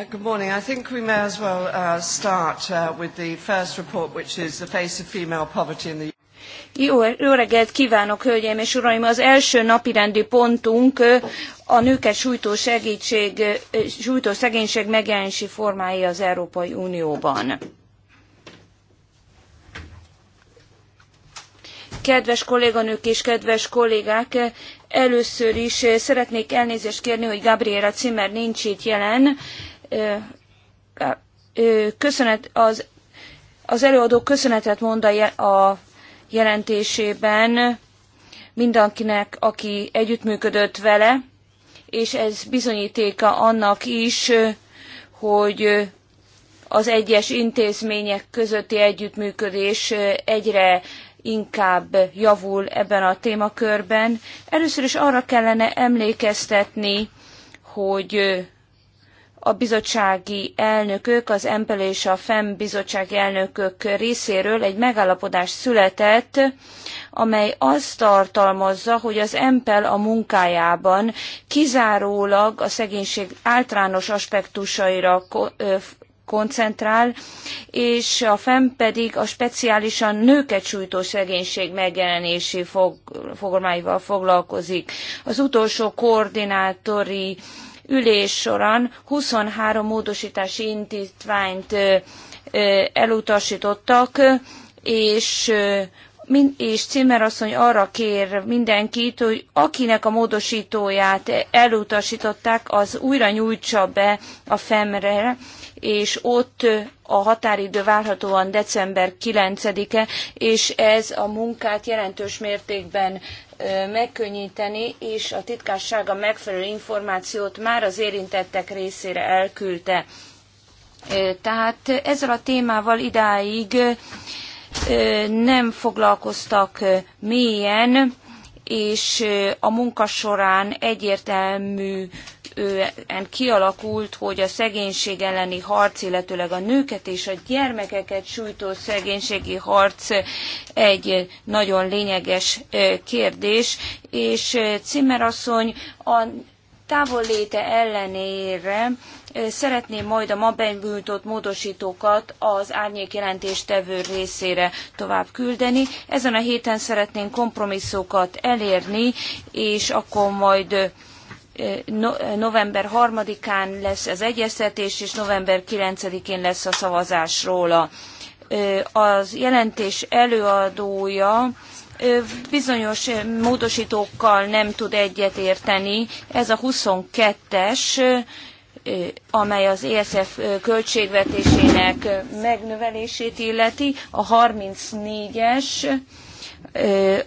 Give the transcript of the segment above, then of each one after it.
Uh, good morning. I think we may as well uh, start uh, with the first report, which is the face of female poverty in the jó, jó reggelt kívánok, hölgyeim és uraim! Az első napirendi pontunk uh, a nőket sújtó, segítség, uh, sújtó szegénység megjelenési formái az Európai Unióban. Kedves kolléganők és kedves kollégák, először is szeretnék elnézést kérni, hogy Gabriela Zimmer nincs itt jelen köszönet, az, az előadó köszönetet mond a jelentésében mindenkinek, aki együttműködött vele, és ez bizonyítéka annak is, hogy az egyes intézmények közötti együttműködés egyre inkább javul ebben a témakörben. Először is arra kellene emlékeztetni, hogy a bizottsági elnökök, az EMPEL és a FEM bizottsági elnökök részéről egy megállapodás született, amely azt tartalmazza, hogy az EMPEL a munkájában kizárólag a szegénység általános aspektusaira koncentrál, és a FEM pedig a speciálisan nőket sújtó szegénység megjelenési fog, fogalmáival foglalkozik. Az utolsó koordinátori ülés során 23 módosítási indítványt elutasítottak, és és Cimmer asszony arra kér mindenkit, hogy akinek a módosítóját elutasították, az újra nyújtsa be a FEM-re, és ott a határidő várhatóan december 9-e, és ez a munkát jelentős mértékben megkönnyíteni, és a titkársága megfelelő információt már az érintettek részére elküldte. Tehát ezzel a témával idáig nem foglalkoztak mélyen, és a munka során egyértelmű kialakult, hogy a szegénység elleni harc, illetőleg a nőket és a gyermekeket sújtó szegénységi harc egy nagyon lényeges kérdés, és Cimmer asszony a távolléte ellenére szeretném majd a ma benyújtott módosítókat az árnyék jelentéstevő részére tovább küldeni. Ezen a héten szeretnénk kompromisszokat elérni, és akkor majd november 3-án lesz az egyeztetés, és november 9-én lesz a szavazás róla. Az jelentés előadója bizonyos módosítókkal nem tud egyetérteni. Ez a 22-es, amely az ESF költségvetésének megnövelését illeti, a 34-es,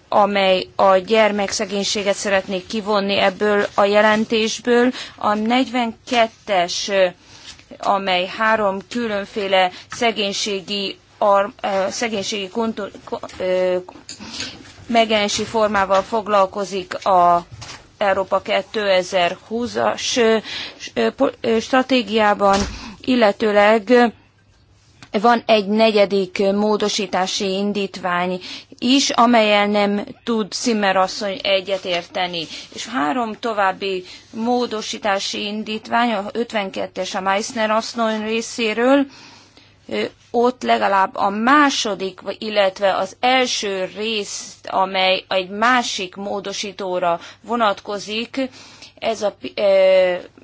amely a gyermekszegénységet szeretné kivonni ebből a jelentésből. A 42-es, amely három különféle szegénységi, szegénységi megjelenési formával foglalkozik a Európa 2020-as stratégiában, illetőleg van egy negyedik módosítási indítvány is, amelyel nem tud Zimmer asszony egyetérteni. És három további módosítási indítvány, a 52-es a Meissner asszony részéről, ott legalább a második, illetve az első részt, amely egy másik módosítóra vonatkozik, ez a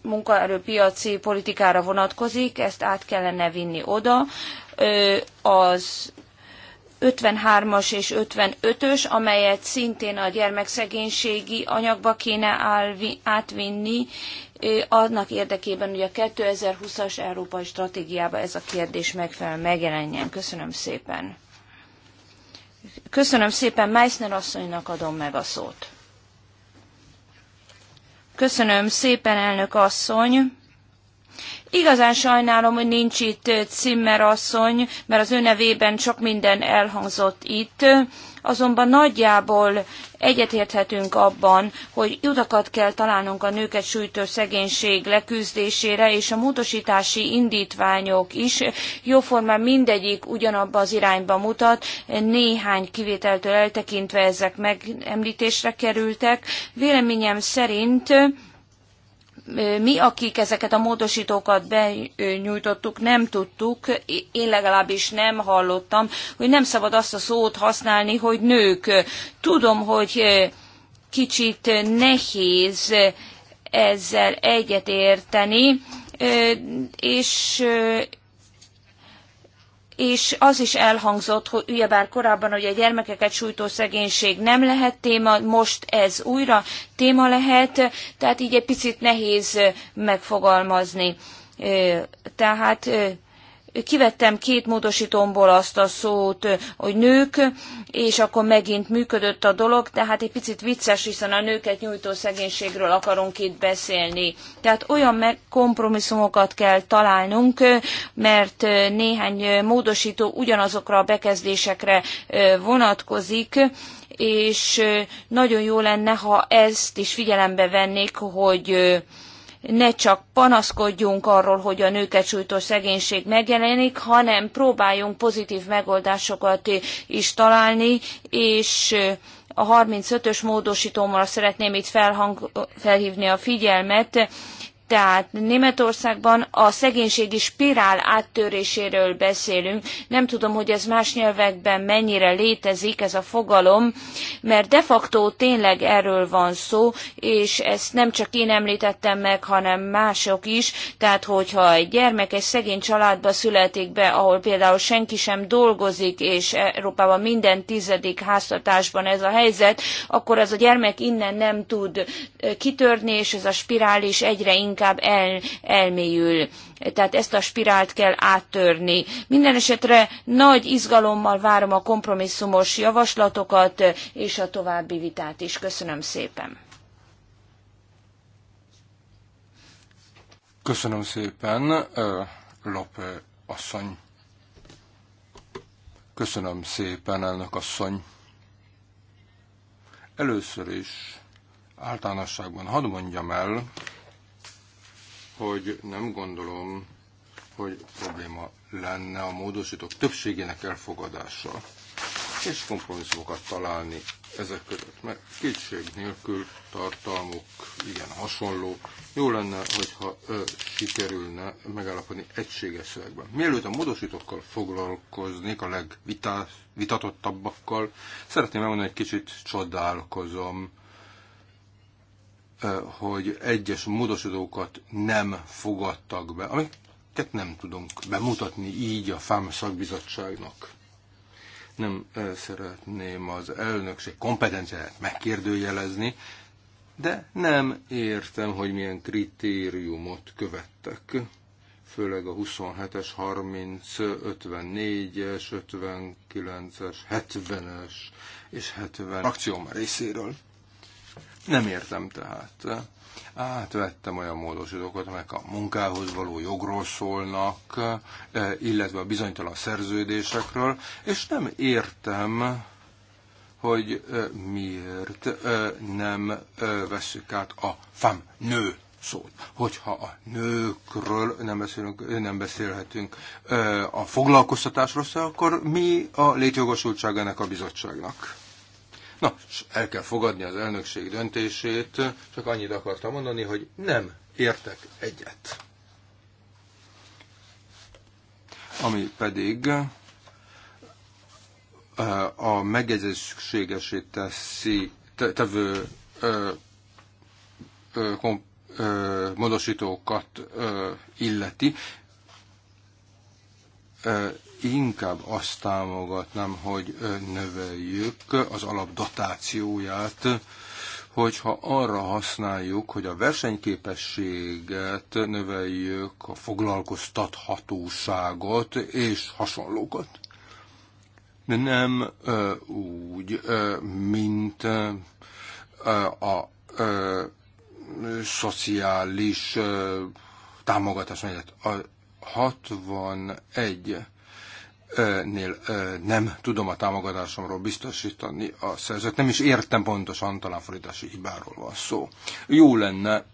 munkaerőpiaci politikára vonatkozik, ezt át kellene vinni oda. Az 53-as és 55-ös, amelyet szintén a gyermekszegénységi anyagba kéne átvinni, annak érdekében, hogy a 2020-as Európai Stratégiába ez a kérdés megfelelően megjelenjen. Köszönöm szépen. Köszönöm szépen, Meissner asszonynak adom meg a szót. Köszönöm szépen, elnök asszony. Igazán sajnálom, hogy nincs itt Cimmer asszony, mert az ő nevében csak minden elhangzott itt azonban nagyjából egyetérthetünk abban, hogy utakat kell találnunk a nőket sújtó szegénység leküzdésére, és a módosítási indítványok is jóformán mindegyik ugyanabba az irányba mutat, néhány kivételtől eltekintve ezek megemlítésre kerültek. Véleményem szerint mi, akik ezeket a módosítókat benyújtottuk, nem tudtuk, én legalábbis nem hallottam, hogy nem szabad azt a szót használni, hogy nők. Tudom, hogy eh, kicsit nehéz eh, ezzel egyetérteni, eh, és és az is elhangzott, hogy ugye korábban hogy a gyermekeket sújtó szegénység nem lehet téma, most ez újra téma lehet, tehát így egy picit nehéz megfogalmazni. Tehát kivettem két módosítomból azt a szót, hogy nők, és akkor megint működött a dolog, tehát egy picit vicces, hiszen a nőket nyújtó szegénységről akarunk itt beszélni. Tehát olyan kompromisszumokat kell találnunk, mert néhány módosító ugyanazokra a bekezdésekre vonatkozik, és nagyon jó lenne, ha ezt is figyelembe vennék, hogy ne csak panaszkodjunk arról, hogy a nőket sújtó szegénység megjelenik, hanem próbáljunk pozitív megoldásokat is találni, és a 35-ös módosítómra szeretném itt felhang, felhívni a figyelmet, tehát Németországban a szegénységi spirál áttöréséről beszélünk. Nem tudom, hogy ez más nyelvekben mennyire létezik ez a fogalom, mert de facto tényleg erről van szó, és ezt nem csak én említettem meg, hanem mások is. Tehát, hogyha egy gyermek egy szegény családba születik be, ahol például senki sem dolgozik, és Európában minden tizedik háztatásban ez a helyzet, akkor az a gyermek innen nem tud kitörni, és ez a spirál is egyre inkább inkább el, elmélyül. Tehát ezt a spirált kell áttörni. Minden esetre nagy izgalommal várom a kompromisszumos javaslatokat és a további vitát is. Köszönöm szépen. Köszönöm szépen, Lop asszony. Köszönöm szépen, elnök asszony. Először is általánosságban hadd mondjam el, hogy nem gondolom, hogy probléma lenne a módosítók többségének elfogadása, és kompromisszumokat találni ezek között, mert kétség nélkül tartalmuk igen hasonló. Jó lenne, hogyha ö, sikerülne megállapodni egységes szövegben. Mielőtt a módosítókkal foglalkoznék, a legvitatottabbakkal szeretném elmondani, hogy egy kicsit csodálkozom hogy egyes módosítókat nem fogadtak be, amiket nem tudunk bemutatni így a FAM szakbizottságnak. Nem szeretném az elnökség kompetenciáját megkérdőjelezni, de nem értem, hogy milyen kritériumot követtek főleg a 27-es, 30, 54-es, 59-es, 70-es és 70 akcióm részéről. Nem értem tehát. Átvettem olyan módosítókat, amelyek a munkához való jogról szólnak, eh, illetve a bizonytalan szerződésekről, és nem értem, hogy eh, miért eh, nem veszük át a fam nő szót. Hogyha a nőkről nem, beszélünk, nem beszélhetünk a foglalkoztatásról, szóval akkor mi a létjogosultság ennek a bizottságnak? Na, el kell fogadni az elnökség döntését, csak annyit akartam mondani, hogy nem értek egyet. Ami pedig eh, a megjegyzésségesé teszi, tevő eh, eh, módosítókat illeti, inkább azt támogatnám, hogy növeljük az alapdatációját, hogyha arra használjuk, hogy a versenyképességet növeljük, a foglalkoztathatóságot és hasonlókat. De nem ö, úgy, ö, mint ö, a ö, szociális ö, támogatás mellett. A 61 nél nem tudom a támogatásomról biztosítani a szerzőt. Nem is értem pontosan, talán fordítási hibáról van szó. Jó lenne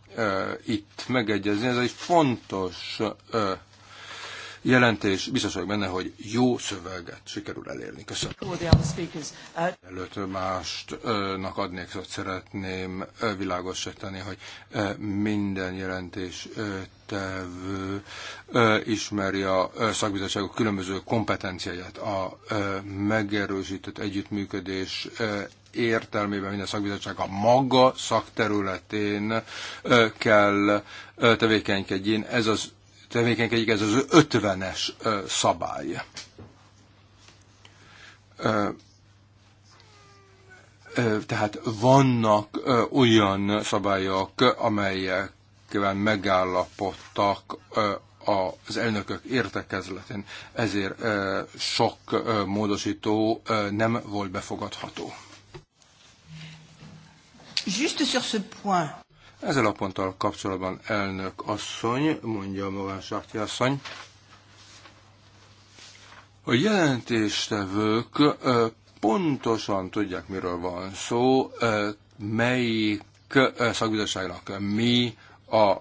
itt megegyezni, ez egy fontos jelentés, biztos vagyok benne, hogy jó szöveget sikerül elérni. Köszönöm. Uh, Előtt mástnak adnék, szóval szeretném világosítani, hogy minden jelentés tevő ismeri a szakbizottságok különböző kompetenciáját. A megerősített együttműködés értelmében minden szakbizottság a maga szakterületén kell tevékenykedjén. Ez az tevékenykedik, ez az 50-es szabály. Tehát vannak olyan szabályok, amelyekben megállapodtak az elnökök értekezletén, ezért sok módosító nem volt befogadható. Juste sur ce point, ezzel a ponttal kapcsolatban elnök asszony, mondja magán Sarti asszony, a jelentéstevők pontosan tudják, miről van szó, melyik szakbizottságnak mi a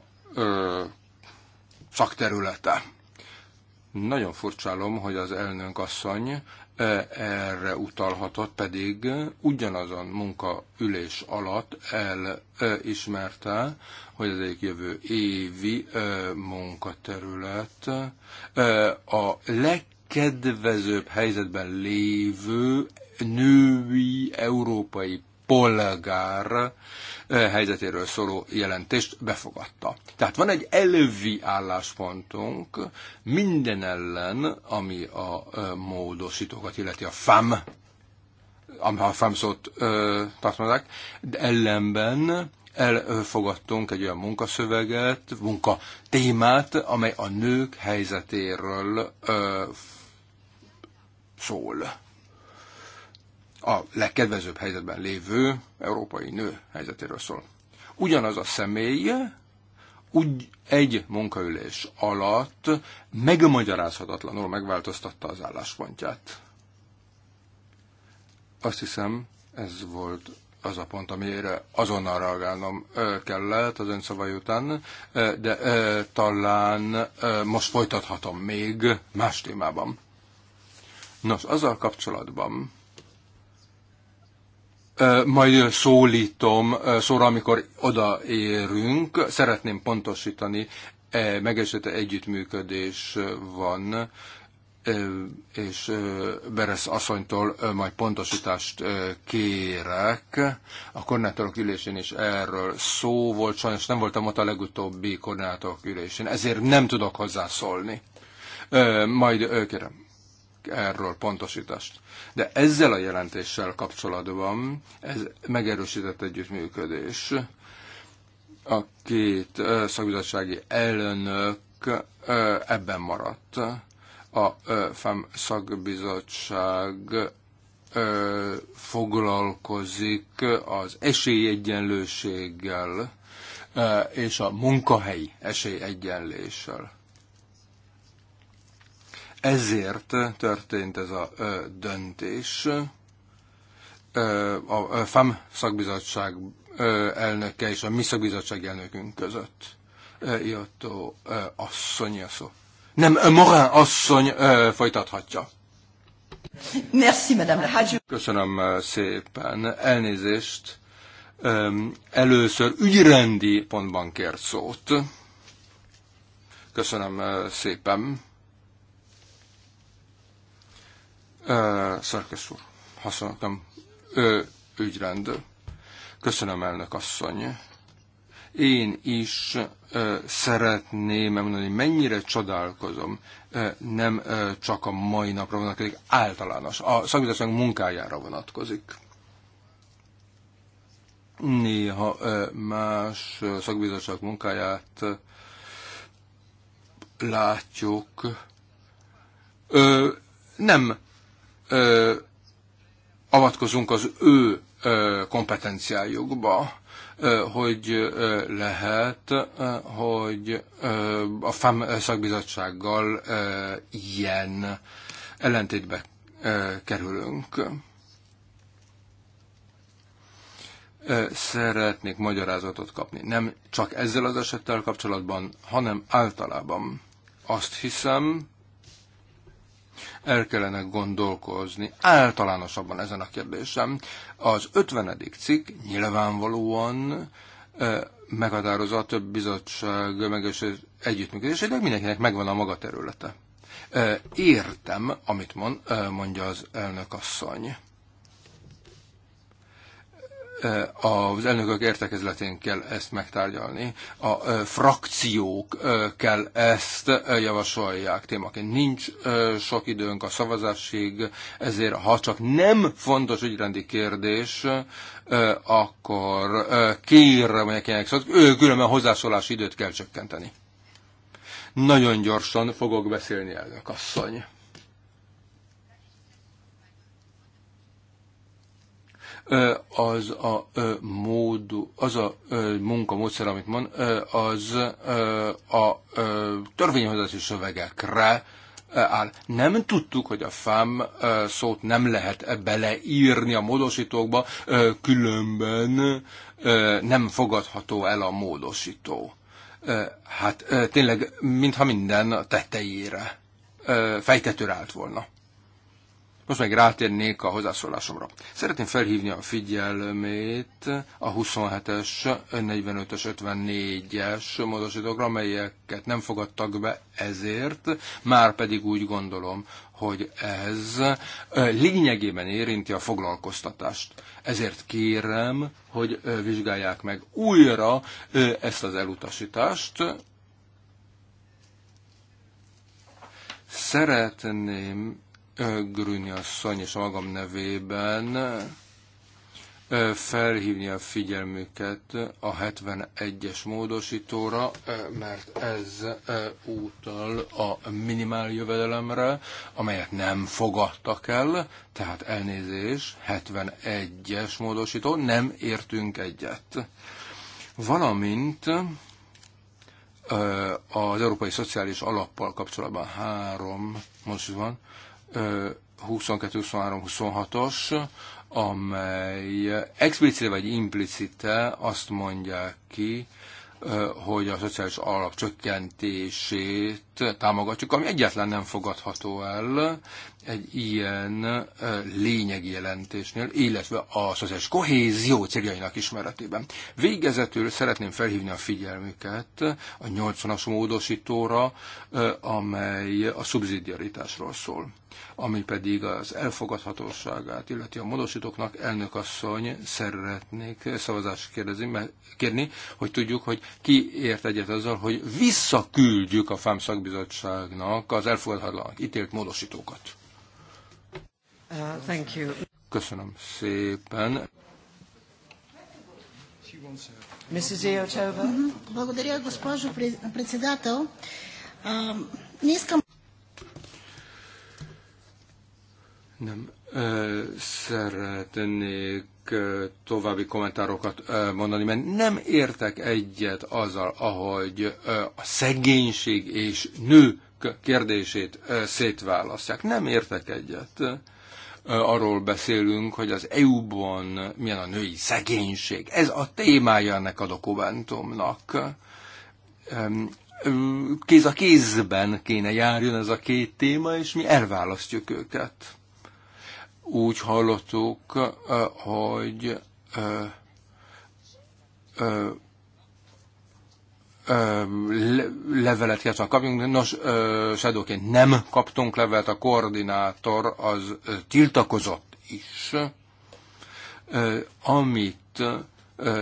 szakterülete. Nagyon furcsálom, hogy az elnök asszony erre utalhatott, pedig ugyanazon munkaülés alatt elismerte, hogy az egyik jövő évi munkaterület a legkedvezőbb helyzetben lévő női európai polgár helyzetéről szóló jelentést befogadta. Tehát van egy elvi álláspontunk minden ellen, ami a módosítókat illeti a FAM, ami a FAM szót tartanak, de ellenben elfogadtunk egy olyan munkaszöveget, munka témát, amely a nők helyzetéről ö, szól a legkedvezőbb helyzetben lévő európai nő helyzetéről szól. Ugyanaz a személy úgy egy munkaülés alatt megmagyarázhatatlanul megváltoztatta az álláspontját. Azt hiszem, ez volt az a pont, amire azonnal reagálnom kellett az szavai után, de talán most folytathatom még más témában. Nos, azzal kapcsolatban, majd szólítom szóra, amikor odaérünk. Szeretném pontosítani, e, megesett együttműködés van, és Beresz asszonytól majd pontosítást kérek. A koordinátorok ülésén is erről szó volt, sajnos nem voltam ott a legutóbbi koordinátorok ülésén, ezért nem tudok hozzászólni. Majd kérem erről pontosítást. De ezzel a jelentéssel kapcsolatban ez megerősített együttműködés. A két szakbizottsági elnök ebben maradt. A FEM szakbizottság foglalkozik az esélyegyenlőséggel és a munkahelyi esélyegyenléssel ezért történt ez a döntés. A FAM szakbizottság elnöke és a mi szakbizottság elnökünk között. jött asszony a szó. Nem, Morán asszony folytathatja. Merci, madame Köszönöm szépen. Elnézést. Először ügyrendi pontban kért szót. Köszönöm szépen. Szarkösz úr, használtam ö, ügyrend. Köszönöm, elnök asszony. Én is ö, szeretném elmondani, mennyire csodálkozom, ö, nem ö, csak a mai napra vonatkozik, általános, a szakbizottság munkájára vonatkozik. Néha más szakbizottság munkáját látjuk. nem ö, avatkozunk az ő ö, kompetenciájukba, ö, hogy ö, lehet, ö, hogy ö, a FAM szakbizottsággal ö, ilyen ellentétbe ö, kerülünk. szeretnék magyarázatot kapni. Nem csak ezzel az esettel kapcsolatban, hanem általában. Azt hiszem, el kellene gondolkozni általánosabban ezen a kérdésem. Az 50. cikk nyilvánvalóan meghatározza a több bizottság meges de mindenkinek megvan a maga területe. Értem, amit mond, mondja az elnök asszony. Eh, az elnökök értekezletén kell ezt megtárgyalni, a eh, frakciók eh, kell ezt javasolják témaként. Nincs sok időnk a szavazásig, ezért ha csak nem fontos ügyrendi kérdés, akkor kérem, hogy akinek szóval, különben hozzászólási időt kell csökkenteni. Nagyon gyorsan fogok beszélni, elnök asszony. az a mód, az a munkamódszer, amit mond, az a törvényhozási szövegekre áll. Nem tudtuk, hogy a FAM szót nem lehet e beleírni a módosítókba, különben nem fogadható el a módosító. Hát tényleg, mintha minden tetejére fejtetőre állt volna. Most meg rátérnék a hozzászólásomra. Szeretném felhívni a figyelmét a 27-es, 45-ös, 54-es módosítókra, amelyeket nem fogadtak be ezért, már pedig úgy gondolom, hogy ez lényegében érinti a foglalkoztatást. Ezért kérem, hogy vizsgálják meg újra ezt az elutasítást, szeretném Grüni asszony és a magam nevében felhívni a figyelmüket a 71-es módosítóra, mert ez útal a minimál jövedelemre, amelyet nem fogadtak el, tehát elnézés, 71-es módosító, nem értünk egyet. Valamint az Európai Szociális Alappal kapcsolatban három, most van, 22-23-26-os, amely explicite vagy implicite azt mondják ki, hogy a szociális alap csökkentését támogatjuk, ami egyáltalán nem fogadható el egy ilyen lényegi jelentésnél, illetve a szociális kohézió céljainak ismeretében. Végezetül szeretném felhívni a figyelmüket a 80-as módosítóra, amely a szubszidiaritásról szól ami pedig az elfogadhatóságát, illeti a módosítóknak elnökasszony szeretnék szavazást kérdezni, kérni, hogy tudjuk, hogy ki ért egyet azzal, hogy visszaküldjük a FAM bizottságnak az elfogadhatatlanak ítélt módosítókat. Uh, thank you. Köszönöm szépen. Mrs. Iotova. Mhm. Nem szeretnék további kommentárokat mondani, mert nem értek egyet azzal, ahogy a szegénység és nő kérdését szétválasztják. Nem értek egyet. Arról beszélünk, hogy az EU-ban milyen a női szegénység. Ez a témája ennek a dokumentumnak. Kéz a kézben kéne járjon ez a két téma, és mi elválasztjuk őket úgy hallottuk, hogy levelet kell kapjunk. Nos, sedóként nem kaptunk levelet, a koordinátor az tiltakozott is. Amit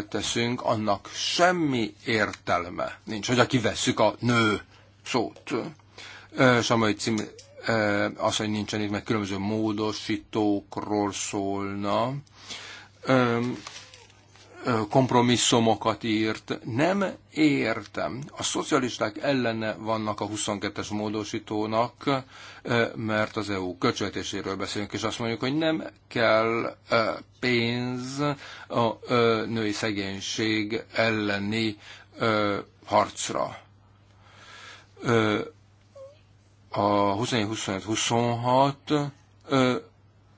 teszünk, annak semmi értelme nincs, hogy a kivesszük a nő szót. Samai cím az, hogy nincsen itt, mert különböző módosítókról szólna, kompromisszumokat írt. Nem értem. A szocialisták ellene vannak a 22-es módosítónak, mert az EU költségvetéséről beszélünk, és azt mondjuk, hogy nem kell pénz a női szegénység elleni harcra a 21 25 26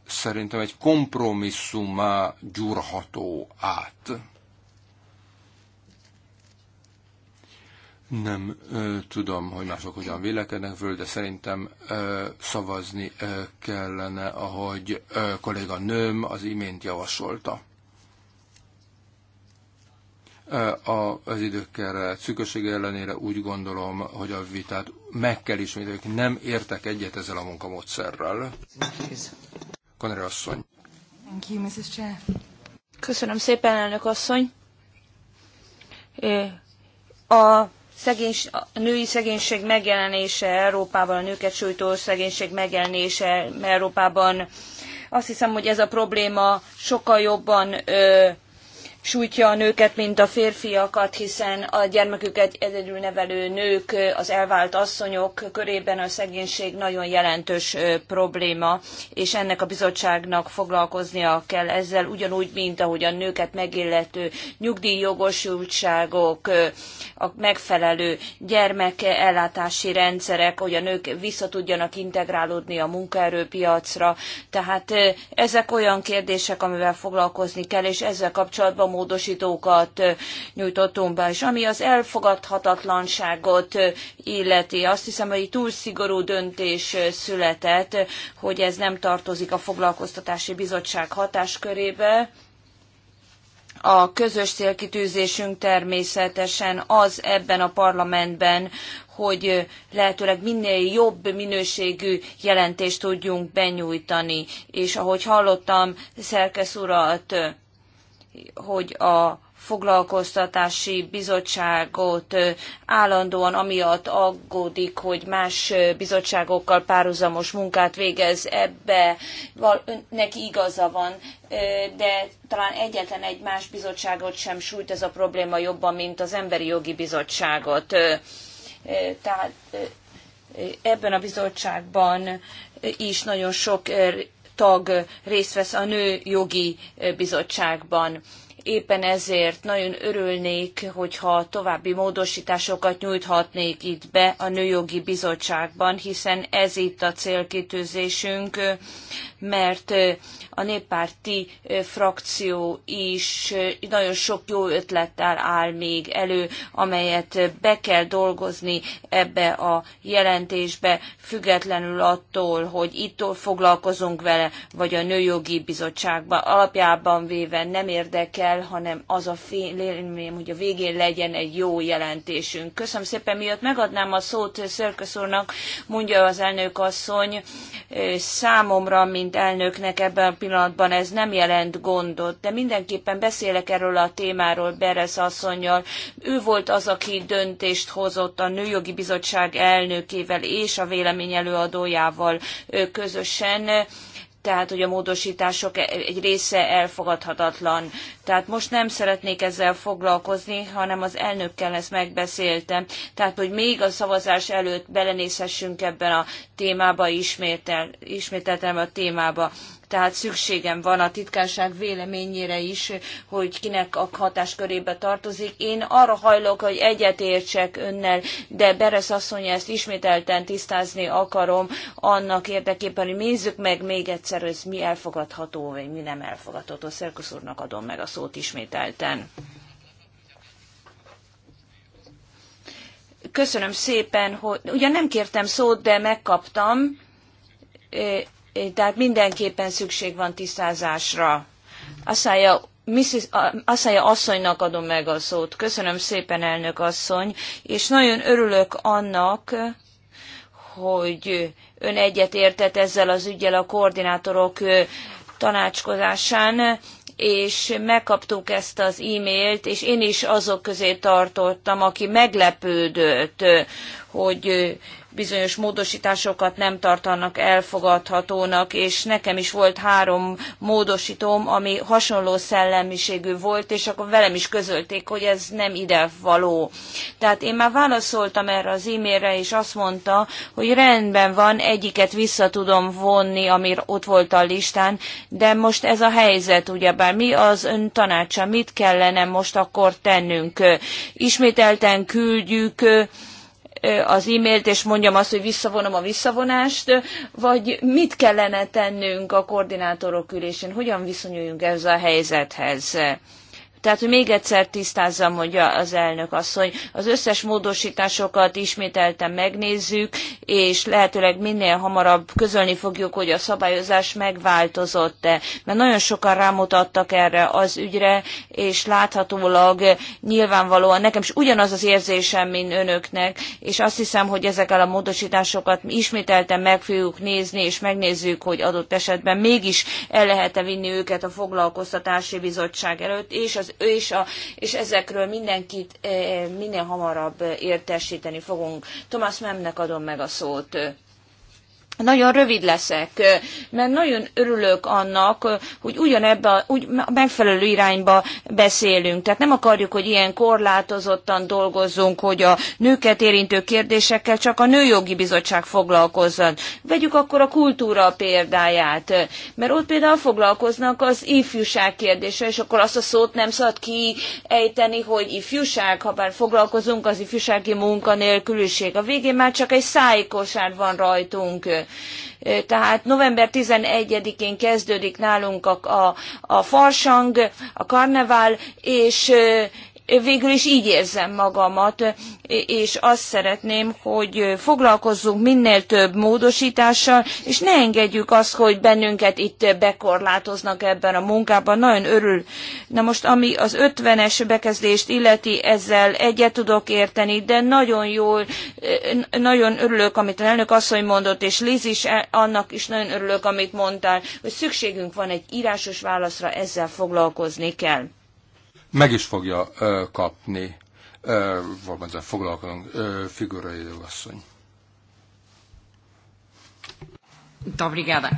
szerintem egy kompromisszumá gyúrható át. Nem ö, tudom, hogy mások hogyan vélekednek föl, de szerintem ö, szavazni ö, kellene, ahogy ö, kolléga nőm az imént javasolta az időkkel szűkössége ellenére úgy gondolom, hogy a vitát meg kell hogy Nem értek egyet ezzel a munkamódszerrel. Konere asszony. Thank you, Mrs. Chair. Köszönöm szépen, elnök asszony. A szegénys, a női szegénység megjelenése Európában, a nőket sújtó szegénység megjelenése Európában. Azt hiszem, hogy ez a probléma sokkal jobban ö, sújtja a nőket, mint a férfiakat, hiszen a gyermeküket egyedül nevelő nők, az elvált asszonyok körében a szegénység nagyon jelentős probléma, és ennek a bizottságnak foglalkoznia kell ezzel, ugyanúgy, mint ahogy a nőket megillető nyugdíjjogosultságok, a megfelelő gyermekellátási rendszerek, hogy a nők vissza tudjanak integrálódni a munkaerőpiacra. Tehát ezek olyan kérdések, amivel foglalkozni kell, és ezzel kapcsolatban módosítókat nyújtottunk be, és ami az elfogadhatatlanságot illeti, azt hiszem, hogy túl szigorú döntés született, hogy ez nem tartozik a foglalkoztatási bizottság hatáskörébe. A közös célkitűzésünk természetesen az ebben a parlamentben, hogy lehetőleg minél jobb minőségű jelentést tudjunk benyújtani. És ahogy hallottam Szerkesz urat, hogy a foglalkoztatási bizottságot állandóan amiatt aggódik, hogy más bizottságokkal párhuzamos munkát végez ebbe, val, neki igaza van, de talán egyetlen egy más bizottságot sem sújt ez a probléma jobban, mint az Emberi Jogi Bizottságot. Tehát ebben a bizottságban is nagyon sok tag részt vesz a nő jogi bizottságban. Éppen ezért nagyon örülnék, hogyha további módosításokat nyújthatnék itt be a Nőjogi Bizottságban, hiszen ez itt a célkitűzésünk, mert a néppárti frakció is nagyon sok jó ötlettel áll még elő, amelyet be kell dolgozni ebbe a jelentésbe, függetlenül attól, hogy itt foglalkozunk vele, vagy a Nőjogi Bizottságban. Alapjában véve nem érdekel, hanem az a félelmém, hogy a végén legyen egy jó jelentésünk. Köszönöm szépen, miatt megadnám a szót Szörkös úrnak, mondja az elnök asszony, számomra, mint mint elnöknek ebben a pillanatban ez nem jelent gondot, de mindenképpen beszélek erről a témáról Beres asszonynal. Ő volt az, aki döntést hozott a Nőjogi Bizottság elnökével és a vélemény előadójával közösen tehát hogy a módosítások e- egy része elfogadhatatlan. Tehát most nem szeretnék ezzel foglalkozni, hanem az elnökkel ezt megbeszéltem. Tehát, hogy még a szavazás előtt belenézhessünk ebben a témába ismétel, ismételtem a témába tehát szükségem van a titkárság véleményére is, hogy kinek a hatáskörébe tartozik. Én arra hajlok, hogy egyetértsek önnel, de Beres asszony ezt ismételten tisztázni akarom annak érdekében, hogy nézzük meg még egyszer, hogy ez mi elfogadható, vagy mi nem elfogadható. Szerkusz úrnak adom meg a szót ismételten. Köszönöm szépen, hogy ugyan nem kértem szót, de megkaptam tehát mindenképpen szükség van tisztázásra. Asszája asszonynak adom meg a szót. Köszönöm szépen, elnök asszony, és nagyon örülök annak, hogy ön egyet értett ezzel az ügyel a koordinátorok tanácskozásán, és megkaptuk ezt az e-mailt, és én is azok közé tartottam, aki meglepődött, hogy bizonyos módosításokat nem tartanak elfogadhatónak, és nekem is volt három módosítóm, ami hasonló szellemiségű volt, és akkor velem is közölték, hogy ez nem ide való. Tehát én már válaszoltam erre az e-mailre, és azt mondta, hogy rendben van, egyiket vissza tudom vonni, ami ott volt a listán, de most ez a helyzet, ugyebár mi az ön tanácsa, mit kellene most akkor tennünk? Ismételten küldjük, az e-mailt, és mondjam azt, hogy visszavonom a visszavonást, vagy mit kellene tennünk a koordinátorok ülésén, hogyan viszonyuljunk ezzel a helyzethez? Tehát, hogy még egyszer tisztázzam, mondja az elnök asszony, az összes módosításokat ismételten megnézzük, és lehetőleg minél hamarabb közölni fogjuk, hogy a szabályozás megváltozott-e. Mert nagyon sokan rámutattak erre az ügyre, és láthatólag nyilvánvalóan nekem is ugyanaz az érzésem, mint önöknek, és azt hiszem, hogy ezekkel a módosításokat ismételten meg fogjuk nézni, és megnézzük, hogy adott esetben mégis el lehet-e vinni őket a foglalkoztatási bizottság előtt, és az ő is, a, és ezekről mindenkit eh, minél hamarabb értesíteni fogunk. Thomas Memnek adom meg a szót. Nagyon rövid leszek, mert nagyon örülök annak, hogy ugyanebbe úgy megfelelő irányba beszélünk. Tehát nem akarjuk, hogy ilyen korlátozottan dolgozzunk, hogy a nőket érintő kérdésekkel csak a Nőjogi Bizottság foglalkozzon. Vegyük akkor a kultúra példáját, mert ott például foglalkoznak az ifjúság kérdése, és akkor azt a szót nem szabad kiejteni, hogy ifjúság, ha bár foglalkozunk az ifjúsági munkanélküliség. A végén már csak egy szájkosár van rajtunk tehát november 11-én kezdődik nálunk a, a, a farsang, a karnevál, és végül is így érzem magamat, és azt szeretném, hogy foglalkozzunk minél több módosítással, és ne engedjük azt, hogy bennünket itt bekorlátoznak ebben a munkában. Nagyon örül. Na most, ami az 50-es bekezdést illeti, ezzel egyet tudok érteni, de nagyon jól, nagyon örülök, amit a elnök asszony mondott, és Liz is annak is nagyon örülök, amit mondtál, hogy szükségünk van egy írásos válaszra, ezzel foglalkozni kell meg is fogja ö, kapni, valóban ezzel foglalkozunk, figurai asszony. Muito obrigada.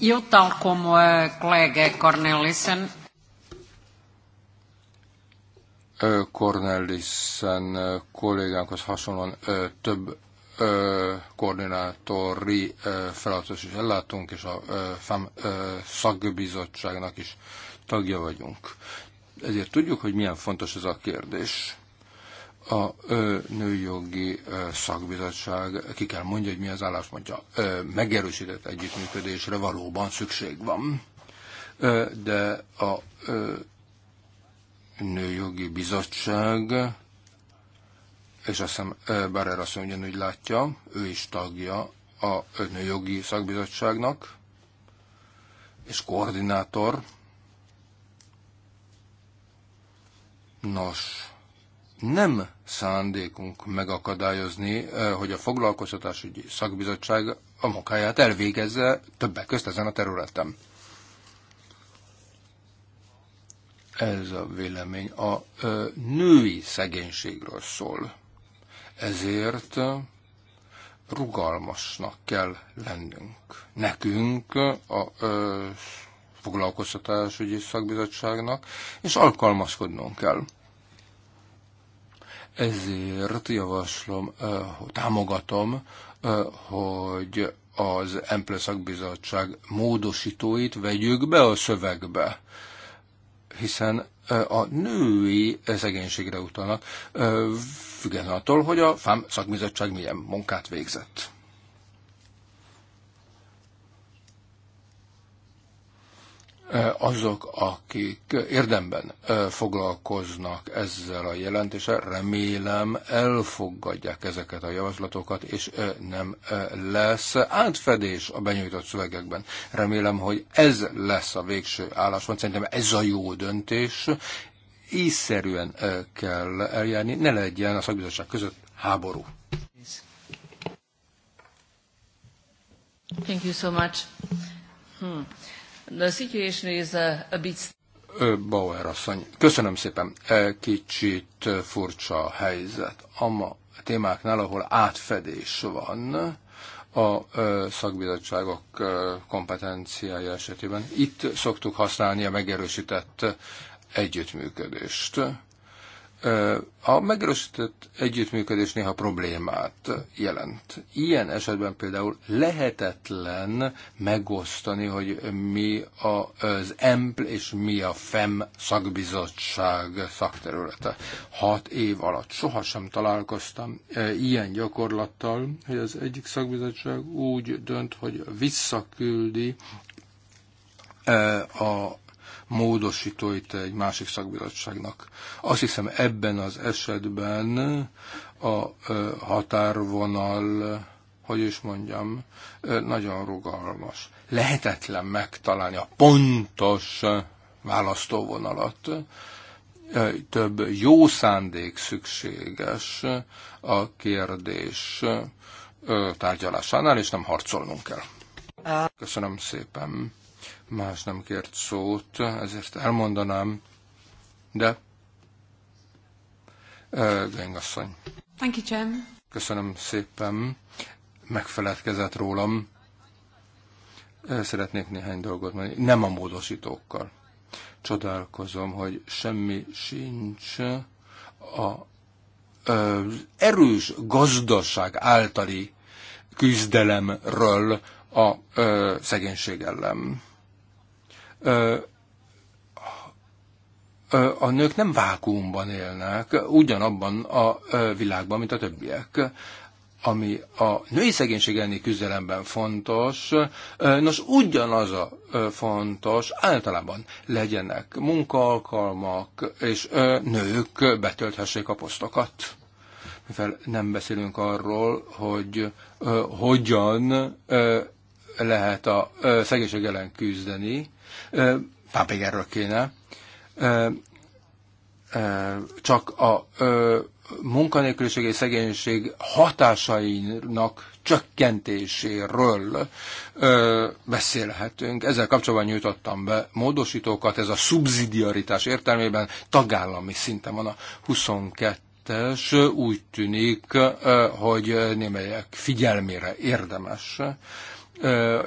Eu, tal como a colega Cornelissen, Cornelissen kollégánkhoz hasonlóan több koordinátori feladatot is ellátunk, és a FAM szakbizottságnak is tagja vagyunk. Ezért tudjuk, hogy milyen fontos ez a kérdés. A ö, nőjogi ö, szakbizottság ki kell mondja, hogy mi az álláspontja. Ö, megerősített együttműködésre valóban szükség van, ö, de a ö, nőjogi bizottság és azt hiszem Barrer asszony ugyanúgy látja, ő is tagja a Nőjogi Szakbizottságnak, és koordinátor Nos, nem szándékunk megakadályozni, eh, hogy a foglalkoztatásügyi szakbizottság a munkáját elvégezze többek közt ezen a területen. Ez a vélemény a eh, női szegénységről szól. Ezért eh, rugalmasnak kell lennünk. Nekünk a foglalkoztatásügyi szakbizottságnak, és alkalmazkodnunk kell. Ezért javaslom, támogatom, hogy az Emple szakbizottság módosítóit vegyük be a szövegbe, hiszen a női szegénységre utalnak, függen attól, hogy a FAM szakbizottság milyen munkát végzett. Eh, azok, akik eh, érdemben eh, foglalkoznak ezzel a jelentéssel, remélem elfogadják ezeket a javaslatokat, és nem lesz átfedés a benyújtott szövegekben. Remélem, hogy ez lesz a végső álláspont. Szerintem ez a jó döntés. Ízszerűen kell eljárni, ne legyen a szakbizottság között háború. Thank you so much. Hmm. The situation uh, a Bauer asszony. Köszönöm szépen. E, kicsit furcsa a helyzet. Ama témáknál, ahol átfedés van, a szakbizottságok kompetenciája esetében. Itt szoktuk használni a megerősített együttműködést. A megerősített együttműködés néha problémát jelent. Ilyen esetben például lehetetlen megosztani, hogy mi az EMPL és mi a FEM szakbizottság szakterülete. Hat év alatt sohasem találkoztam ilyen gyakorlattal, hogy az egyik szakbizottság úgy dönt, hogy visszaküldi a módosítóit egy másik szakbizottságnak. Azt hiszem ebben az esetben a határvonal, hogy is mondjam, nagyon rugalmas. Lehetetlen megtalálni a pontos választóvonalat. Több jó szándék szükséges a kérdés tárgyalásánál, és nem harcolnunk kell. Köszönöm szépen. Más nem kért szót, ezért elmondanám, de... Gengasszony. Thank you, Jim. Köszönöm szépen. Megfeledkezett rólam. Szeretnék néhány dolgot mondani. Nem a módosítókkal. Csodálkozom, hogy semmi sincs a erős gazdaság általi küzdelemről a ö, szegénység ellen a nők nem vákuumban élnek, ugyanabban a világban, mint a többiek. Ami a női szegénység elleni küzdelemben fontos, nos ugyanaz a fontos, általában legyenek munkaalkalmak, és nők betölthessék a posztokat mivel nem beszélünk arról, hogy hogyan lehet a szegénység ellen küzdeni, Pápig erről kéne. Csak a munkanélküliség és szegénység hatásainak csökkentéséről ö, beszélhetünk. Ezzel kapcsolatban nyújtottam be módosítókat, ez a szubszidiaritás értelmében tagállami szinten van a 22-es, úgy tűnik, ö, hogy némelyek figyelmére érdemes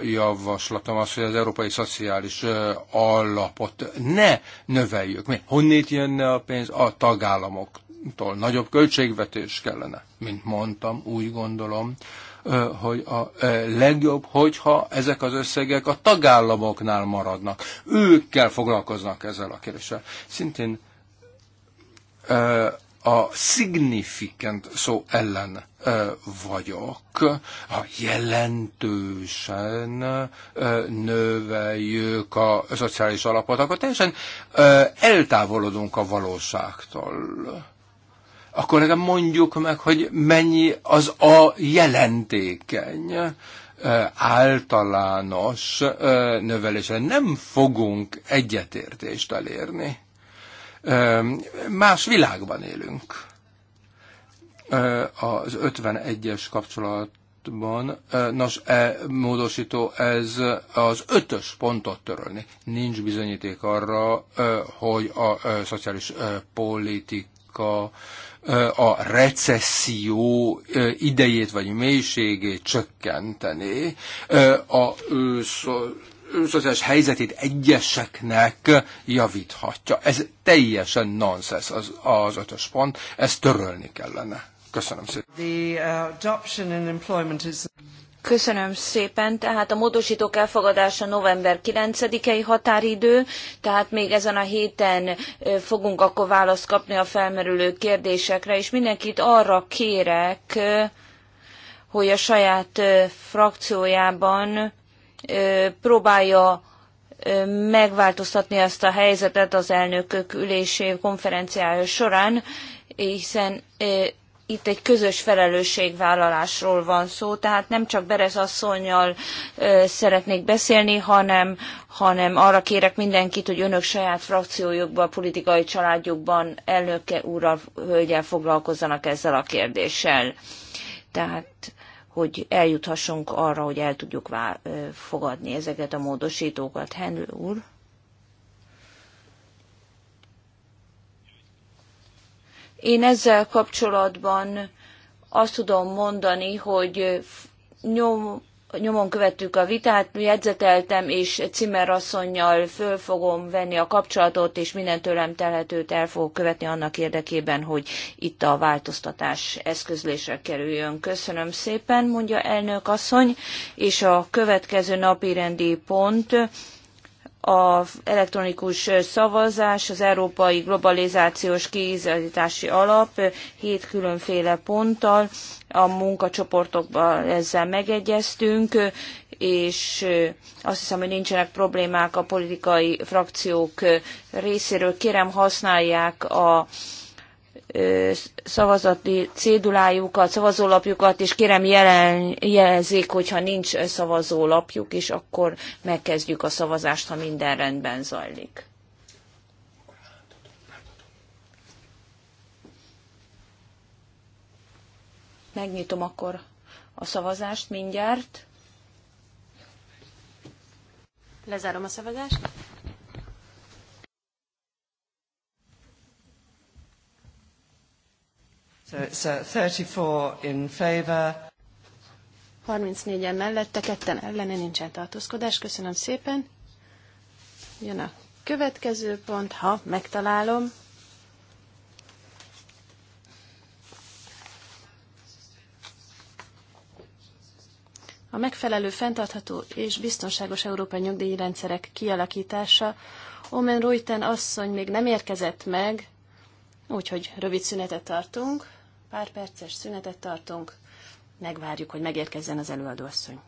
javaslatom az, hogy az európai szociális alapot ne növeljük. Mi? Honnét jönne a pénz? A tagállamoktól. Nagyobb költségvetés kellene. Mint mondtam, úgy gondolom, hogy a legjobb, hogyha ezek az összegek a tagállamoknál maradnak. Őkkel foglalkoznak ezzel a kérdéssel. Szintén a significant szó ellen vagyok, ha jelentősen növeljük a szociális alapot, akkor teljesen eltávolodunk a valóságtól. Akkor nekem mondjuk meg, hogy mennyi az a jelentékeny általános növelésre. Nem fogunk egyetértést elérni. Más világban élünk az 51-es kapcsolatban, nos, e módosító ez az ötös pontot törölni. Nincs bizonyíték arra, hogy a szociális politika a recesszió idejét vagy mélységét csökkenteni. A szociális helyzetét egyeseknek javíthatja. Ez teljesen nonsens az, az ötös pont, ezt törölni kellene. Köszönöm szépen. Uh, Köszönöm szépen. Tehát a módosítók elfogadása november 9-i határidő, tehát még ezen a héten uh, fogunk akkor választ kapni a felmerülő kérdésekre, és mindenkit arra kérek, uh, hogy a saját frakciójában próbálja megváltoztatni ezt a helyzetet az elnökök ülésé konferenciája során, hiszen itt egy közös felelősségvállalásról van szó, tehát nem csak Berez asszonynal szeretnék beszélni, hanem, hanem arra kérek mindenkit, hogy önök saját frakciójukban, politikai családjukban elnöke úrral, hölgyel foglalkozzanak ezzel a kérdéssel. Tehát hogy eljuthassunk arra, hogy el tudjuk fogadni ezeket a módosítókat. Henry úr? Én ezzel kapcsolatban azt tudom mondani, hogy nyom, nyomon követtük a vitát, jegyzeteltem, és Cimer asszonynal föl fogom venni a kapcsolatot, és minden tőlem telhetőt el fogok követni annak érdekében, hogy itt a változtatás eszközlésre kerüljön. Köszönöm szépen, mondja elnök asszony, és a következő napi rendi pont az elektronikus szavazás, az Európai Globalizációs Kiigazítási Alap hét különféle ponttal, a munkacsoportokban ezzel megegyeztünk, és azt hiszem, hogy nincsenek problémák a politikai frakciók részéről. Kérem, használják a szavazati cédulájukat, szavazólapjukat, és kérem jelen, jelezzék, hogyha nincs szavazólapjuk, és akkor megkezdjük a szavazást, ha minden rendben zajlik. Megnyitom akkor a szavazást mindjárt. Lezárom a szavazást. So it's uh, 34 in favor. 34-en mellette, ketten ellene nincsen tartózkodás. Köszönöm szépen. Jön a következő pont, ha megtalálom. A megfelelő, fenntartható és biztonságos európai nyugdíjrendszerek kialakítása. Omen Ruiten asszony még nem érkezett meg, úgyhogy rövid szünetet tartunk. Pár perces szünetet tartunk, megvárjuk, hogy megérkezzen az előadóasszony.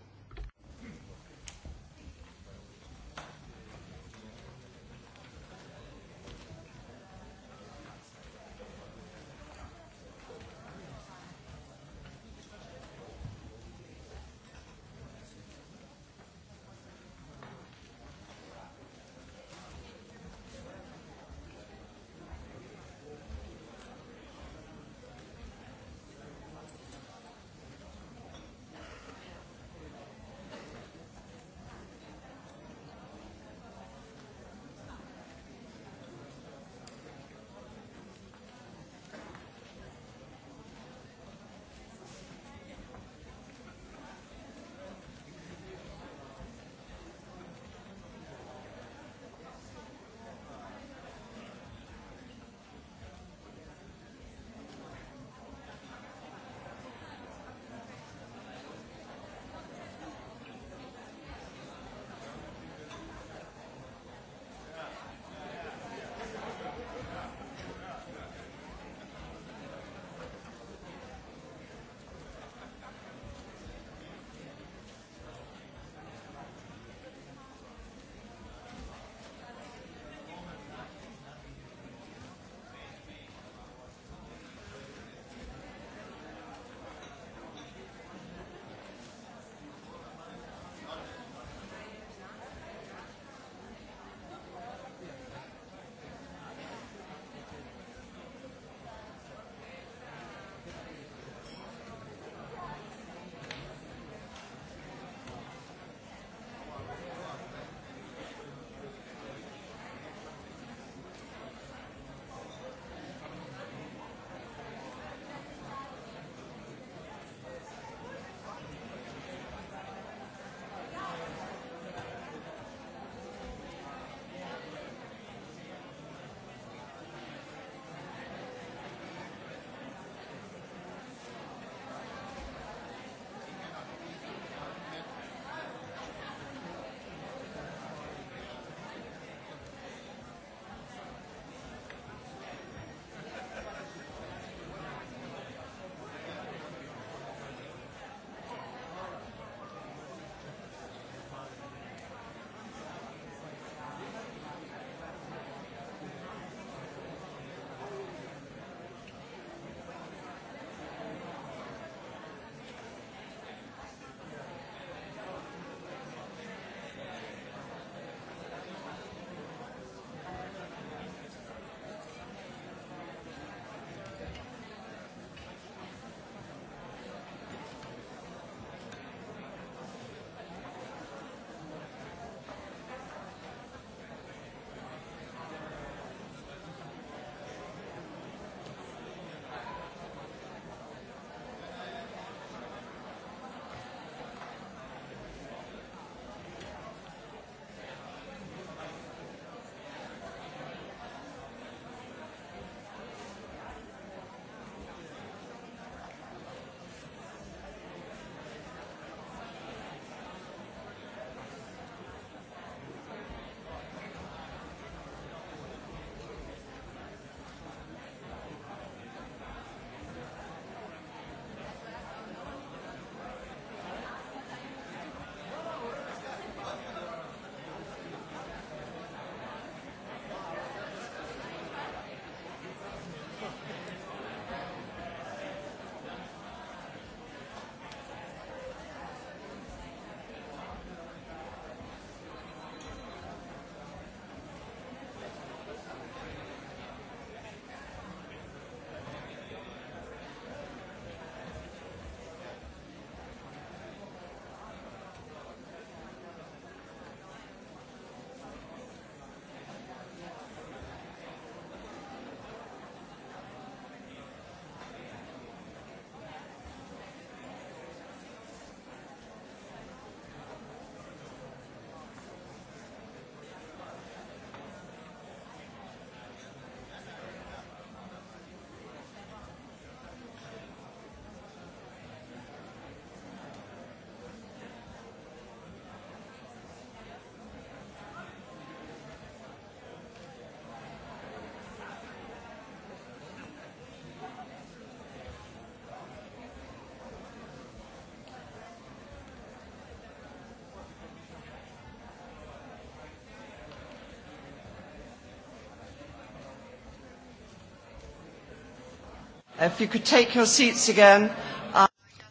If you could take your seats again. Uh,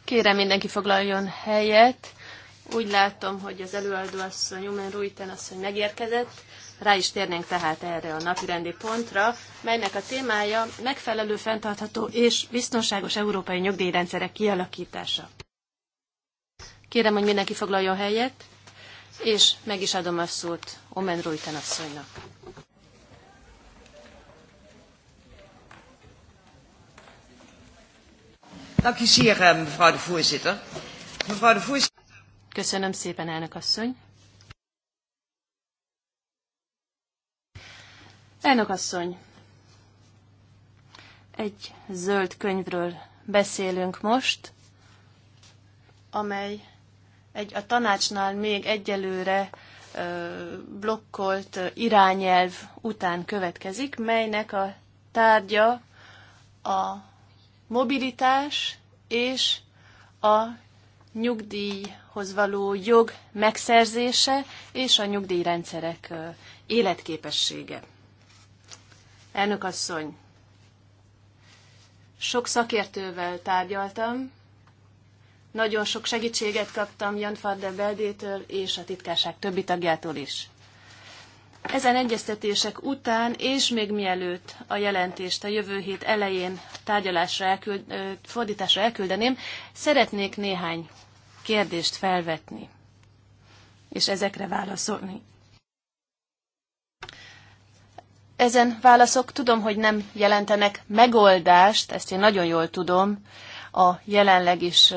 Kérem mindenki foglaljon helyet. Úgy látom, hogy az előadó asszony, Umen Ruiten asszony megérkezett. Rá is térnénk tehát erre a napirendi pontra, melynek a témája megfelelő, fenntartható és biztonságos európai nyugdíjrendszerek kialakítása. Kérem, hogy mindenki foglaljon helyet, és meg is adom a szót Omen Ruiten asszonynak. Dank u zeer, eh, mevrouw de voorzitter. Mevrouw de voorzitter. Köszönöm szépen, elnök asszony. Elnök asszony, egy zöld könyvről beszélünk most, amely egy a tanácsnál még egyelőre blokkolt irányelv után következik, melynek a tárgya a mobilitás és a nyugdíjhoz való jog megszerzése és a nyugdíjrendszerek életképessége. Elnök asszony, sok szakértővel tárgyaltam, nagyon sok segítséget kaptam Jan van Beldétől és a titkárság többi tagjától is. Ezen egyeztetések után és még mielőtt a jelentést a jövő hét elején tárgyalásra elküld, fordításra elküldeném, szeretnék néhány kérdést felvetni, és ezekre válaszolni. Ezen válaszok tudom, hogy nem jelentenek megoldást, ezt én nagyon jól tudom, a jelenleg is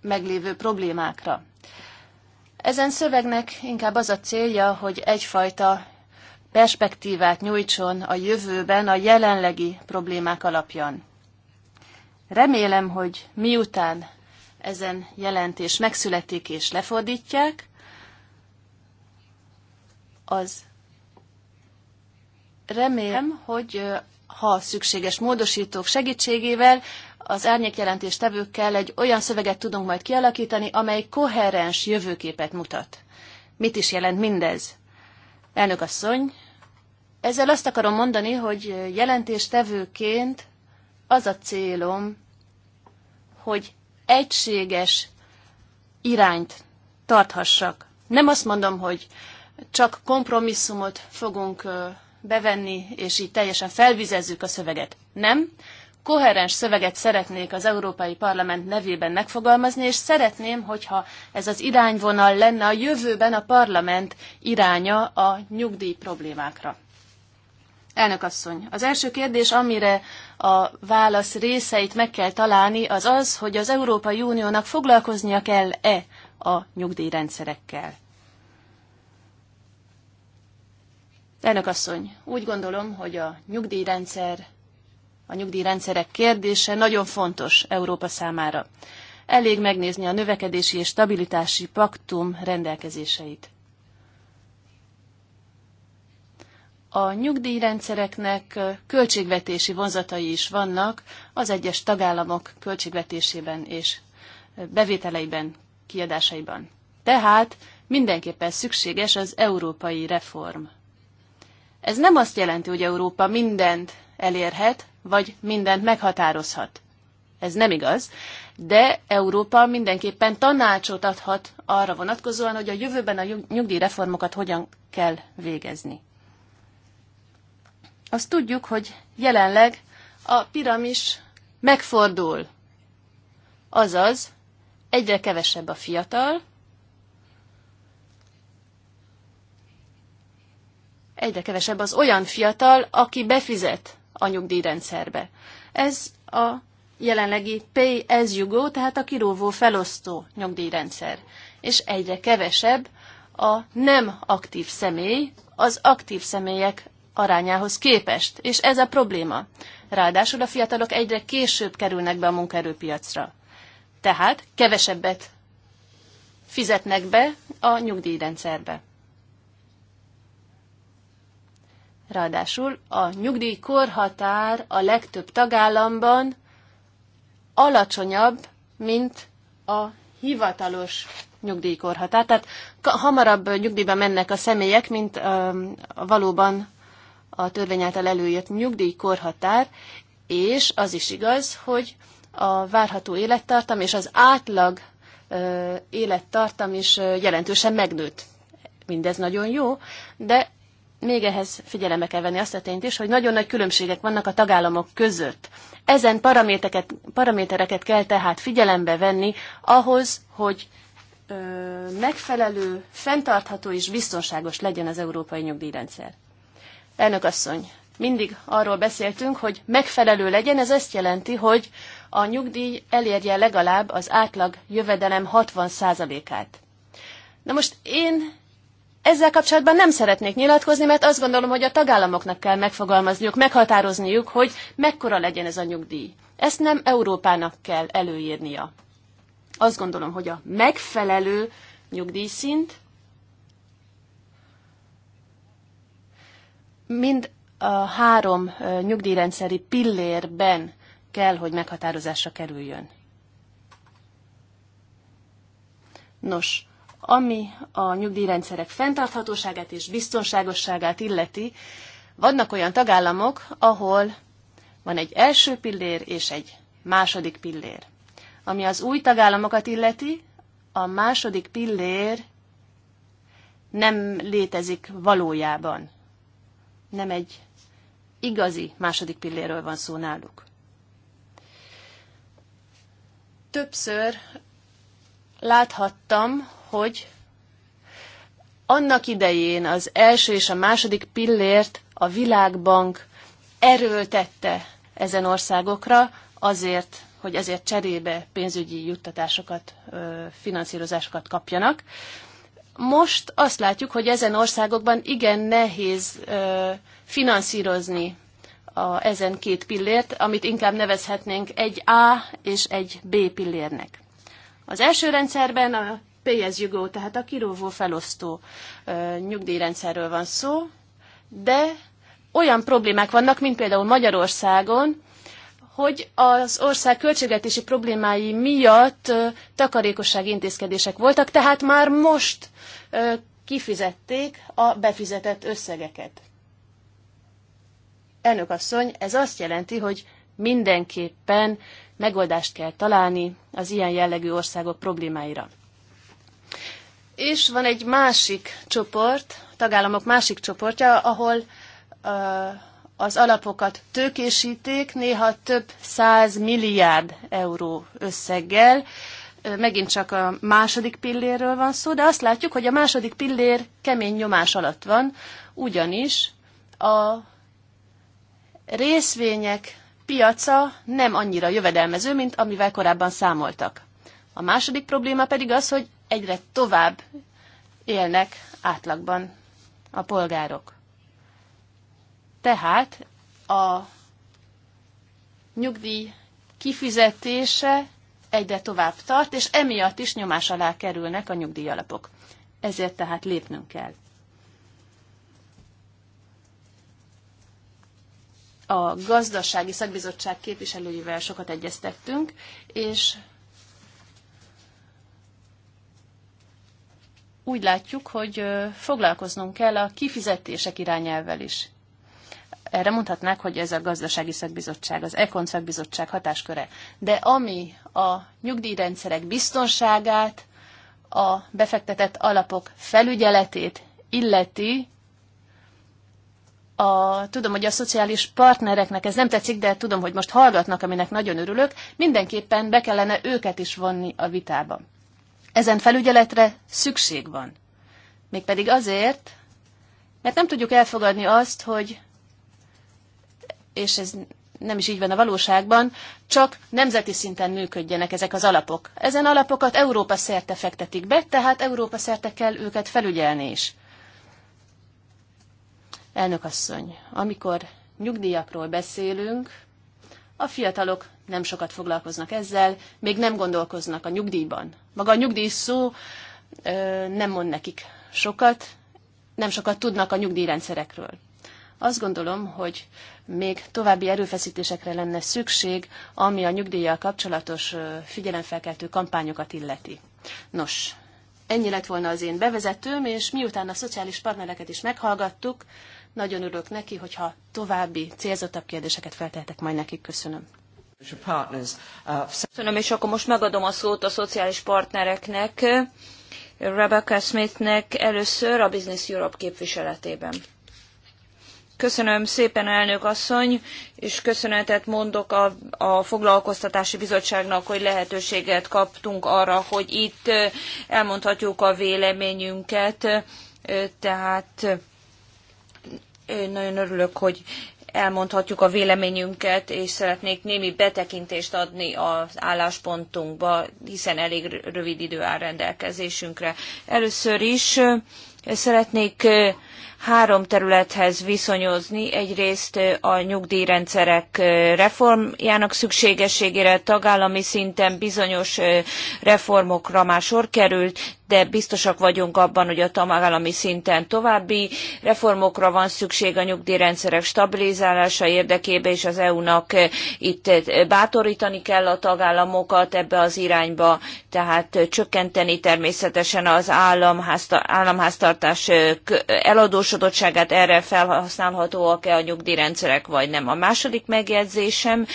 meglévő problémákra. Ezen szövegnek inkább az a célja, hogy egyfajta perspektívát nyújtson a jövőben a jelenlegi problémák alapján. Remélem, hogy miután ezen jelentés megszületik és lefordítják, az remélem, hogy ha szükséges módosítók segítségével az árnyékjelentés tevőkkel egy olyan szöveget tudunk majd kialakítani, amely koherens jövőképet mutat. Mit is jelent mindez? Elnök asszony, ezzel azt akarom mondani, hogy jelentéstevőként az a célom, hogy egységes irányt tarthassak. Nem azt mondom, hogy csak kompromisszumot fogunk bevenni, és így teljesen felvizezzük a szöveget. Nem, koherens szöveget szeretnék az Európai Parlament nevében megfogalmazni, és szeretném, hogyha ez az irányvonal lenne a jövőben a parlament iránya a nyugdíj problémákra. Elnök asszony, az első kérdés, amire a válasz részeit meg kell találni, az az, hogy az Európai Uniónak foglalkoznia kell-e a nyugdíjrendszerekkel. Elnök asszony, úgy gondolom, hogy a nyugdíjrendszer a nyugdíjrendszerek kérdése nagyon fontos Európa számára. Elég megnézni a növekedési és stabilitási paktum rendelkezéseit. A nyugdíjrendszereknek költségvetési vonzatai is vannak az egyes tagállamok költségvetésében és bevételeiben, kiadásaiban. Tehát mindenképpen szükséges az európai reform. Ez nem azt jelenti, hogy Európa mindent elérhet, vagy mindent meghatározhat. Ez nem igaz, de Európa mindenképpen tanácsot adhat arra vonatkozóan, hogy a jövőben a nyugdíjreformokat hogyan kell végezni. Azt tudjuk, hogy jelenleg a piramis megfordul. Azaz, egyre kevesebb a fiatal, egyre kevesebb az olyan fiatal, aki befizet a nyugdíjrendszerbe. Ez a jelenlegi pay as you go, tehát a kirúvó felosztó nyugdíjrendszer. És egyre kevesebb a nem aktív személy az aktív személyek arányához képest, és ez a probléma. Ráadásul a fiatalok egyre később kerülnek be a munkaerőpiacra. Tehát kevesebbet fizetnek be a nyugdíjrendszerbe. Ráadásul a nyugdíjkorhatár a legtöbb tagállamban alacsonyabb, mint a hivatalos nyugdíjkorhatár. Tehát hamarabb nyugdíjba mennek a személyek, mint um, valóban a törvény által előírt nyugdíjkorhatár, és az is igaz, hogy a várható élettartam és az átlag élettartam is jelentősen megnőtt. Mindez nagyon jó, de még ehhez figyelembe kell venni azt a tényt is, hogy nagyon nagy különbségek vannak a tagállamok között. Ezen paramétereket, paramétereket kell tehát figyelembe venni ahhoz, hogy ö, megfelelő, fenntartható és biztonságos legyen az európai nyugdíjrendszer. Elnök asszony, mindig arról beszéltünk, hogy megfelelő legyen, ez azt jelenti, hogy a nyugdíj elérje legalább az átlag jövedelem 60%-át. Na most én ezzel kapcsolatban nem szeretnék nyilatkozni, mert azt gondolom, hogy a tagállamoknak kell megfogalmazniuk, meghatározniuk, hogy mekkora legyen ez a nyugdíj. Ezt nem Európának kell előírnia. Azt gondolom, hogy a megfelelő nyugdíjszint mind a három nyugdíjrendszeri pillérben kell, hogy meghatározásra kerüljön. Nos, ami a nyugdíjrendszerek fenntarthatóságát és biztonságosságát illeti, vannak olyan tagállamok, ahol van egy első pillér és egy második pillér. Ami az új tagállamokat illeti, a második pillér nem létezik valójában. Nem egy igazi második pilléről van szó náluk. Többször láthattam, hogy annak idején az első és a második pillért a Világbank erőltette ezen országokra azért, hogy ezért cserébe pénzügyi juttatásokat, finanszírozásokat kapjanak. Most azt látjuk, hogy ezen országokban igen nehéz finanszírozni a, ezen két pillért, amit inkább nevezhetnénk egy A és egy B pillérnek. Az első rendszerben a pay as you go, tehát a kirúvó felosztó nyugdíjrendszerről van szó, de olyan problémák vannak, mint például Magyarországon, hogy az ország költségvetési problémái miatt takarékossági intézkedések voltak, tehát már most kifizették a befizetett összegeket. Elnök asszony, ez azt jelenti, hogy mindenképpen megoldást kell találni az ilyen jellegű országok problémáira. És van egy másik csoport, tagállamok másik csoportja, ahol az alapokat tőkésíték, néha több száz milliárd euró összeggel. Megint csak a második pillérről van szó, de azt látjuk, hogy a második pillér kemény nyomás alatt van, ugyanis a részvények piaca nem annyira jövedelmező, mint amivel korábban számoltak. A második probléma pedig az, hogy egyre tovább élnek átlagban a polgárok. Tehát a nyugdíj kifizetése egyre tovább tart, és emiatt is nyomás alá kerülnek a nyugdíjalapok. Ezért tehát lépnünk kell. A gazdasági szakbizottság képviselőivel sokat egyeztettünk, és úgy látjuk, hogy foglalkoznunk kell a kifizetések irányelvvel is. Erre mondhatnák, hogy ez a gazdasági szakbizottság, az Ekon szakbizottság hatásköre. De ami a nyugdíjrendszerek biztonságát, a befektetett alapok felügyeletét illeti, a, tudom, hogy a szociális partnereknek ez nem tetszik, de tudom, hogy most hallgatnak, aminek nagyon örülök, mindenképpen be kellene őket is vonni a vitába. Ezen felügyeletre szükség van. Mégpedig azért, mert nem tudjuk elfogadni azt, hogy, és ez nem is így van a valóságban, csak nemzeti szinten működjenek ezek az alapok. Ezen alapokat Európa szerte fektetik be, tehát Európa szerte kell őket felügyelni is. Elnök asszony, amikor nyugdíjakról beszélünk, a fiatalok nem sokat foglalkoznak ezzel, még nem gondolkoznak a nyugdíjban. Maga a nyugdíj szó nem mond nekik sokat, nem sokat tudnak a nyugdíjrendszerekről. Azt gondolom, hogy még további erőfeszítésekre lenne szükség, ami a nyugdíjjal kapcsolatos figyelemfelkeltő kampányokat illeti. Nos, ennyi lett volna az én bevezetőm, és miután a szociális partnereket is meghallgattuk, nagyon örülök neki, hogyha további célzottabb kérdéseket feltehetek majd nekik. Köszönöm. Uh, Köszönöm, és akkor most megadom a szót a szociális partnereknek, Rebecca Smithnek először a Business Europe képviseletében. Köszönöm szépen, elnök asszony, és köszönetet mondok a, a Foglalkoztatási Bizottságnak, hogy lehetőséget kaptunk arra, hogy itt elmondhatjuk a véleményünket. Tehát nagyon örülök, hogy elmondhatjuk a véleményünket, és szeretnék némi betekintést adni az álláspontunkba, hiszen elég rövid idő áll rendelkezésünkre. Először is szeretnék három területhez viszonyozni. Egyrészt a nyugdíjrendszerek reformjának szükségességére tagállami szinten bizonyos reformokra már sor került, de biztosak vagyunk abban, hogy a tagállami szinten további reformokra van szükség a nyugdíjrendszerek stabilizálása érdekében, és az EU-nak itt bátorítani kell a tagállamokat ebbe az irányba, tehát csökkenteni természetesen az államháztartás eladósodottságát, erre felhasználhatóak-e a nyugdíjrendszerek, vagy nem. A második megjegyzésem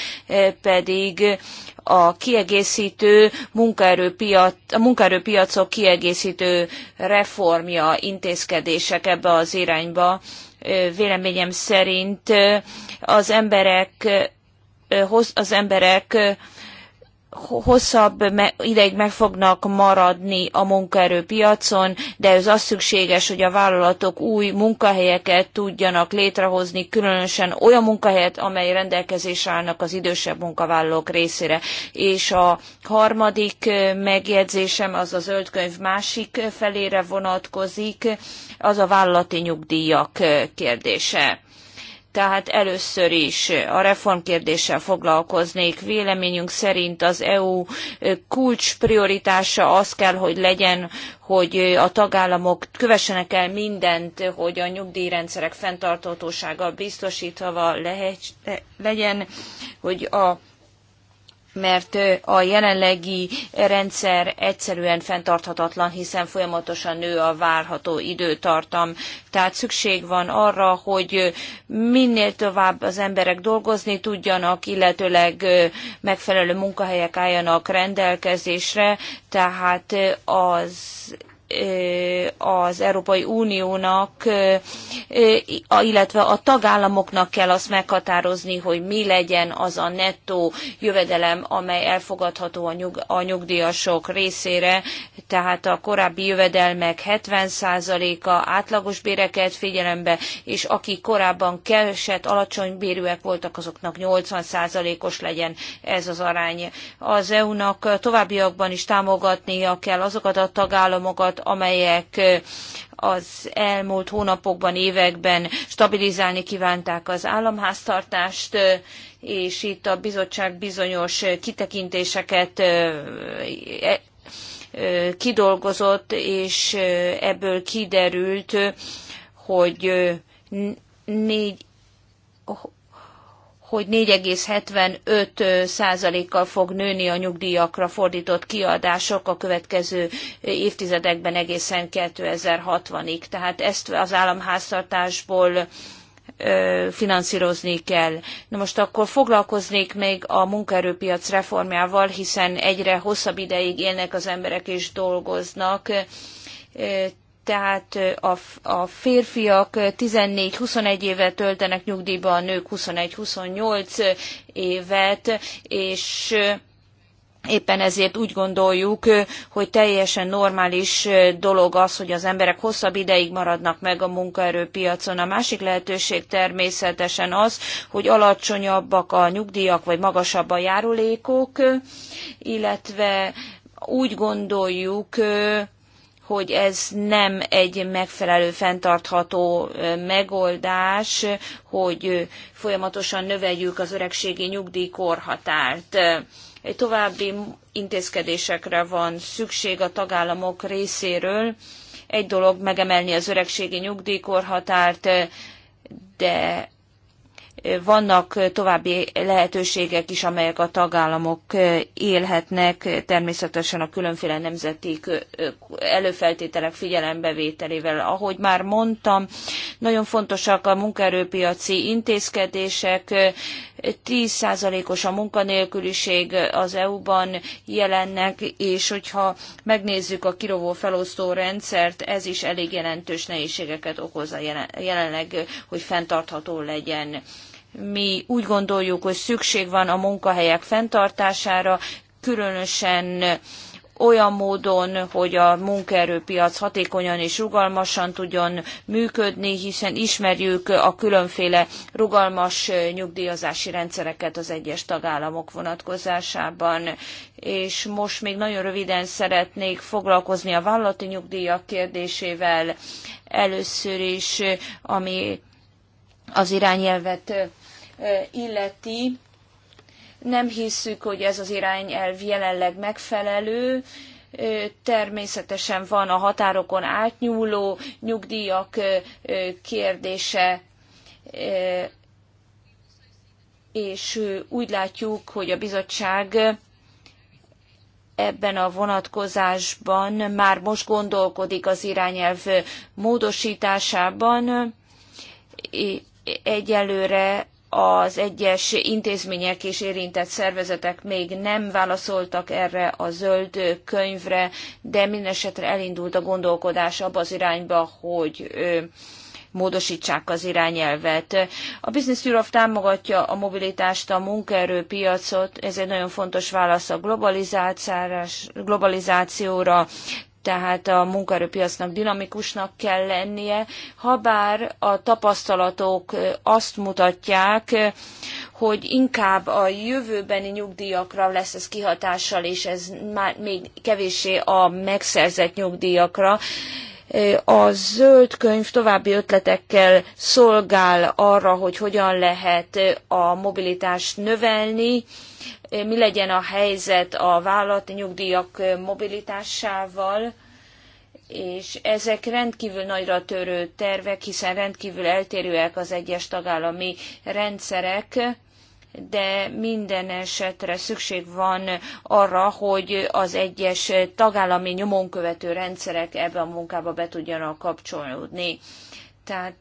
pedig a kiegészítő munkaerőpiac, a munkaerőpiacok kiegészítő reformja, intézkedések ebbe az irányba. Véleményem szerint az emberek az emberek hosszabb ideig meg fognak maradni a munkaerőpiacon, de ez az szükséges, hogy a vállalatok új munkahelyeket tudjanak létrehozni, különösen olyan munkahelyet, amely rendelkezésre állnak az idősebb munkavállalók részére. És a harmadik megjegyzésem az a zöld könyv másik felére vonatkozik, az a vállalati nyugdíjak kérdése tehát először is a reformkérdéssel foglalkoznék. Véleményünk szerint az EU kulcs prioritása az kell, hogy legyen, hogy a tagállamok kövessenek el mindent, hogy a nyugdíjrendszerek fenntartótósága biztosítva legyen, hogy a mert a jelenlegi rendszer egyszerűen fenntarthatatlan, hiszen folyamatosan nő a várható időtartam. Tehát szükség van arra, hogy minél tovább az emberek dolgozni tudjanak, illetőleg megfelelő munkahelyek álljanak rendelkezésre, tehát az az Európai Uniónak, illetve a tagállamoknak kell azt meghatározni, hogy mi legyen az a nettó jövedelem, amely elfogadható a, nyugdíjasok részére, tehát a korábbi jövedelmek 70%-a átlagos béreket figyelembe, és akik korábban keveset, alacsony bérűek voltak, azoknak 80%-os legyen ez az arány. Az EU-nak továbbiakban is támogatnia kell azokat a tagállamokat, amelyek az elmúlt hónapokban, években stabilizálni kívánták az államháztartást, és itt a bizottság bizonyos kitekintéseket e, kidolgozott, és ebből kiderült, hogy négy hogy 4,75 kal fog nőni a nyugdíjakra fordított kiadások a következő évtizedekben egészen 2060-ig. Tehát ezt az államháztartásból finanszírozni kell. Na most akkor foglalkoznék még a munkaerőpiac reformjával, hiszen egyre hosszabb ideig élnek az emberek és dolgoznak tehát a, a férfiak 14-21 évet töltenek nyugdíjba, a nők 21-28 évet, és Éppen ezért úgy gondoljuk, hogy teljesen normális dolog az, hogy az emberek hosszabb ideig maradnak meg a munkaerőpiacon. A másik lehetőség természetesen az, hogy alacsonyabbak a nyugdíjak, vagy magasabb a járulékok, illetve úgy gondoljuk, hogy ez nem egy megfelelő fenntartható megoldás, hogy folyamatosan növeljük az öregségi nyugdíjkorhatárt. Egy további intézkedésekre van szükség a tagállamok részéről. Egy dolog megemelni az öregségi nyugdíjkorhatárt, de vannak további lehetőségek is, amelyek a tagállamok élhetnek, természetesen a különféle nemzeti előfeltételek figyelembevételével. Ahogy már mondtam, nagyon fontosak a munkaerőpiaci intézkedések, 10%-os a munkanélküliség az EU-ban jelennek, és hogyha megnézzük a kirovó felosztó rendszert, ez is elég jelentős nehézségeket okoz a jelenleg, hogy fenntartható legyen mi úgy gondoljuk, hogy szükség van a munkahelyek fenntartására, különösen olyan módon, hogy a munkaerőpiac hatékonyan és rugalmasan tudjon működni, hiszen ismerjük a különféle rugalmas nyugdíjazási rendszereket az egyes tagállamok vonatkozásában. És most még nagyon röviden szeretnék foglalkozni a vállalati nyugdíjak kérdésével először is, ami az irányelvet illeti, nem hisszük, hogy ez az irányelv jelenleg megfelelő, természetesen van a határokon átnyúló nyugdíjak kérdése, és úgy látjuk, hogy a bizottság ebben a vonatkozásban már most gondolkodik az irányelv módosításában. Egyelőre az egyes intézmények és érintett szervezetek még nem válaszoltak erre a zöld könyvre, de mindesetre elindult a gondolkodás abba az irányba, hogy módosítsák az irányelvet. A Business Europe támogatja a mobilitást, a munkaerőpiacot, ez egy nagyon fontos válasz a globalizációra, tehát a munkaerőpiacnak dinamikusnak kell lennie, habár a tapasztalatok azt mutatják, hogy inkább a jövőbeni nyugdíjakra lesz ez kihatással, és ez már még kevéssé a megszerzett nyugdíjakra, a zöld könyv további ötletekkel szolgál arra, hogy hogyan lehet a mobilitást növelni, mi legyen a helyzet a vállalati nyugdíjak mobilitásával, és ezek rendkívül nagyra törő tervek, hiszen rendkívül eltérőek az egyes tagállami rendszerek de minden esetre szükség van arra, hogy az egyes tagállami nyomonkövető rendszerek ebbe a munkába be tudjanak kapcsolódni. Tehát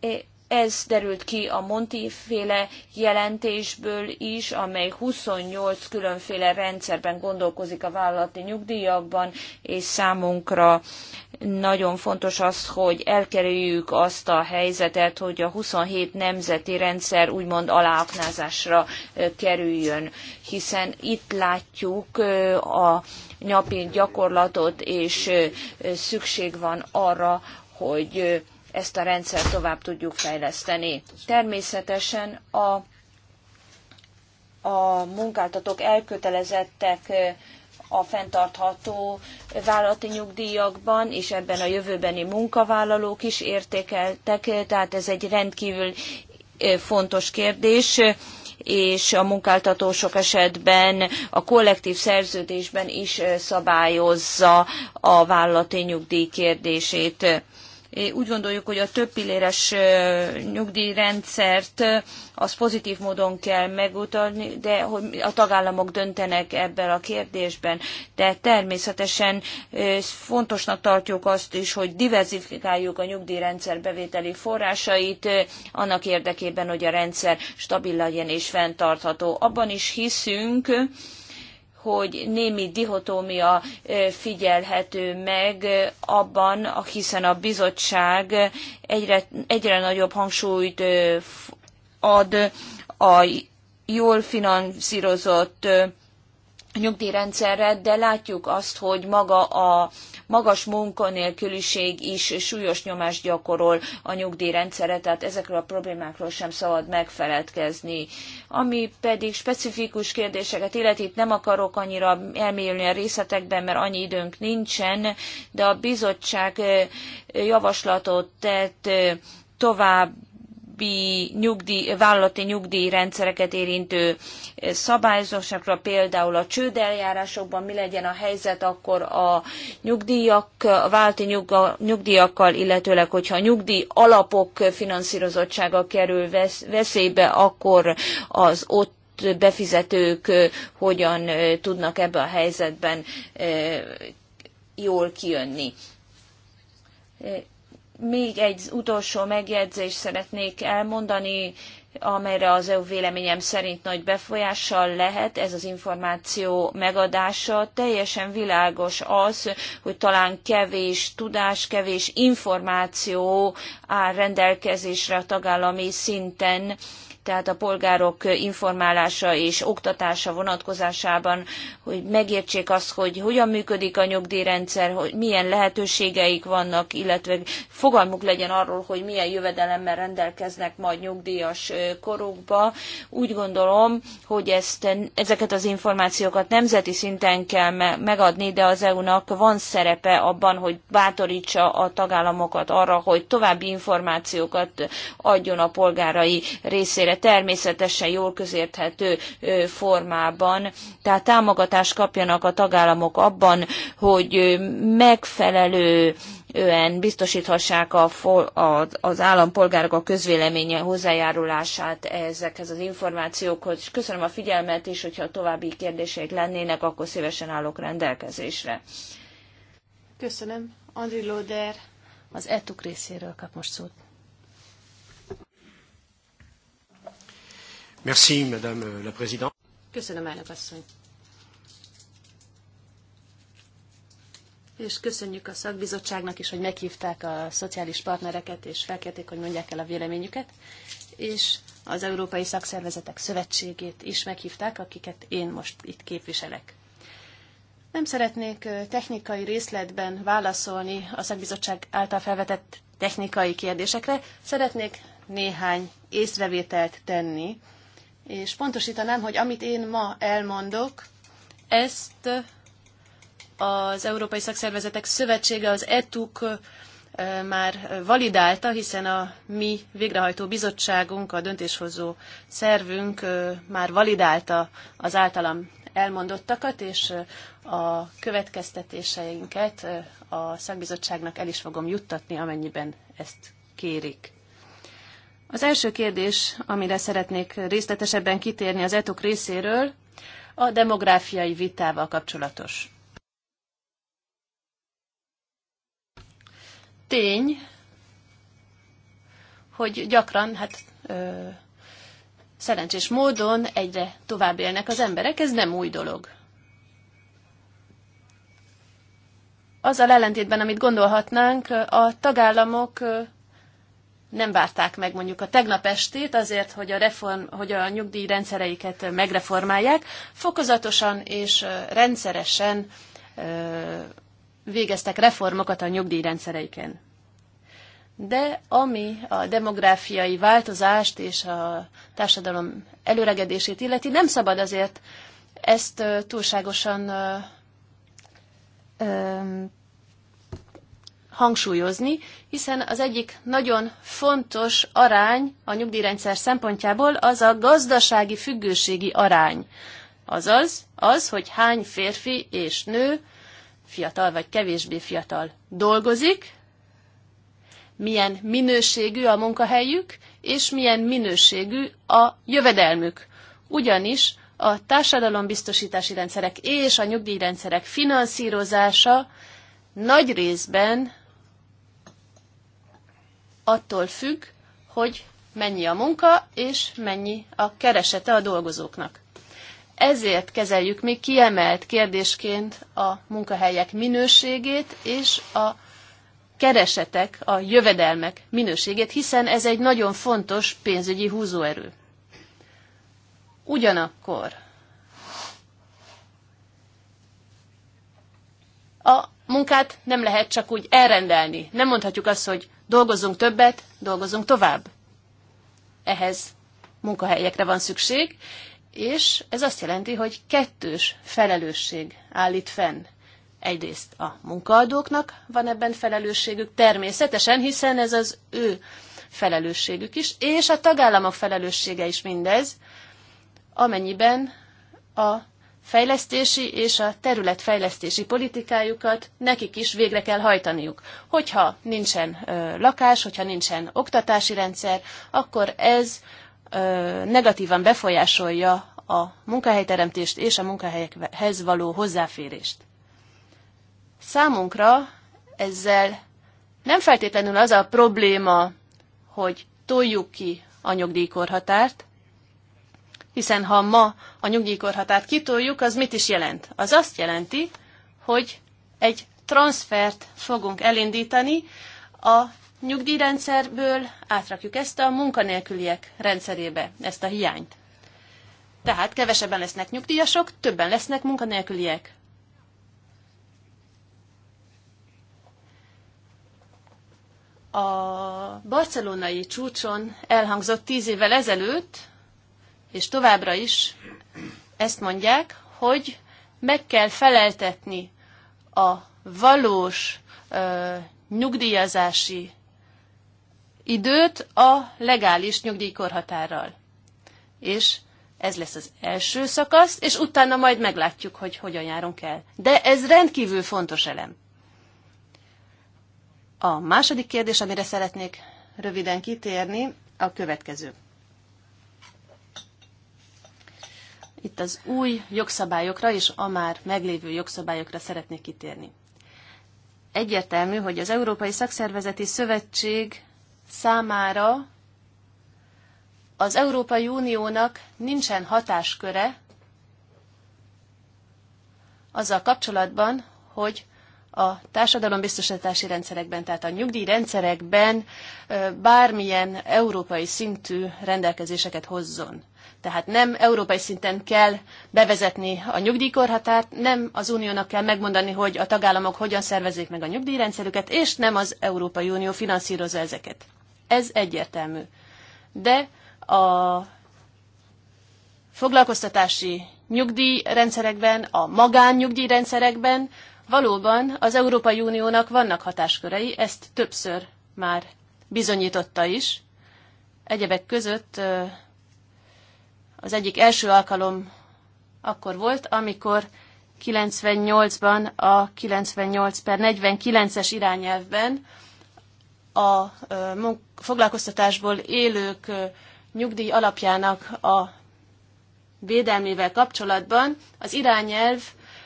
e, ez derült ki a Monti féle jelentésből is, amely 28 különféle rendszerben gondolkozik a vállalati nyugdíjakban, és számunkra nagyon fontos az, hogy elkerüljük azt a helyzetet, hogy a 27 nemzeti rendszer úgymond aláaknázásra kerüljön, hiszen itt látjuk a napi gyakorlatot, és szükség van arra, hogy ezt a rendszert tovább tudjuk fejleszteni. Természetesen a, a munkáltatók elkötelezettek a fenntartható vállalati nyugdíjakban, és ebben a jövőbeni munkavállalók is értékeltek, tehát ez egy rendkívül fontos kérdés és a munkáltató sok esetben a kollektív szerződésben is szabályozza a vállalati nyugdíj kérdését. Úgy gondoljuk, hogy a több pilléres nyugdíjrendszert az pozitív módon kell megutalni, de hogy a tagállamok döntenek ebben a kérdésben. De természetesen fontosnak tartjuk azt is, hogy diversifikáljuk a nyugdíjrendszer bevételi forrásait annak érdekében, hogy a rendszer stabil legyen és fenntartható. Abban is hiszünk, hogy némi dihotómia figyelhető meg abban, hiszen a bizottság egyre, egyre nagyobb hangsúlyt ad a jól finanszírozott nyugdíjrendszerre, de látjuk azt, hogy maga a magas munkanélküliség is súlyos nyomást gyakorol a nyugdíjrendszere, tehát ezekről a problémákról sem szabad megfeledkezni. Ami pedig specifikus kérdéseket illeti, itt nem akarok annyira elmélyülni a részletekben, mert annyi időnk nincsen, de a bizottság javaslatot tett tovább korábbi nyugdíj, vállalati nyugdíjrendszereket érintő szabályozásokra, például a csődeljárásokban mi legyen a helyzet akkor a nyugdíjak, a vállalati nyugdíjakkal, illetőleg hogyha a nyugdíj alapok finanszírozottsága kerül veszélybe, akkor az ott befizetők hogyan tudnak ebben a helyzetben jól kijönni még egy utolsó megjegyzést szeretnék elmondani, amelyre az EU véleményem szerint nagy befolyással lehet ez az információ megadása. Teljesen világos az, hogy talán kevés tudás, kevés információ áll rendelkezésre a tagállami szinten tehát a polgárok informálása és oktatása vonatkozásában, hogy megértsék azt, hogy hogyan működik a nyugdíjrendszer, hogy milyen lehetőségeik vannak, illetve fogalmuk legyen arról, hogy milyen jövedelemmel rendelkeznek majd nyugdíjas korukba. Úgy gondolom, hogy ezt, ezeket az információkat nemzeti szinten kell megadni, de az EU-nak van szerepe abban, hogy bátorítsa a tagállamokat arra, hogy további információkat adjon a polgárai részére amennyire természetesen jól közérthető formában, tehát támogatást kapjanak a tagállamok abban, hogy megfelelően ön biztosíthassák a, a, az állampolgárok a közvéleménye hozzájárulását ezekhez az információkhoz. És köszönöm a figyelmet, és hogyha további kérdéseik lennének, akkor szívesen állok rendelkezésre. Köszönöm. Andri Lóder az ETUK részéről kap most szót. Merci, Madame la Présidente. Köszönöm, elnök asszony. És köszönjük a szakbizottságnak is, hogy meghívták a szociális partnereket, és felkérték, hogy mondják el a véleményüket. És az Európai Szakszervezetek Szövetségét is meghívták, akiket én most itt képviselek. Nem szeretnék technikai részletben válaszolni a szakbizottság által felvetett technikai kérdésekre. Szeretnék néhány észrevételt tenni és pontosítanám, hogy amit én ma elmondok, ezt az Európai Szakszervezetek Szövetsége, az ETUK már validálta, hiszen a mi végrehajtó bizottságunk, a döntéshozó szervünk már validálta az általam elmondottakat, és a következtetéseinket a szakbizottságnak el is fogom juttatni, amennyiben ezt kérik. Az első kérdés, amire szeretnék részletesebben kitérni az etok részéről, a demográfiai vitával kapcsolatos. Tény, hogy gyakran, hát ö, szerencsés módon egyre tovább élnek az emberek, ez nem új dolog. Azzal ellentétben, amit gondolhatnánk, a tagállamok nem várták meg mondjuk a tegnap estét azért, hogy a, reform, hogy a nyugdíjrendszereiket megreformálják, fokozatosan és rendszeresen végeztek reformokat a nyugdíjrendszereiken. De ami a demográfiai változást és a társadalom előregedését illeti, nem szabad azért ezt túlságosan hangsúlyozni, hiszen az egyik nagyon fontos arány a nyugdíjrendszer szempontjából az a gazdasági függőségi arány. Azaz az, hogy hány férfi és nő, fiatal vagy kevésbé fiatal dolgozik, milyen minőségű a munkahelyük, és milyen minőségű a jövedelmük. Ugyanis a társadalombiztosítási rendszerek és a nyugdíjrendszerek finanszírozása nagy részben attól függ, hogy mennyi a munka, és mennyi a keresete a dolgozóknak. Ezért kezeljük mi kiemelt kérdésként a munkahelyek minőségét és a keresetek, a jövedelmek minőségét, hiszen ez egy nagyon fontos pénzügyi húzóerő. Ugyanakkor a munkát nem lehet csak úgy elrendelni. Nem mondhatjuk azt, hogy dolgozzunk többet, dolgozzunk tovább. Ehhez munkahelyekre van szükség, és ez azt jelenti, hogy kettős felelősség állít fenn. Egyrészt a munkaadóknak van ebben felelősségük, természetesen, hiszen ez az ő felelősségük is, és a tagállamok felelőssége is mindez, amennyiben a fejlesztési és a területfejlesztési politikájukat nekik is végre kell hajtaniuk. Hogyha nincsen ö, lakás, hogyha nincsen oktatási rendszer, akkor ez ö, negatívan befolyásolja a munkahelyteremtést és a munkahelyekhez való hozzáférést. Számunkra ezzel nem feltétlenül az a probléma, hogy toljuk ki a nyugdíjkorhatárt, hiszen ha ma a nyugdíjkorhatárt kitoljuk, az mit is jelent? Az azt jelenti, hogy egy transfert fogunk elindítani a nyugdíjrendszerből, átrakjuk ezt a munkanélküliek rendszerébe, ezt a hiányt. Tehát kevesebben lesznek nyugdíjasok, többen lesznek munkanélküliek. A barcelonai csúcson elhangzott tíz évvel ezelőtt, és továbbra is ezt mondják, hogy meg kell feleltetni a valós ö, nyugdíjazási időt a legális nyugdíjkorhatárral. És ez lesz az első szakasz, és utána majd meglátjuk, hogy hogyan járunk el. De ez rendkívül fontos elem. A második kérdés, amire szeretnék röviden kitérni, a következő. Itt az új jogszabályokra és a már meglévő jogszabályokra szeretnék kitérni. Egyértelmű, hogy az Európai Szakszervezeti Szövetség számára az Európai Uniónak nincsen hatásköre azzal kapcsolatban, hogy a társadalombiztosítási rendszerekben, tehát a nyugdíjrendszerekben bármilyen európai szintű rendelkezéseket hozzon. Tehát nem európai szinten kell bevezetni a nyugdíjkorhatárt, nem az uniónak kell megmondani, hogy a tagállamok hogyan szervezik meg a nyugdíjrendszerüket, és nem az Európai Unió finanszírozza ezeket. Ez egyértelmű. De a foglalkoztatási nyugdíjrendszerekben, a magánnyugdíjrendszerekben valóban az Európai Uniónak vannak hatáskörei, ezt többször már bizonyította is. Egyebek között az egyik első alkalom akkor volt, amikor 98-ban a 98 per 49-es irányelvben a foglalkoztatásból élők nyugdíj alapjának a védelmével kapcsolatban az irányelv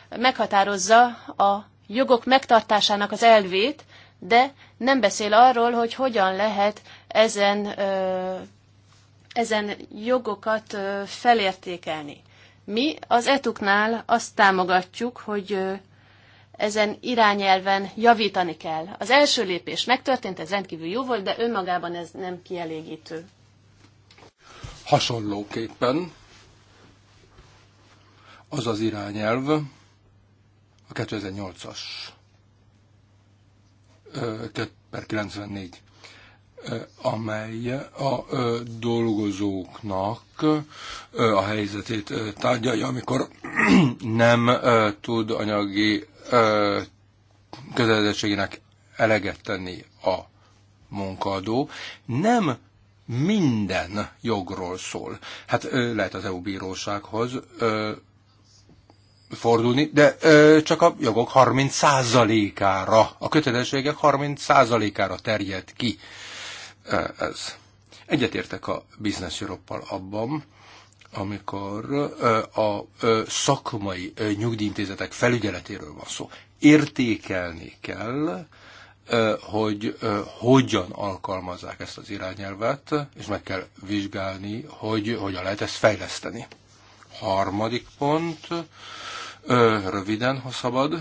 meghatározza a jogok megtartásának az elvét, de nem beszél arról, hogy hogyan lehet ezen ezen jogokat felértékelni. Mi az etuknál azt támogatjuk, hogy ezen irányelven javítani kell. Az első lépés megtörtént, ez rendkívül jó volt, de önmagában ez nem kielégítő. Hasonlóképpen az az irányelv, a 2008-as per 94 amely a dolgozóknak a helyzetét tárgyalja, amikor nem tud anyagi kötelezettségének eleget tenni a munkadó. Nem minden jogról szól. Hát lehet az EU bírósághoz fordulni, de ö, csak a jogok 30%-ára, a kötelességek 30%-ára terjed ki ez. Egyetértek a Business europe abban, amikor a szakmai nyugdíjintézetek felügyeletéről van szó. Értékelni kell, hogy hogyan alkalmazzák ezt az irányelvet, és meg kell vizsgálni, hogy hogyan lehet ezt fejleszteni. Harmadik pont, röviden, ha szabad,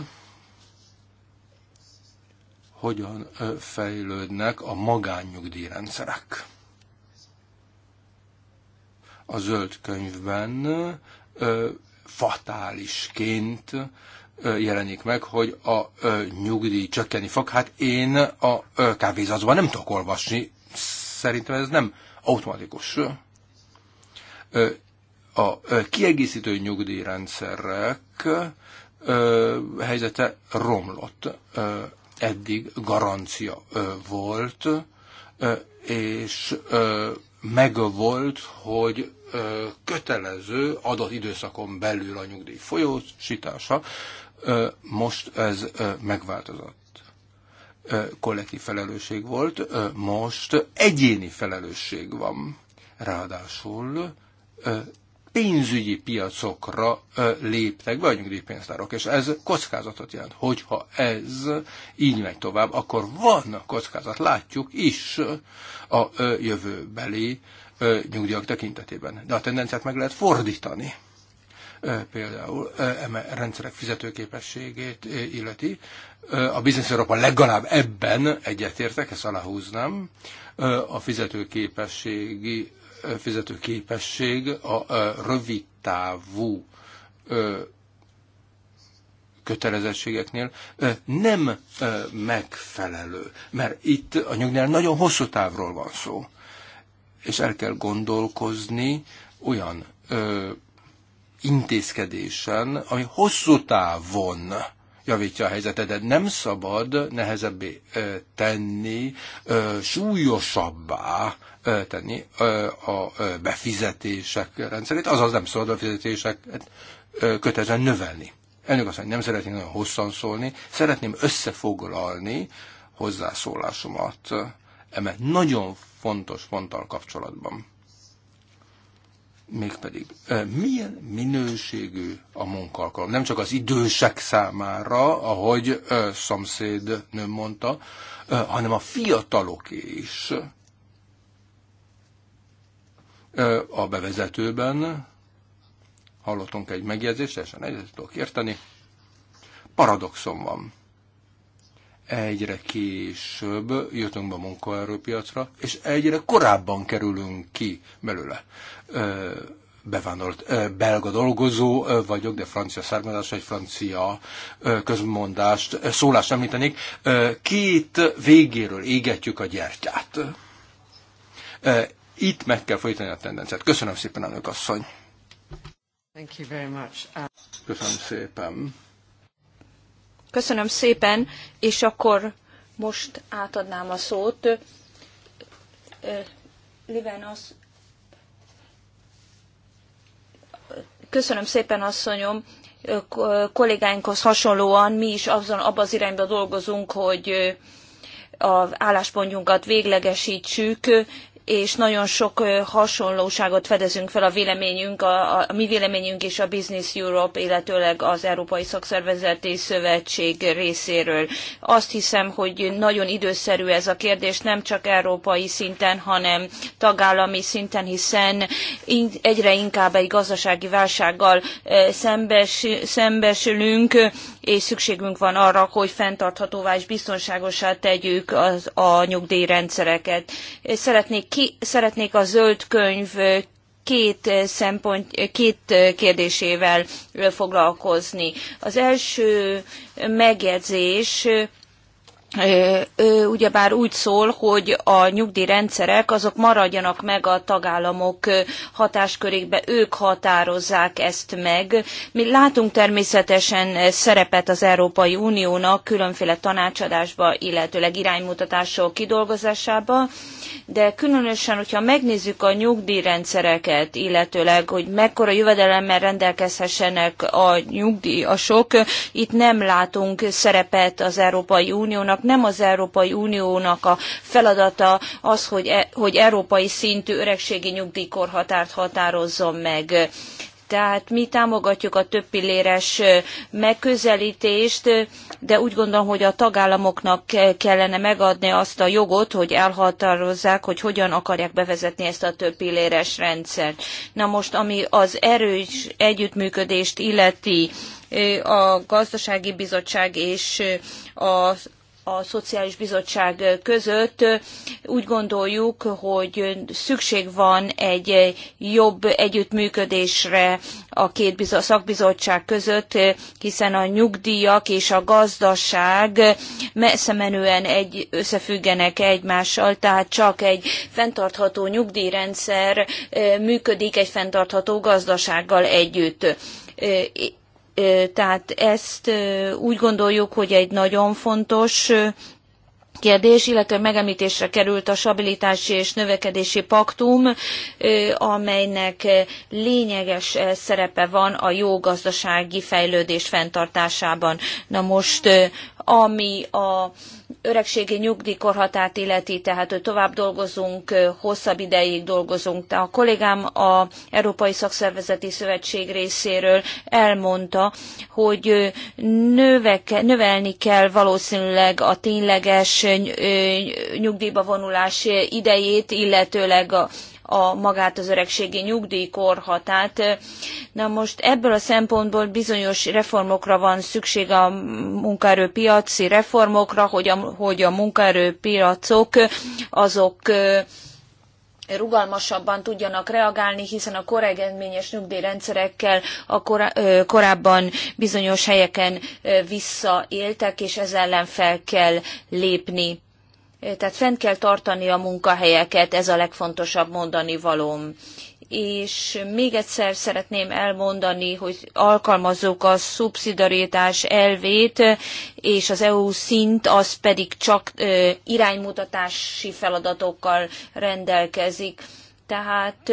hogyan fejlődnek a magánnyugdíjrendszerek. A zöld könyvben fatálisként jelenik meg, hogy a nyugdíj csökkenni fog. Hát én a kávézatban nem tudok olvasni, szerintem ez nem automatikus. A kiegészítő nyugdíjrendszerek helyzete romlott eddig garancia volt, és megvolt, hogy kötelező adott időszakon belül a nyugdíj folyósítása, most ez megváltozott. Kollektív felelősség volt, most egyéni felelősség van. Ráadásul pénzügyi piacokra léptek be a nyugdíjpénztárak, és ez kockázatot jelent. Hogyha ez így megy tovább, akkor van kockázat, látjuk is a jövőbeli nyugdíjak tekintetében. De a tendenciát meg lehet fordítani például eme rendszerek fizetőképességét illeti. A Business Europa legalább ebben egyetértek, ezt aláhúznám, a fizetőképességi fizető képesség a rövid távú kötelezettségeknél nem megfelelő, mert itt a nyugdíjnál nagyon hosszú távról van szó, és el kell gondolkozni olyan intézkedésen, ami hosszú távon javítja a helyzetet, de nem szabad nehezebbé tenni, súlyosabbá tenni a befizetések rendszerét, azaz nem szabad befizetéseket kötelezően növelni. Elnök mondja, nem szeretnék nagyon hosszan szólni, szeretném összefoglalni hozzászólásomat eme nagyon fontos ponttal kapcsolatban. Mégpedig, milyen minőségű a munkalkalom? Nem csak az idősek számára, ahogy szomszéd nő mondta, hanem a fiataloké is a bevezetőben hallottunk egy megjegyzést, teljesen egyet tudok érteni. Paradoxon van. Egyre később jutunk be a munkaerőpiacra, és egyre korábban kerülünk ki belőle. Bevándorolt belga dolgozó vagyok, de francia származás, egy francia közmondást, szólást említenék. Két végéről égetjük a gyertyát itt meg kell folytani a tendenciát. Köszönöm szépen, elnök asszony! Thank you very much. Uh, Köszönöm szépen! Köszönöm szépen, és akkor most átadnám a szót. Liven az... Köszönöm szépen, asszonyom! kollégáinkhoz hasonlóan mi is abban az irányba dolgozunk, hogy a álláspontjunkat véglegesítsük, és nagyon sok hasonlóságot fedezünk fel a véleményünk, a, a, a mi véleményünk és a Business Europe, illetőleg az Európai Szakszervezeti Szövetség részéről. Azt hiszem, hogy nagyon időszerű ez a kérdés, nem csak európai szinten, hanem tagállami szinten, hiszen egyre inkább egy gazdasági válsággal szembes, szembesülünk, és szükségünk van arra, hogy fenntarthatóvá és biztonságosá tegyük az, a nyugdíjrendszereket. Szeretnék, ki, szeretnék a zöld könyv két, szempont, két kérdésével foglalkozni. Az első megjegyzés ő ugyebár úgy szól, hogy a nyugdíjrendszerek azok maradjanak meg a tagállamok hatáskörébe ők határozzák ezt meg. Mi látunk természetesen szerepet az Európai Uniónak különféle tanácsadásba, illetőleg iránymutatások kidolgozásába, de különösen, hogyha megnézzük a nyugdíjrendszereket, illetőleg, hogy mekkora jövedelemmel rendelkezhessenek a nyugdíjasok, itt nem látunk szerepet az Európai Uniónak, nem az Európai Uniónak a feladata az, hogy, e, hogy európai szintű öregségi nyugdíjkorhatárt határozzon meg tehát mi támogatjuk a több pilléres megközelítést, de úgy gondolom, hogy a tagállamoknak kellene megadni azt a jogot, hogy elhatározzák, hogy hogyan akarják bevezetni ezt a több pilléres rendszert. Na most, ami az erős együttműködést illeti, a gazdasági bizottság és az a Szociális Bizottság között. Úgy gondoljuk, hogy szükség van egy jobb együttműködésre a két szakbizottság között, hiszen a nyugdíjak és a gazdaság messze menően egy, összefüggenek egymással, tehát csak egy fenntartható nyugdíjrendszer eh, működik egy fenntartható gazdasággal együtt eh, tehát ezt úgy gondoljuk, hogy egy nagyon fontos kérdés, illetve megemlítésre került a stabilitási és növekedési paktum, amelynek lényeges szerepe van a jó gazdasági fejlődés fenntartásában. Na most, ami a öregségi nyugdíjkorhatát illeti, tehát tovább dolgozunk, hosszabb ideig dolgozunk. A kollégám a Európai Szakszervezeti Szövetség részéről elmondta, hogy növeke, növelni kell valószínűleg a tényleges nyugdíjba vonulás idejét, illetőleg a a magát az öregségi nyugdíjkorhatát. Na most ebből a szempontból bizonyos reformokra van szükség a munkaerőpiaci reformokra, hogy a, hogy a munkaerőpiacok azok rugalmasabban tudjanak reagálni, hiszen a koregedményes nyugdíjrendszerekkel a korábban bizonyos helyeken visszaéltek, és ez ellen fel kell lépni. Tehát fent kell tartani a munkahelyeket, ez a legfontosabb mondani valóm. És még egyszer szeretném elmondani, hogy alkalmazzuk a szubszidaritás elvét, és az EU szint az pedig csak iránymutatási feladatokkal rendelkezik. Tehát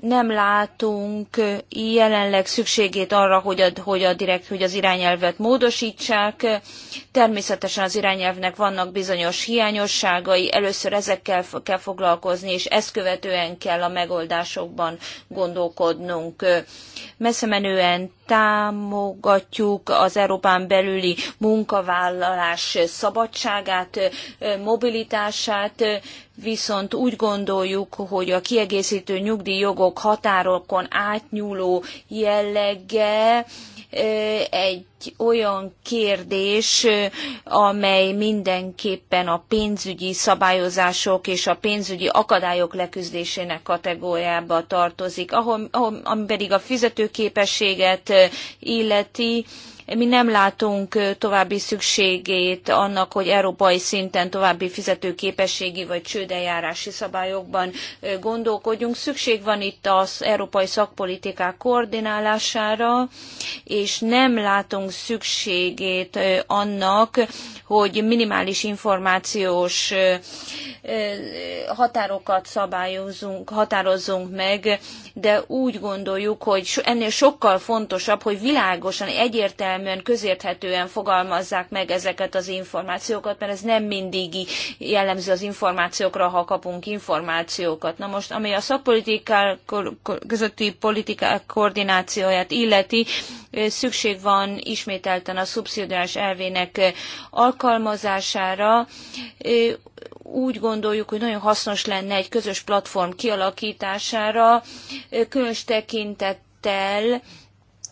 nem látunk jelenleg szükségét arra, hogy a, hogy a direkt, hogy az irányelvet módosítsák. Természetesen az irányelvnek vannak bizonyos hiányosságai, először ezekkel kell foglalkozni, és ezt követően kell a megoldásokban gondolkodnunk. Messze menően támogatjuk az Európán belüli munkavállalás szabadságát, mobilitását, viszont úgy gondoljuk, hogy a kiegészítő nyugdíjjogok határokon átnyúló jellege egy olyan kérdés, amely mindenképpen a pénzügyi szabályozások és a pénzügyi akadályok leküzdésének kategóriába tartozik, ahol, ahol, ami pedig a fizetőképességet illeti mi nem látunk további szükségét annak, hogy európai szinten további fizetőképességi vagy csődeljárási szabályokban gondolkodjunk. Szükség van itt az európai szakpolitikák koordinálására, és nem látunk szükségét annak, hogy minimális információs határokat szabályozunk, határozzunk meg, de úgy gondoljuk, hogy ennél sokkal fontosabb, hogy világosan, egyértelműen egyértelműen, közérthetően fogalmazzák meg ezeket az információkat, mert ez nem mindig jellemző az információkra, ha kapunk információkat. Na most, ami a szakpolitikák közötti politikák koordinációját illeti, szükség van ismételten a szubszidiás elvének alkalmazására. Úgy gondoljuk, hogy nagyon hasznos lenne egy közös platform kialakítására, különös tekintettel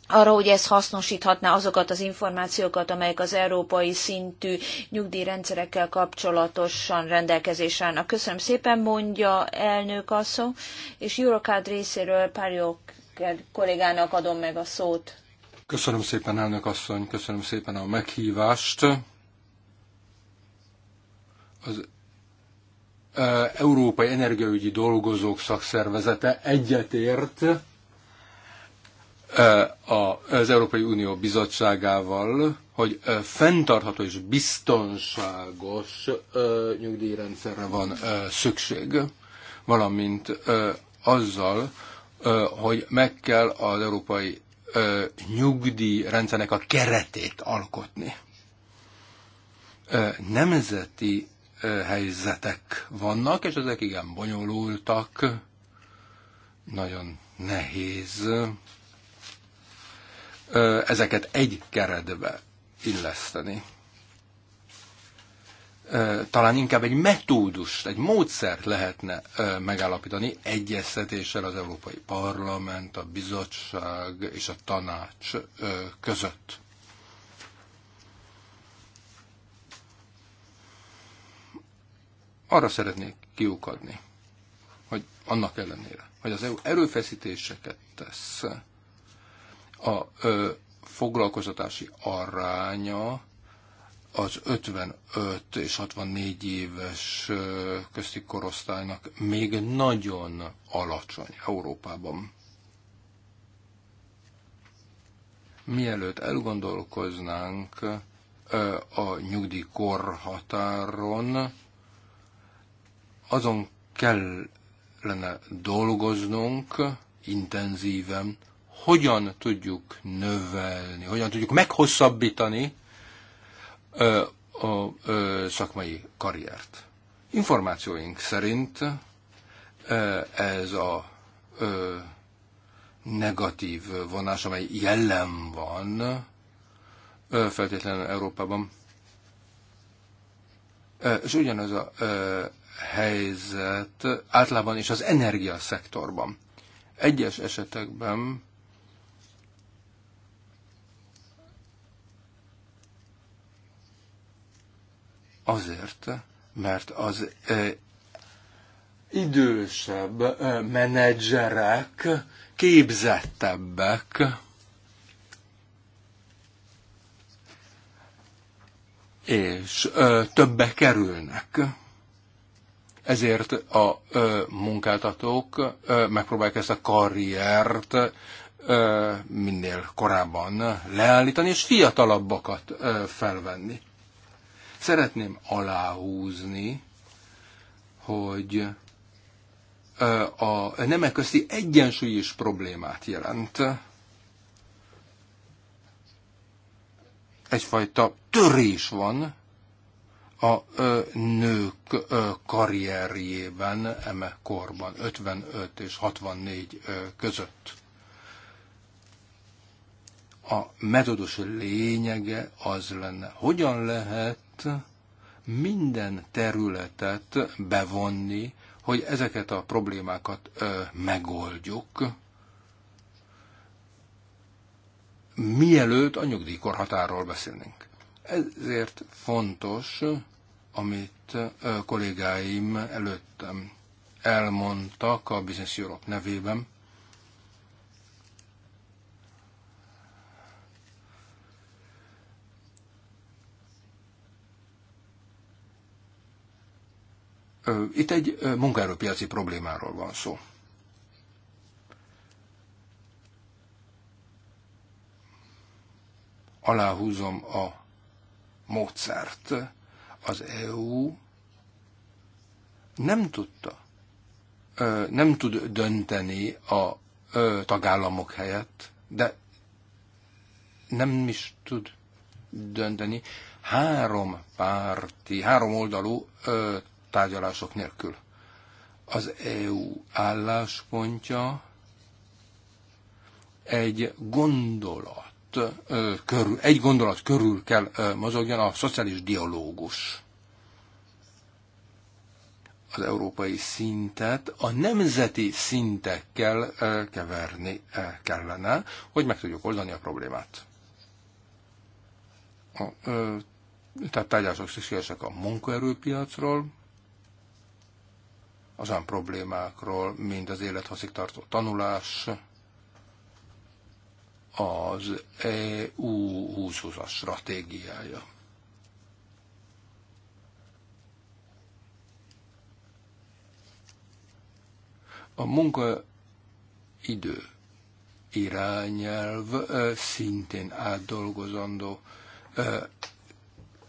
arra, hogy ez hasznosíthatná azokat az információkat, amelyek az európai szintű nyugdíjrendszerekkel kapcsolatosan rendelkezésre állnak. Köszönöm szépen, mondja elnök asszony, és Eurocard részéről Párjó kollégának adom meg a szót. Köszönöm szépen, elnök asszony, köszönöm szépen a meghívást. Az e, Európai Energiaügyi Dolgozók Szakszervezete egyetért az Európai Unió bizottságával, hogy fenntartható és biztonságos nyugdíjrendszerre van szükség, valamint azzal, hogy meg kell az európai nyugdíjrendszernek a keretét alkotni. Nemzeti helyzetek vannak, és ezek igen bonyolultak, nagyon nehéz ezeket egy keretbe illeszteni. Talán inkább egy metódust, egy módszert lehetne megállapítani egyeztetéssel az Európai Parlament, a Bizottság és a Tanács között. Arra szeretnék kiukadni, hogy annak ellenére, hogy az EU erőfeszítéseket tesz a ö, foglalkoztatási aránya az 55 és 64 éves közti korosztálynak még nagyon alacsony Európában. Mielőtt elgondolkoznánk a nyugdíjkorhatáron, azon kell lenne dolgoznunk intenzíven, hogyan tudjuk növelni, hogyan tudjuk meghosszabbítani a szakmai karriert. Információink szerint ez a negatív vonás, amely jelen van, feltétlenül Európában. És ugyanaz a helyzet általában is az energiaszektorban. Egyes esetekben Azért, mert az idősebb menedzserek képzettebbek, és ö, többe kerülnek. Ezért a ö, munkáltatók ö, megpróbálják ezt a karriert ö, minél korábban leállítani, és fiatalabbakat ö, felvenni. Szeretném aláhúzni, hogy a nemek közti egyensúly is problémát jelent. Egyfajta törés van a nők karrierjében eme korban, 55 és 64 között. A metodus lényege az lenne, hogyan lehet lehet minden területet bevonni, hogy ezeket a problémákat ö, megoldjuk, mielőtt a nyugdíjkorhatáról beszélnénk. Ezért fontos, amit ö, kollégáim előttem elmondtak a Business Europe nevében, Itt egy munkaerőpiaci problémáról van szó. Aláhúzom a módszert. Az EU nem tudta, nem tud dönteni a tagállamok helyett, de nem is tud dönteni három párti, három oldalú tárgyalások nélkül. Az EU álláspontja egy gondolat körül, egy gondolat körül kell mozogjon a szociális dialógus. Az európai szintet a nemzeti szintekkel keverni kellene, hogy meg tudjuk oldani a problémát. A, tehát tárgyalások szükségesek a munkaerőpiacról, az olyan problémákról, mint az élethosszig tartó tanulás, az EU 2020-as stratégiája. A munkaidő irányelv szintén átdolgozandó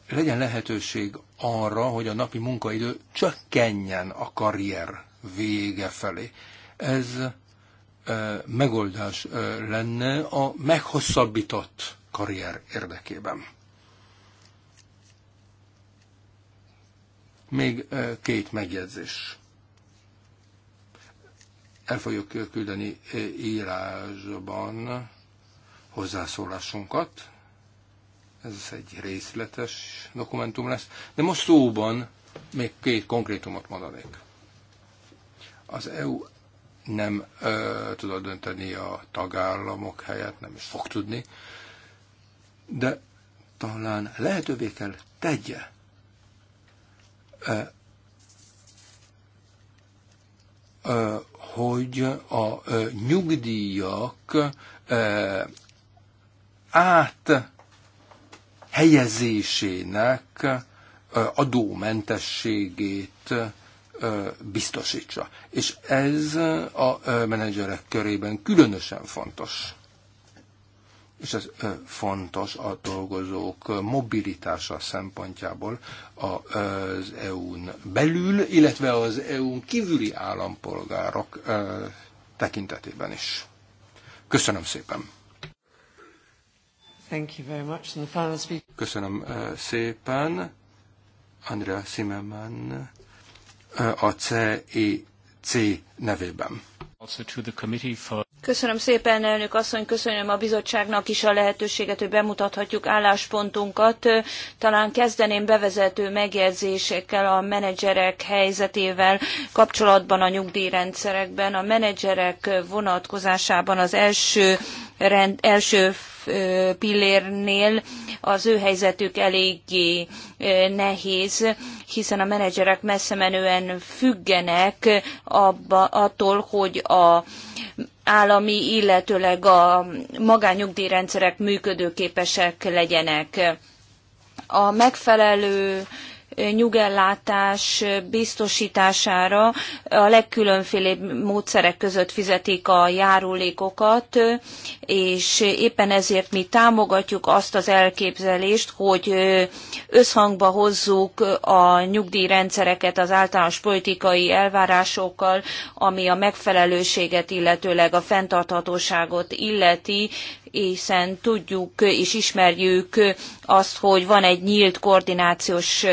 legyen lehetőség arra, hogy a napi munkaidő csökkenjen a karrier vége felé. Ez megoldás lenne a meghosszabbított karrier érdekében. Még két megjegyzés. El fogjuk küldeni írásban hozzászólásunkat ez egy részletes dokumentum lesz, de most szóban még két konkrétumot mondanék. Az EU nem ö, tudod dönteni a tagállamok helyett, nem is fog tudni, de talán lehetővé kell tegye ö, ö, hogy a ö, nyugdíjak ö, át helyezésének adómentességét biztosítsa. És ez a menedzserek körében különösen fontos. És ez fontos a dolgozók mobilitása szempontjából az EU-n belül, illetve az EU-n kívüli állampolgárok tekintetében is. Köszönöm szépen! Köszönöm eh, szépen. Andrea Zimmermann eh, a CIC nevében. Also to the committee for... Köszönöm szépen, elnök asszony, köszönöm a bizottságnak is a lehetőséget, hogy bemutathatjuk álláspontunkat. Talán kezdeném bevezető megjegyzésekkel a menedzserek helyzetével kapcsolatban a nyugdíjrendszerekben. A menedzserek vonatkozásában az első, rend, első pillérnél az ő helyzetük eléggé nehéz, hiszen a menedzserek messze menően függenek abba, attól, hogy a állami, illetőleg a magányugdíjrendszerek működőképesek legyenek. A megfelelő nyugellátás biztosítására a legkülönfélébb módszerek között fizetik a járulékokat, és éppen ezért mi támogatjuk azt az elképzelést, hogy összhangba hozzuk a nyugdíjrendszereket az általános politikai elvárásokkal, ami a megfelelőséget, illetőleg a fenntarthatóságot illeti, hiszen tudjuk és ismerjük azt, hogy van egy nyílt koordinációs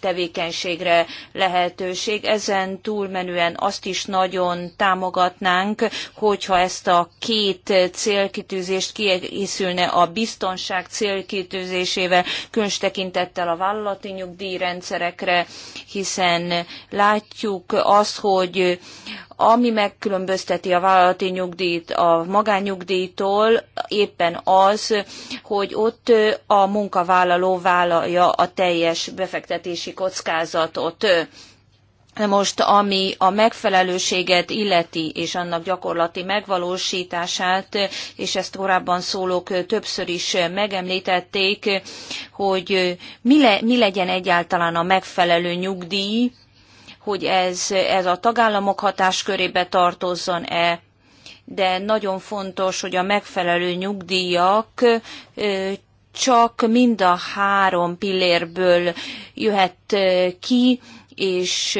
tevékenységre lehetőség. Ezen túlmenően azt is nagyon támogatnánk, hogyha ezt a két célkitűzést kiegészülne a biztonság célkitűzésével, különös tekintettel a vállalati nyugdíjrendszerekre, hiszen látjuk azt, hogy ami megkülönbözteti a vállalati nyugdíjt a magánnyugdíjtól, éppen az, hogy ott a munkavállaló vállalja a teljes befektetési kockázatot. Most, ami a megfelelőséget illeti, és annak gyakorlati megvalósítását, és ezt korábban szólók többször is megemlítették, hogy mi, le, mi legyen egyáltalán a megfelelő nyugdíj, hogy ez, ez a tagállamok hatáskörébe tartozzon-e, de nagyon fontos, hogy a megfelelő nyugdíjak csak mind a három pillérből jöhet ki, és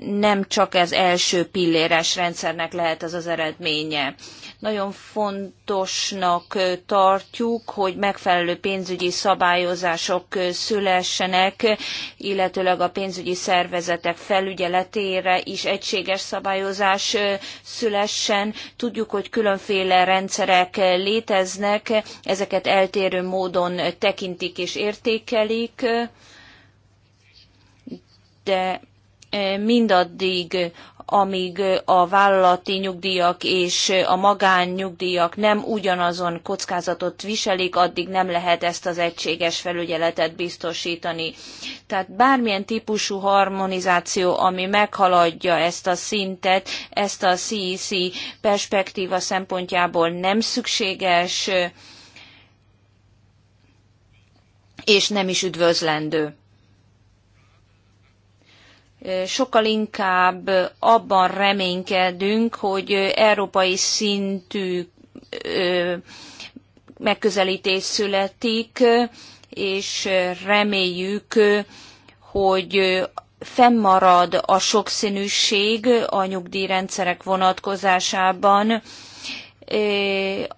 nem csak az első pilléres rendszernek lehet ez az eredménye. Nagyon fontosnak tartjuk, hogy megfelelő pénzügyi szabályozások szülessenek, illetőleg a pénzügyi szervezetek felügyeletére is egységes szabályozás szülessen. Tudjuk, hogy különféle rendszerek léteznek, ezeket eltérő módon tekintik és értékelik, de mindaddig, amíg a vállalati nyugdíjak és a magánnyugdíjak nem ugyanazon kockázatot viselik, addig nem lehet ezt az egységes felügyeletet biztosítani. Tehát bármilyen típusú harmonizáció, ami meghaladja ezt a szintet, ezt a CEC e perspektíva szempontjából nem szükséges, és nem is üdvözlendő sokkal inkább abban reménykedünk, hogy európai szintű megközelítés születik, és reméljük, hogy fennmarad a sokszínűség a nyugdíjrendszerek vonatkozásában,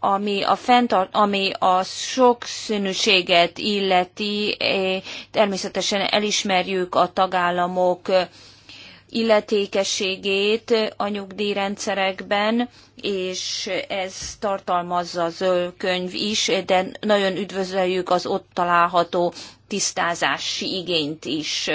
ami a, fenntart, ami a sokszínűséget illeti, természetesen elismerjük a tagállamok illetékességét a nyugdíjrendszerekben, és ez tartalmazza a zöld könyv is, de nagyon üdvözöljük az ott található tisztázási igényt is.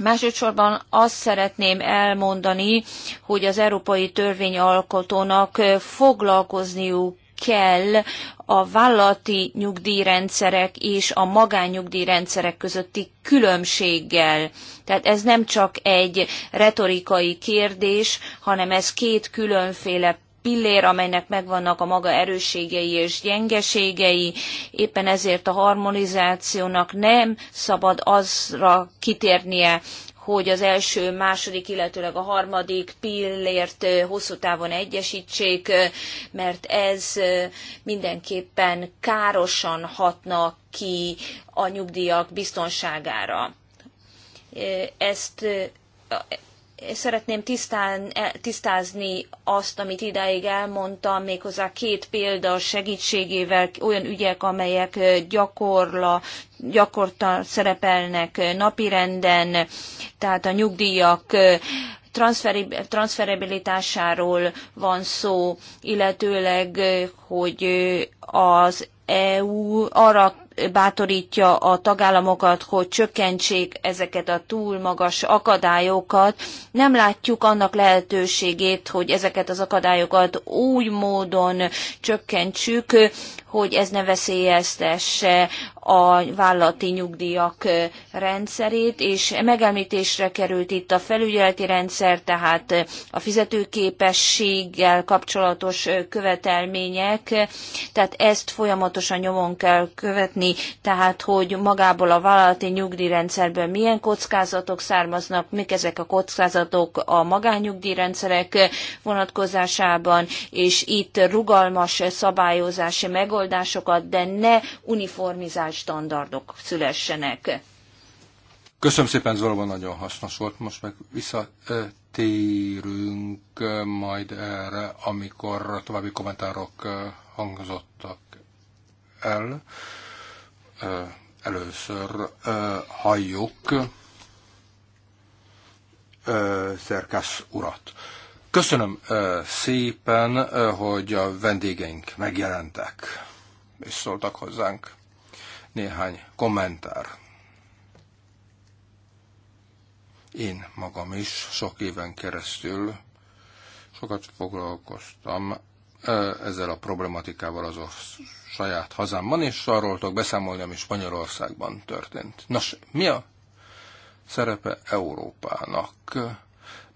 Másodszorban azt szeretném elmondani, hogy az európai törvényalkotónak foglalkozniuk kell a vállalati nyugdíjrendszerek és a magánnyugdíjrendszerek közötti különbséggel. Tehát ez nem csak egy retorikai kérdés, hanem ez két különféle pillér, amelynek megvannak a maga erősségei és gyengeségei, éppen ezért a harmonizációnak nem szabad azra kitérnie, hogy az első, második, illetőleg a harmadik pillért hosszú távon egyesítsék, mert ez mindenképpen károsan hatna ki a nyugdíjak biztonságára. Ezt szeretném tisztán, e, tisztázni azt, amit idáig elmondtam, méghozzá két példa segítségével olyan ügyek, amelyek gyakorla, gyakorta szerepelnek napirenden, tehát a nyugdíjak transferabilitásáról van szó, illetőleg, hogy az EU arra bátorítja a tagállamokat, hogy csökkentsék ezeket a túl magas akadályokat. Nem látjuk annak lehetőségét, hogy ezeket az akadályokat oly módon csökkentsük, hogy ez ne veszélyeztesse a vállalati nyugdíjak rendszerét, és megemlítésre került itt a felügyeleti rendszer, tehát a fizetőképességgel kapcsolatos követelmények, tehát ezt folyamatosan nyomon kell követni, tehát hogy magából a vállalati nyugdíjrendszerből milyen kockázatok származnak, mik ezek a kockázatok a magányugdíjrendszerek vonatkozásában, és itt rugalmas szabályozási megoldások, megoldásokat, de ne uniformizált standardok szülessenek. Köszönöm szépen, ez valóban nagyon hasznos volt. Most meg visszatérünk majd erre, amikor további kommentárok hangzottak el. Először halljuk Szerkász urat. Köszönöm szépen, hogy a vendégeink megjelentek és szóltak hozzánk. Néhány kommentár. Én magam is sok éven keresztül sokat foglalkoztam ezzel a problematikával az a saját hazámban, és arról tudok beszámolni, ami Spanyolországban történt. Nos, mi a szerepe Európának?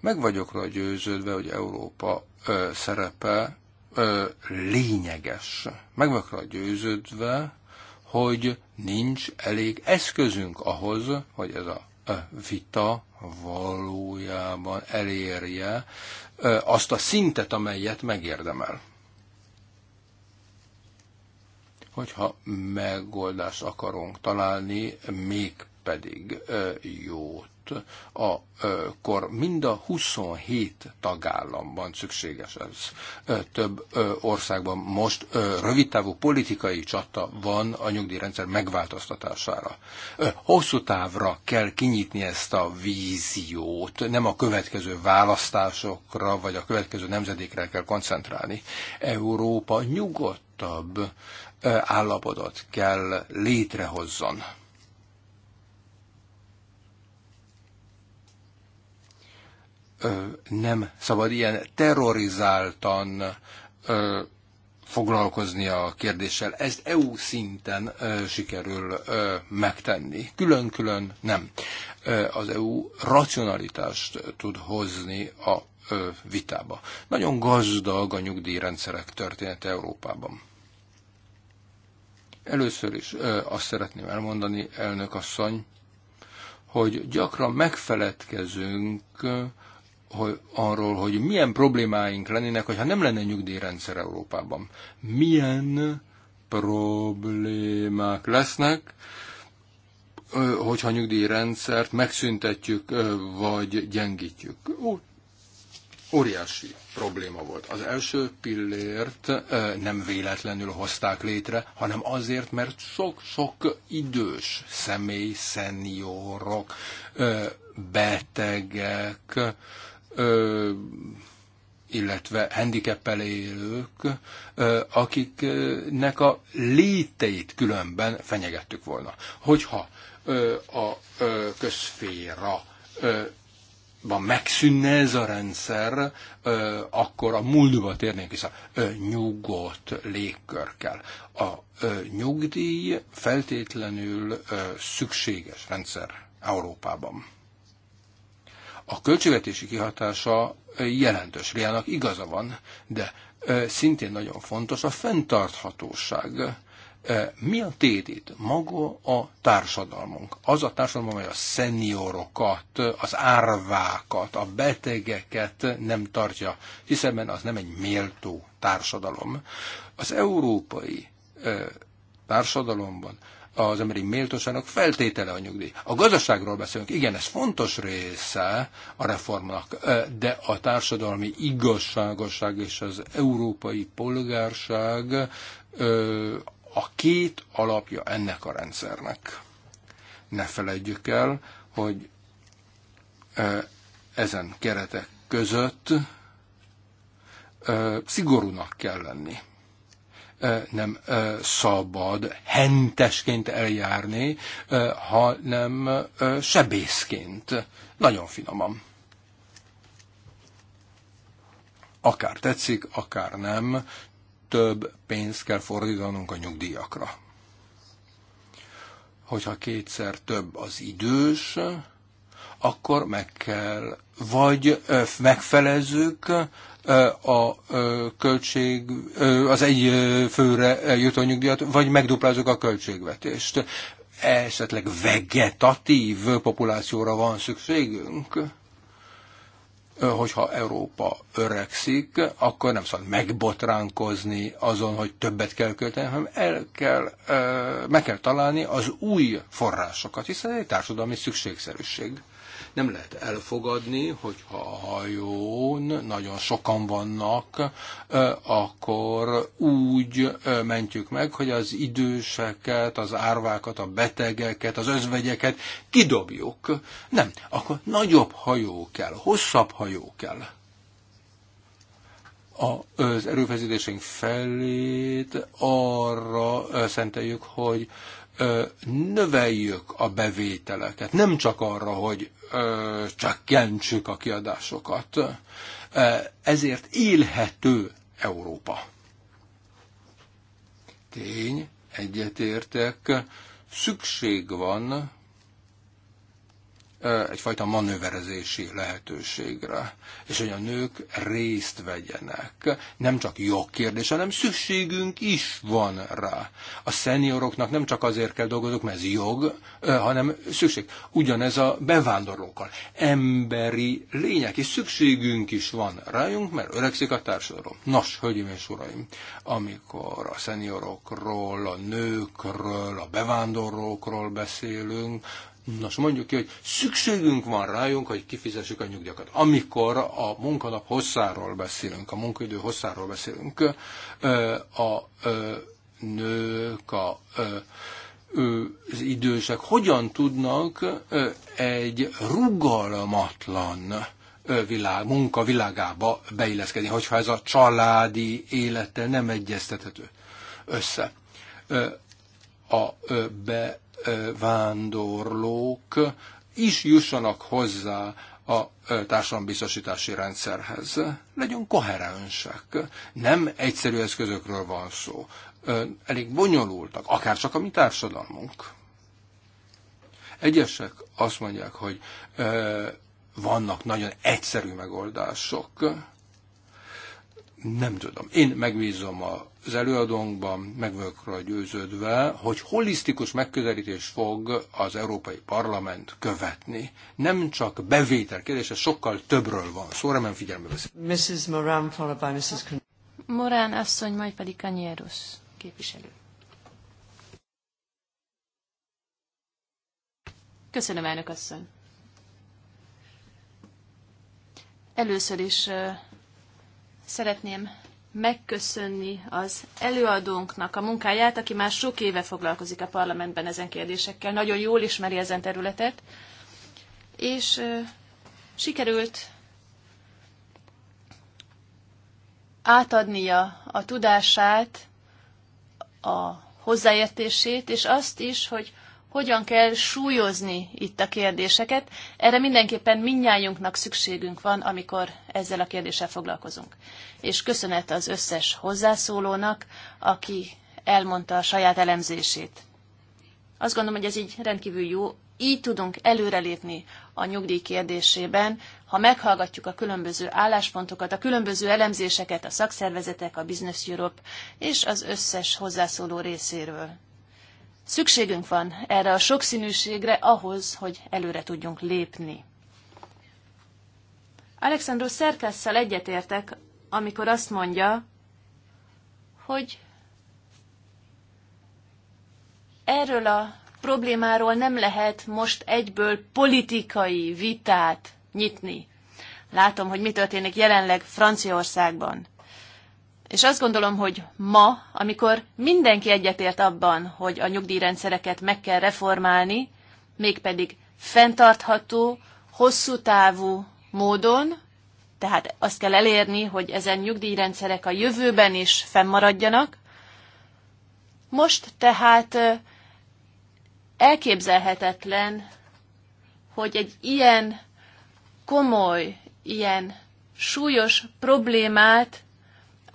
Meg vagyok rá győződve, hogy Európa szerepe ö, lényeges. Meg vagyok győződve, hogy nincs elég eszközünk ahhoz, hogy ez a vita valójában elérje azt a szintet, amelyet megérdemel. Hogyha megoldást akarunk találni, mégpedig jót akkor mind a 27 tagállamban szükséges ez. Több országban most rövidtávú politikai csata van a nyugdíjrendszer megváltoztatására. Hosszú távra kell kinyitni ezt a víziót, nem a következő választásokra vagy a következő nemzedékre kell koncentrálni. Európa nyugodtabb állapotot kell létrehozzon nem szabad ilyen terrorizáltan foglalkozni a kérdéssel. Ezt EU szinten sikerül megtenni. Külön-külön nem. Az EU racionalitást tud hozni a vitába. Nagyon gazdag a nyugdíjrendszerek története Európában. Először is azt szeretném elmondani, elnök asszony, hogy gyakran megfeledkezünk hogy arról, hogy milyen problémáink lennének, hogyha nem lenne nyugdíjrendszer Európában. Milyen problémák lesznek, hogyha nyugdíjrendszert megszüntetjük, vagy gyengítjük. Ó, óriási probléma volt. Az első pillért nem véletlenül hozták létre, hanem azért, mert sok-sok idős személy, szeniorok, betegek, ö, illetve handicappel élők, ö, akiknek a léteit különben fenyegettük volna. Hogyha ö, a ö, közféra ö, van megszűnne ez a rendszer, akkor a múltba térnénk vissza. nyugodt légkör kell. A nyugdíj feltétlenül szükséges rendszer Európában. A költségvetési kihatása jelentős. Riának igaza van, de szintén nagyon fontos a fenntarthatóság. Mi a tétét? Maga a társadalmunk. Az a társadalom, amely a szeniorokat, az árvákat, a betegeket nem tartja, hiszen az nem egy méltó társadalom. Az európai társadalomban az emberi méltóságnak feltétele a nyugdíj. A gazdaságról beszélünk, igen, ez fontos része a reformnak, de a társadalmi igazságosság és az európai polgárság a két alapja ennek a rendszernek. Ne felejtjük el, hogy ezen keretek között szigorúnak kell lenni nem szabad hentesként eljárni, hanem sebészként. Nagyon finoman. Akár tetszik, akár nem, több pénzt kell fordítanunk a nyugdíjakra. Hogyha kétszer több az idős, akkor meg kell vagy megfelezzük a költség, az egy főre jutó nyugdíjat, vagy megduplázzuk a költségvetést. Esetleg vegetatív populációra van szükségünk hogyha Európa öregszik, akkor nem szabad megbotránkozni azon, hogy többet kell költeni, hanem el kell, meg kell találni az új forrásokat, hiszen egy társadalmi szükségszerűség. Nem lehet elfogadni, hogyha a hajón nagyon sokan vannak, akkor úgy mentjük meg, hogy az időseket, az árvákat, a betegeket, az özvegyeket kidobjuk. Nem, akkor nagyobb hajó kell, hosszabb hajó kell a, az erőfeszítésünk felét arra szenteljük, hogy növeljük a bevételeket, nem csak arra, hogy csökkentsük a kiadásokat. Ezért élhető Európa. Tény, egyetértek, szükség van egyfajta manőverezési lehetőségre, és hogy a nők részt vegyenek. Nem csak jogkérdés, hanem szükségünk is van rá. A szenioroknak nem csak azért kell dolgozunk, mert ez jog, hanem szükség. Ugyanez a bevándorlókkal. Emberi lények, és szükségünk is van rájunk, mert öregszik a társadalom. Nos, hölgyeim és uraim, amikor a szeniorokról, a nőkről, a bevándorlókról beszélünk, Nos, mondjuk ki, hogy szükségünk van rájunk, hogy kifizessük a nyugdíjakat. Amikor a munkanap hosszáról beszélünk, a munkaidő hosszáról beszélünk, a nők, a, az idősek hogyan tudnak egy rugalmatlan világ, munka világába beilleszkedni, hogyha ez a családi élete nem egyeztethető össze. A be vándorlók is jussanak hozzá a társadalombiztosítási rendszerhez. Legyünk koherensek. Nem egyszerű eszközökről van szó. Elég bonyolultak, akár csak a mi társadalmunk. Egyesek azt mondják, hogy vannak nagyon egyszerű megoldások nem tudom. Én megbízom az előadónkban, meg vagyok rá győződve, hogy holisztikus megközelítés fog az Európai Parlament követni. Nem csak bevétel kérdése, sokkal többről van szó, remélem figyelme Mrs. Moran, followed by Mrs. Con- Morán asszony, majd pedig Kanyérusz képviselő. Köszönöm, elnök asszony. Először is Szeretném megköszönni az előadónknak a munkáját, aki már sok éve foglalkozik a parlamentben ezen kérdésekkel, nagyon jól ismeri ezen területet, és sikerült átadnia a tudását, a hozzáértését, és azt is, hogy hogyan kell súlyozni itt a kérdéseket. Erre mindenképpen minnyájunknak szükségünk van, amikor ezzel a kérdéssel foglalkozunk. És köszönet az összes hozzászólónak, aki elmondta a saját elemzését. Azt gondolom, hogy ez így rendkívül jó. Így tudunk előrelépni a nyugdíj kérdésében, ha meghallgatjuk a különböző álláspontokat, a különböző elemzéseket a szakszervezetek, a Business Europe és az összes hozzászóló részéről. Szükségünk van erre a sokszínűségre ahhoz, hogy előre tudjunk lépni. Alexandros Szerkesszel egyetértek, amikor azt mondja, hogy erről a problémáról nem lehet most egyből politikai vitát nyitni. Látom, hogy mi történik jelenleg Franciaországban. És azt gondolom, hogy ma, amikor mindenki egyetért abban, hogy a nyugdíjrendszereket meg kell reformálni, mégpedig fenntartható, hosszú távú módon, tehát azt kell elérni, hogy ezen nyugdíjrendszerek a jövőben is fennmaradjanak. Most tehát elképzelhetetlen, hogy egy ilyen komoly, ilyen súlyos problémát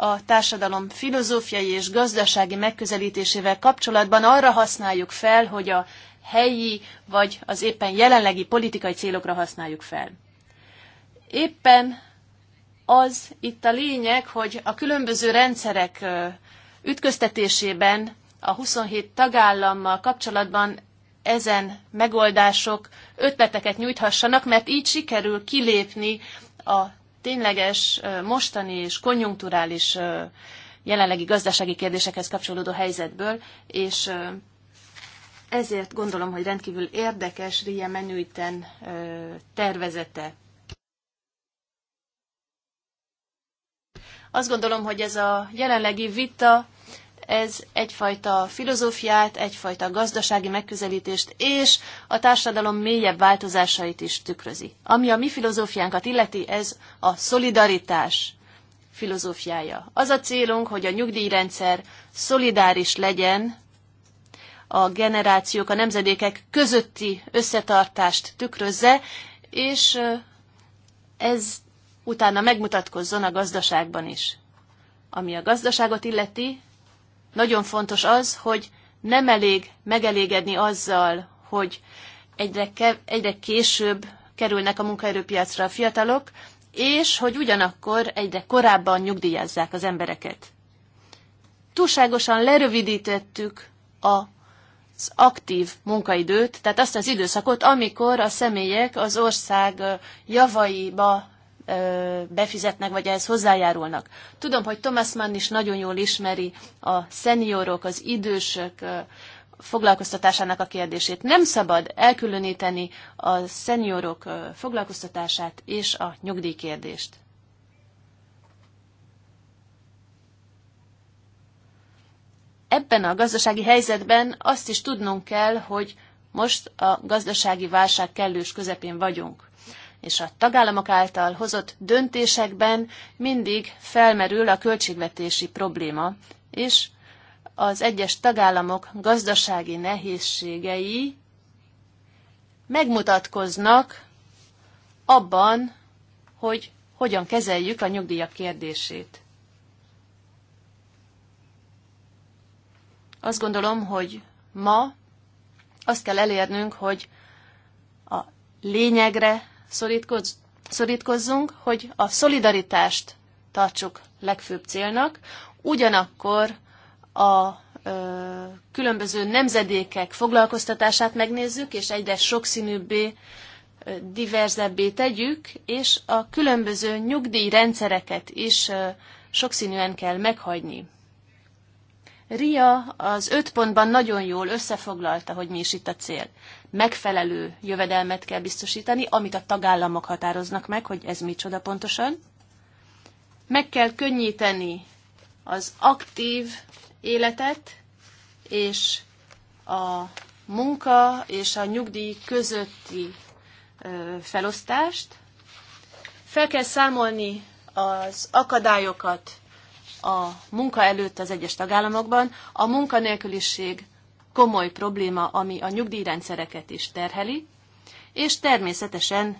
a társadalom filozófiai és gazdasági megközelítésével kapcsolatban arra használjuk fel, hogy a helyi vagy az éppen jelenlegi politikai célokra használjuk fel. Éppen az itt a lényeg, hogy a különböző rendszerek ütköztetésében a 27 tagállammal kapcsolatban ezen megoldások ötleteket nyújthassanak, mert így sikerül kilépni a tényleges mostani és konjunkturális jelenlegi gazdasági kérdésekhez kapcsolódó helyzetből, és ezért gondolom, hogy rendkívül érdekes Ria Menüiten tervezete. Azt gondolom, hogy ez a jelenlegi vita ez egyfajta filozófiát, egyfajta gazdasági megközelítést és a társadalom mélyebb változásait is tükrözi. Ami a mi filozófiánkat illeti, ez a szolidaritás filozófiája. Az a célunk, hogy a nyugdíjrendszer szolidáris legyen, a generációk, a nemzedékek közötti összetartást tükrözze, és ez utána megmutatkozzon a gazdaságban is. Ami a gazdaságot illeti, nagyon fontos az, hogy nem elég megelégedni azzal, hogy egyre, kev, egyre később kerülnek a munkaerőpiacra a fiatalok, és hogy ugyanakkor egyre korábban nyugdíjazzák az embereket. Túlságosan lerövidítettük a az aktív munkaidőt, tehát azt az időszakot, amikor a személyek az ország javaiba befizetnek, vagy ehhez hozzájárulnak. Tudom, hogy Thomas Mann is nagyon jól ismeri a szeniorok, az idősök foglalkoztatásának a kérdését. Nem szabad elkülöníteni a szeniorok foglalkoztatását és a nyugdíjkérdést. Ebben a gazdasági helyzetben azt is tudnunk kell, hogy most a gazdasági válság kellős közepén vagyunk és a tagállamok által hozott döntésekben mindig felmerül a költségvetési probléma, és az egyes tagállamok gazdasági nehézségei megmutatkoznak abban, hogy hogyan kezeljük a nyugdíjak kérdését. Azt gondolom, hogy ma azt kell elérnünk, hogy a lényegre szorítkoz, szorítkozzunk, hogy a szolidaritást tartsuk legfőbb célnak, ugyanakkor a ö, különböző nemzedékek foglalkoztatását megnézzük, és egyre sokszínűbbé, diverzebbé tegyük, és a különböző nyugdíjrendszereket is ö, sokszínűen kell meghagyni. Ria az öt pontban nagyon jól összefoglalta, hogy mi is itt a cél megfelelő jövedelmet kell biztosítani, amit a tagállamok határoznak meg, hogy ez micsoda pontosan. Meg kell könnyíteni az aktív életet és a munka és a nyugdíj közötti felosztást. Fel kell számolni az akadályokat a munka előtt az egyes tagállamokban, a munkanélküliség komoly probléma, ami a nyugdíjrendszereket is terheli, és természetesen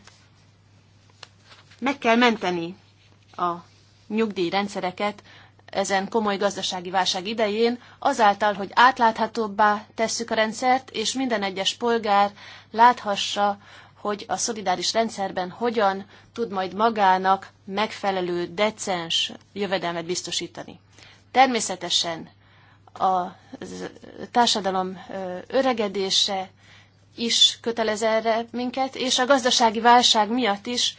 meg kell menteni a nyugdíjrendszereket ezen komoly gazdasági válság idején, azáltal, hogy átláthatóbbá tesszük a rendszert, és minden egyes polgár láthassa, hogy a szolidáris rendszerben hogyan tud majd magának megfelelő, decens jövedelmet biztosítani. Természetesen a társadalom öregedése is kötelez erre minket, és a gazdasági válság miatt is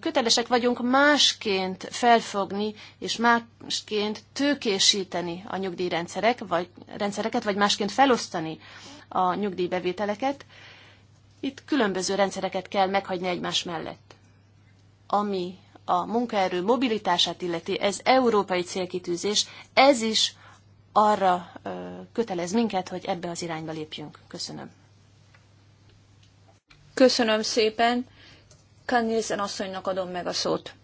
kötelesek vagyunk másként felfogni és másként tőkésíteni a nyugdíjrendszerek, vagy rendszereket, vagy másként felosztani a nyugdíjbevételeket. Itt különböző rendszereket kell meghagyni egymás mellett. Ami a munkaerő mobilitását illeti, ez európai célkitűzés, ez is arra kötelez minket, hogy ebbe az irányba lépjünk. Köszönöm. Köszönöm szépen. Kannézen asszonynak adom meg a szót.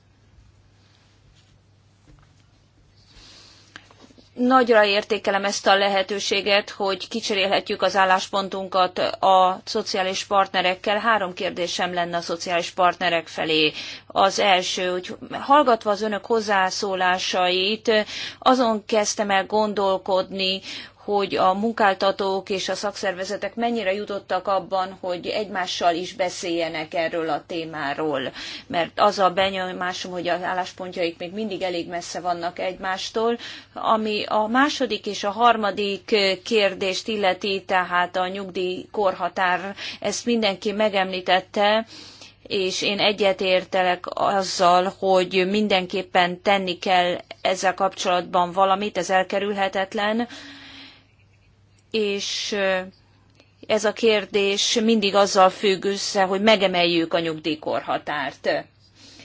Nagyra értékelem ezt a lehetőséget, hogy kicserélhetjük az álláspontunkat a szociális partnerekkel. Három kérdésem lenne a szociális partnerek felé. Az első, hogy hallgatva az önök hozzászólásait, azon kezdtem el gondolkodni, hogy a munkáltatók és a szakszervezetek mennyire jutottak abban, hogy egymással is beszéljenek erről a témáról. Mert az a benyomásom, hogy az álláspontjaik még mindig elég messze vannak egymástól. Ami a második és a harmadik kérdést illeti, tehát a nyugdíj korhatár, ezt mindenki megemlítette, és én egyetértelek azzal, hogy mindenképpen tenni kell ezzel kapcsolatban valamit, ez elkerülhetetlen és ez a kérdés mindig azzal függ össze, hogy megemeljük a nyugdíjkorhatárt.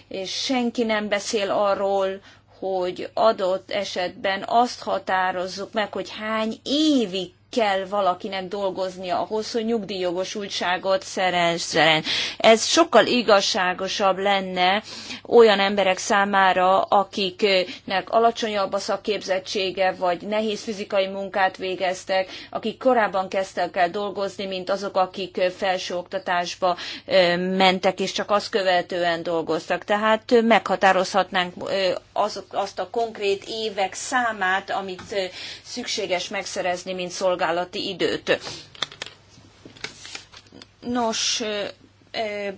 És senki nem beszél arról, hogy adott esetben azt határozzuk meg, hogy hány évig kell valakinek dolgoznia ahhoz, hogy nyugdíjjogosultságot szerezzen. Ez sokkal igazságosabb lenne olyan emberek számára, akiknek alacsonyabb a szakképzettsége, vagy nehéz fizikai munkát végeztek, akik korábban kezdtek el dolgozni, mint azok, akik felsőoktatásba mentek, és csak azt követően dolgoztak. Tehát meghatározhatnánk azok, azt a konkrét évek számát, amit szükséges megszerezni, mint szolgálati időt. Nos,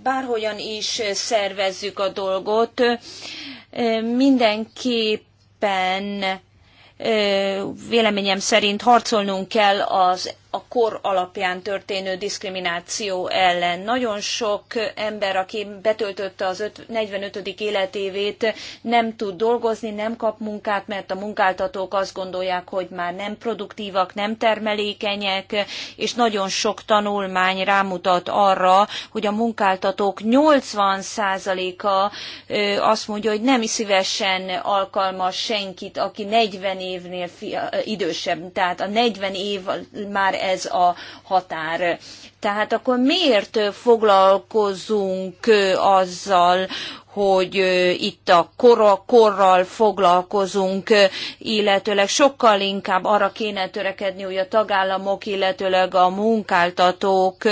bárhogyan is szervezzük a dolgot, mindenképpen véleményem szerint harcolnunk kell az a kor alapján történő diszkrimináció ellen. Nagyon sok ember, aki betöltötte az 45. életévét, nem tud dolgozni, nem kap munkát, mert a munkáltatók azt gondolják, hogy már nem produktívak, nem termelékenyek, és nagyon sok tanulmány rámutat arra, hogy a munkáltatók 80%-a azt mondja, hogy nem szívesen alkalmaz senkit, aki 40 évnél idősebb. Tehát a 40 év már ez a határ. Tehát akkor miért foglalkozunk azzal, hogy itt a korral, korral foglalkozunk, illetőleg sokkal inkább arra kéne törekedni, hogy a tagállamok, illetőleg a munkáltatók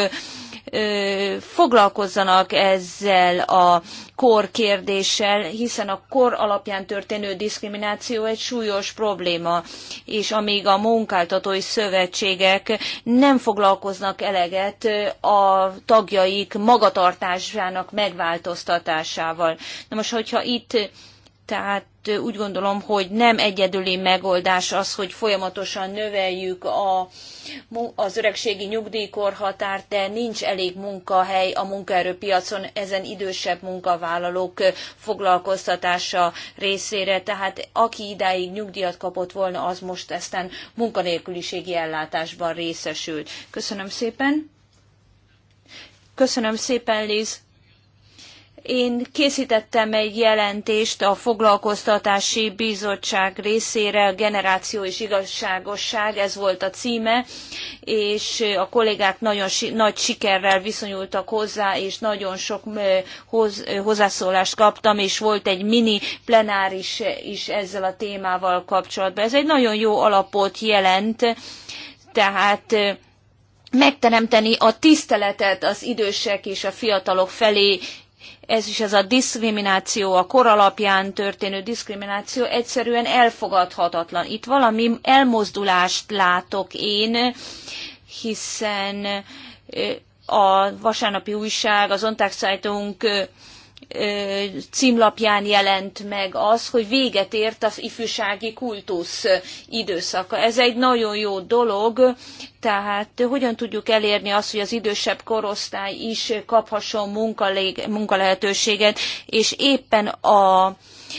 foglalkozzanak ezzel a kor kérdéssel, hiszen a kor alapján történő diszkrimináció egy súlyos probléma, és amíg a munkáltatói szövetségek nem foglalkoznak eleget a tagjaik magatartásának megváltoztatásával. Na most, hogyha itt tehát úgy gondolom, hogy nem egyedüli megoldás az, hogy folyamatosan növeljük a, az öregségi nyugdíjkorhatárt, de nincs elég munkahely a munkaerőpiacon ezen idősebb munkavállalók foglalkoztatása részére, tehát aki idáig nyugdíjat kapott volna, az most aztán munkanélküliségi ellátásban részesült. Köszönöm szépen! Köszönöm szépen, Liz! Én készítettem egy jelentést a Foglalkoztatási Bizottság részére, Generáció és Igazságosság, ez volt a címe, és a kollégák nagyon nagy sikerrel viszonyultak hozzá, és nagyon sok hoz, hozzászólást kaptam, és volt egy mini plenáris is ezzel a témával kapcsolatban. Ez egy nagyon jó alapot jelent, tehát megteremteni a tiszteletet az idősek és a fiatalok felé ez is ez a diszkrimináció, a kor alapján történő diszkrimináció egyszerűen elfogadhatatlan. Itt valami elmozdulást látok én, hiszen a vasárnapi újság, az Ontag Zeitung címlapján jelent meg az, hogy véget ért az ifjúsági kultusz időszaka. Ez egy nagyon jó dolog, tehát hogyan tudjuk elérni azt, hogy az idősebb korosztály is kaphasson munkalehetőséget, és éppen a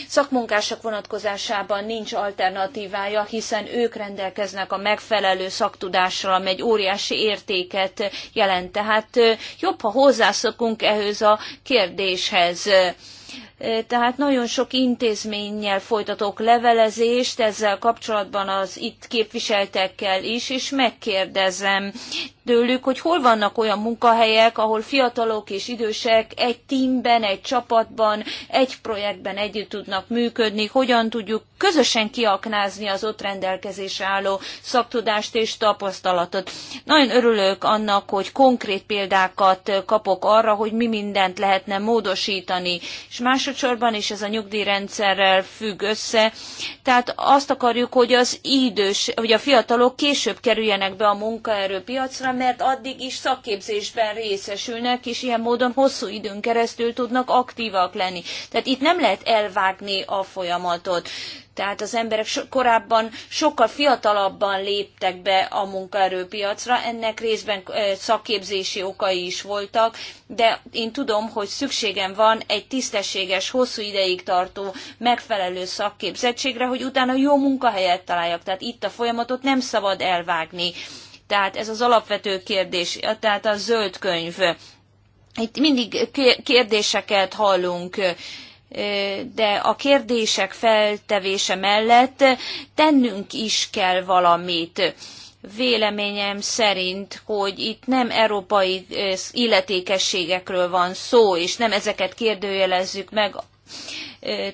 szakmunkások vonatkozásában nincs alternatívája, hiszen ők rendelkeznek a megfelelő szaktudással, ami egy óriási értéket jelent. Tehát jobb, ha hozzászokunk ehhez a kérdéshez. Tehát nagyon sok intézménnyel folytatok levelezést ezzel kapcsolatban az itt képviseltekkel is, és megkérdezem tőlük, hogy hol vannak olyan munkahelyek, ahol fiatalok és idősek egy tímben, egy csapatban, egy projektben együtt tudnak működni, hogyan tudjuk közösen kiaknázni az ott rendelkezésre álló szaktudást és tapasztalatot. Nagyon örülök annak, hogy konkrét példákat kapok arra, hogy mi mindent lehetne módosítani. És más elsősorban, és ez a nyugdíjrendszerrel függ össze. Tehát azt akarjuk, hogy az idős, hogy a fiatalok később kerüljenek be a munkaerőpiacra, mert addig is szakképzésben részesülnek, és ilyen módon hosszú időn keresztül tudnak aktívak lenni. Tehát itt nem lehet elvágni a folyamatot. Tehát az emberek so- korábban sokkal fiatalabban léptek be a munkaerőpiacra, ennek részben szakképzési okai is voltak, de én tudom, hogy szükségem van egy tisztességes, hosszú ideig tartó, megfelelő szakképzettségre, hogy utána jó munkahelyet találjak. Tehát itt a folyamatot nem szabad elvágni. Tehát ez az alapvető kérdés, tehát a zöld könyv. Itt mindig kérdéseket hallunk de a kérdések feltevése mellett tennünk is kell valamit véleményem szerint, hogy itt nem európai illetékességekről van szó, és nem ezeket kérdőjelezzük meg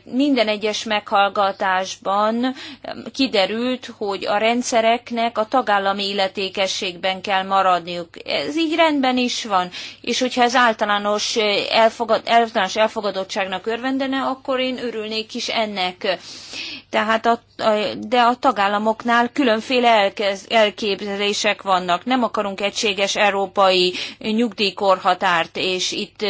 minden egyes meghallgatásban kiderült, hogy a rendszereknek a tagállami illetékességben kell maradniuk. Ez így rendben is van, és hogyha ez általános, elfogad, általános elfogadottságnak örvendene, akkor én örülnék is ennek. Tehát a, de a tagállamoknál különféle elkez, elképzelések vannak. Nem akarunk egységes európai nyugdíjkorhatárt, és itt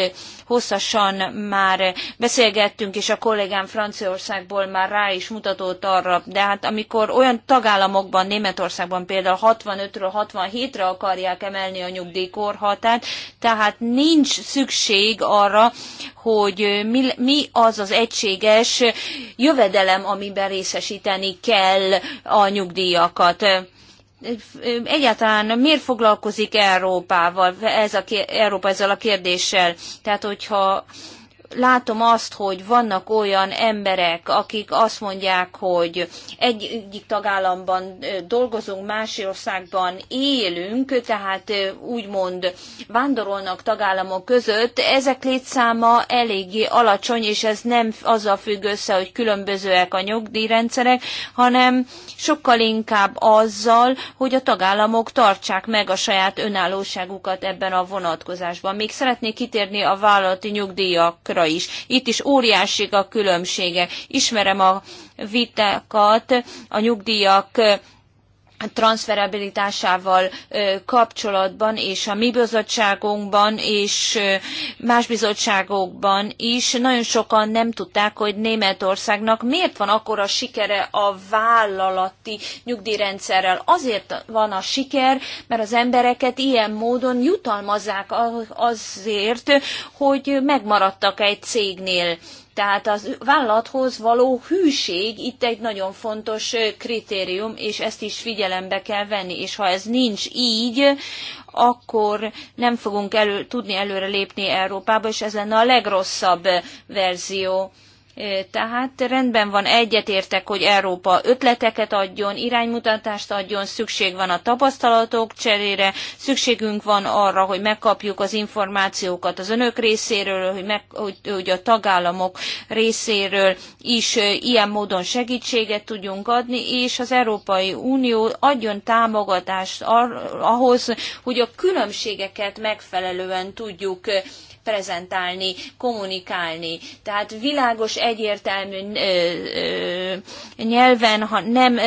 hosszasan már beszélgettünk, és akkor kollégám Franciaországból már rá is mutatott arra, de hát amikor olyan tagállamokban, Németországban például 65-ről 67-re akarják emelni a nyugdíjkorhatát, tehát nincs szükség arra, hogy mi, mi az az egységes jövedelem, amiben részesíteni kell a nyugdíjakat egyáltalán miért foglalkozik Európával, ez a, Európa ezzel a kérdéssel? Tehát, hogyha látom azt, hogy vannak olyan emberek, akik azt mondják, hogy egy, egyik tagállamban dolgozunk, másik országban élünk, tehát úgymond vándorolnak tagállamok között, ezek létszáma eléggé alacsony, és ez nem azzal függ össze, hogy különbözőek a nyugdíjrendszerek, hanem sokkal inkább azzal, hogy a tagállamok tartsák meg a saját önállóságukat ebben a vonatkozásban. Még szeretnék kitérni a vállalati nyugdíjakra továbbra is. Itt is óriási a különbsége. Ismerem a vitákat a nyugdíjak transferabilitásával kapcsolatban és a mi bizottságunkban és más bizottságokban is nagyon sokan nem tudták, hogy Németországnak miért van akkora sikere a vállalati nyugdíjrendszerrel. Azért van a siker, mert az embereket ilyen módon jutalmazzák azért, hogy megmaradtak egy cégnél tehát az vállalathoz való hűség itt egy nagyon fontos kritérium, és ezt is figyelembe kell venni, és ha ez nincs így, akkor nem fogunk elő, tudni előre lépni Európába, és ez lenne a legrosszabb verzió E, tehát rendben van, egyetértek, hogy Európa ötleteket adjon, iránymutatást adjon, szükség van a tapasztalatok cserére, szükségünk van arra, hogy megkapjuk az információkat az önök részéről, hogy, meg, hogy, hogy a tagállamok részéről is e, ilyen módon segítséget tudjunk adni, és az Európai Unió adjon támogatást ahhoz, hogy a különbségeket megfelelően tudjuk e, prezentálni, kommunikálni. Tehát világos, egyértelmű nyelven, ha nem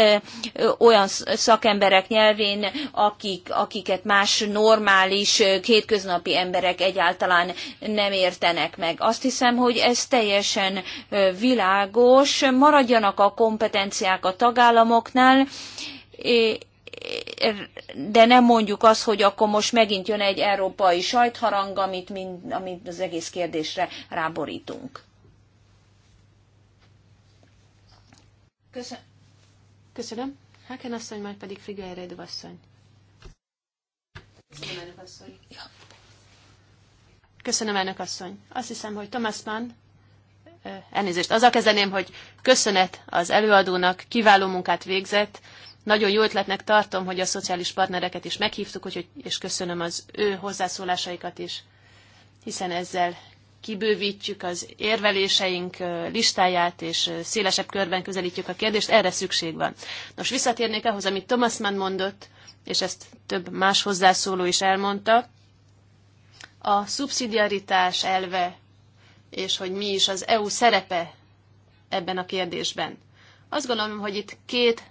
olyan szakemberek nyelvén, akik, akiket más normális, kétköznapi emberek egyáltalán nem értenek meg. Azt hiszem, hogy ez teljesen világos. Maradjanak a kompetenciák a tagállamoknál, de nem mondjuk azt, hogy akkor most megint jön egy európai sajtharang, amit, mind, amit az egész kérdésre ráborítunk. Köszönöm. Köszönöm. Háken asszony, majd pedig Frigyelredő asszony. Köszönöm, asszony. Köszönöm, elnök asszony. Azt hiszem, hogy Thomas Mann, elnézést, azzal kezdeném, hogy köszönet az előadónak, kiváló munkát végzett, nagyon jó ötletnek tartom, hogy a szociális partnereket is meghívtuk, úgyhogy, és köszönöm az ő hozzászólásaikat is, hiszen ezzel kibővítjük az érveléseink listáját, és szélesebb körben közelítjük a kérdést, erre szükség van. Nos, visszatérnék ahhoz, amit Thomas Mann mondott, és ezt több más hozzászóló is elmondta, a szubszidiaritás elve, és hogy mi is az EU szerepe ebben a kérdésben. Azt gondolom, hogy itt két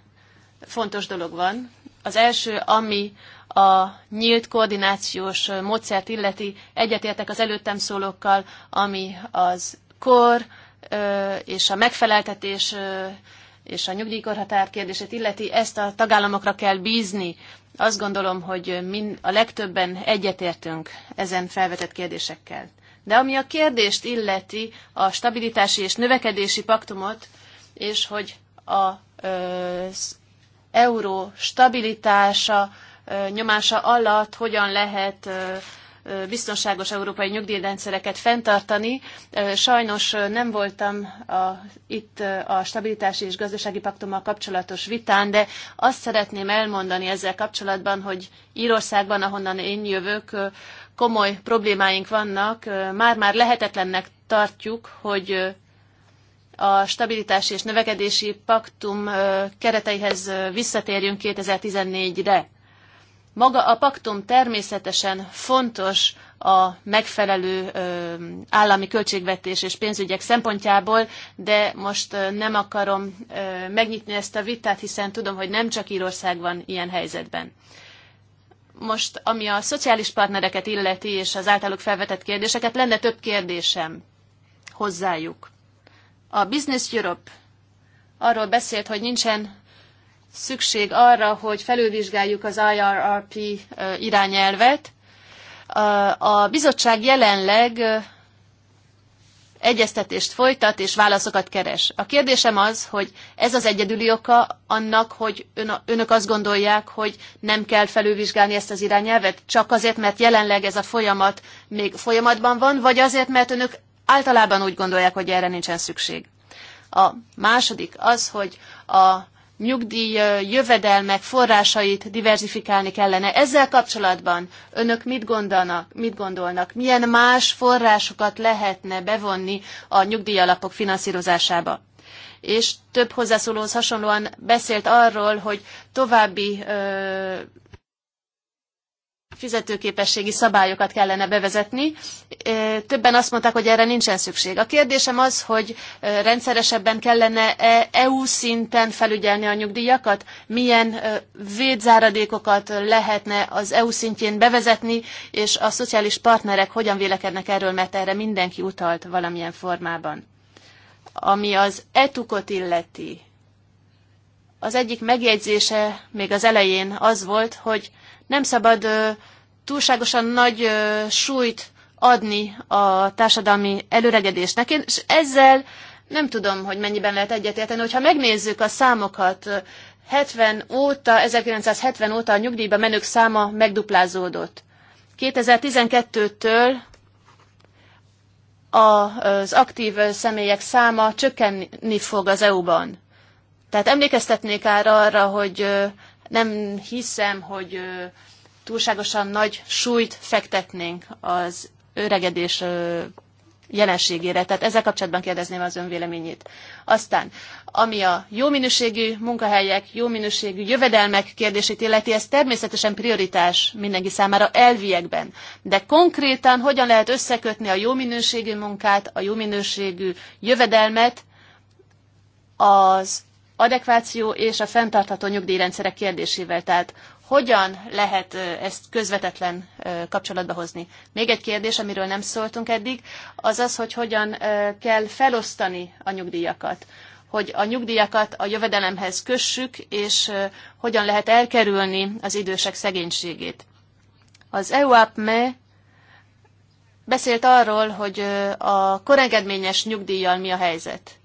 fontos dolog van. Az első, ami a nyílt koordinációs módszert illeti, egyetértek az előttem szólókkal, ami az kor és a megfeleltetés és a nyugdíjkorhatár kérdését illeti, ezt a tagállamokra kell bízni. Azt gondolom, hogy mind, a legtöbben egyetértünk ezen felvetett kérdésekkel. De ami a kérdést illeti, a stabilitási és növekedési paktumot, és hogy a, az euró stabilitása nyomása alatt hogyan lehet biztonságos európai nyugdíjrendszereket fenntartani. Sajnos nem voltam a, itt a stabilitási és gazdasági paktummal kapcsolatos vitán, de azt szeretném elmondani ezzel kapcsolatban, hogy Írországban, ahonnan én jövök, komoly problémáink vannak. Már-már lehetetlennek tartjuk, hogy a stabilitási és növekedési paktum kereteihez visszatérjünk 2014-re. Maga a paktum természetesen fontos a megfelelő állami költségvetés és pénzügyek szempontjából, de most nem akarom megnyitni ezt a vitát, hiszen tudom, hogy nem csak Írország van ilyen helyzetben. Most, ami a szociális partnereket illeti és az általuk felvetett kérdéseket, lenne több kérdésem hozzájuk. A Business Europe arról beszélt, hogy nincsen szükség arra, hogy felülvizsgáljuk az IRRP irányelvet. A bizottság jelenleg egyeztetést folytat és válaszokat keres. A kérdésem az, hogy ez az egyedüli oka annak, hogy önök azt gondolják, hogy nem kell felülvizsgálni ezt az irányelvet, csak azért, mert jelenleg ez a folyamat még folyamatban van, vagy azért, mert önök általában úgy gondolják, hogy erre nincsen szükség. A második az, hogy a nyugdíj jövedelmek forrásait diversifikálni kellene. Ezzel kapcsolatban önök mit gondolnak, mit gondolnak? Milyen más forrásokat lehetne bevonni a nyugdíjalapok finanszírozásába? És több hozzászólóhoz hasonlóan beszélt arról, hogy további fizetőképességi szabályokat kellene bevezetni. Többen azt mondták, hogy erre nincsen szükség. A kérdésem az, hogy rendszeresebben kellene -e EU szinten felügyelni a nyugdíjakat, milyen védzáradékokat lehetne az EU szintjén bevezetni, és a szociális partnerek hogyan vélekednek erről, mert erre mindenki utalt valamilyen formában. Ami az etukot illeti, az egyik megjegyzése még az elején az volt, hogy nem szabad túlságosan nagy súlyt adni a társadalmi előregedésnek, és ezzel nem tudom, hogy mennyiben lehet egyetérteni, hogyha megnézzük a számokat, 70 óta, 1970 óta a nyugdíjba menők száma megduplázódott. 2012-től az aktív személyek száma csökkenni fog az EU-ban. Tehát emlékeztetnék arra, hogy nem hiszem, hogy túlságosan nagy súlyt fektetnénk az öregedés jelenségére. Tehát ezzel kapcsolatban kérdezném az ön véleményét. Aztán, ami a jó minőségű munkahelyek, jó minőségű jövedelmek kérdését illeti, ez természetesen prioritás mindenki számára elviekben. De konkrétan hogyan lehet összekötni a jó minőségű munkát, a jó minőségű jövedelmet az adekváció és a fenntartható nyugdíjrendszerek kérdésével. Tehát hogyan lehet ezt közvetetlen kapcsolatba hozni? Még egy kérdés, amiről nem szóltunk eddig, az az, hogy hogyan kell felosztani a nyugdíjakat hogy a nyugdíjakat a jövedelemhez kössük, és hogyan lehet elkerülni az idősek szegénységét. Az EUAPME beszélt arról, hogy a korengedményes nyugdíjjal mi a helyzet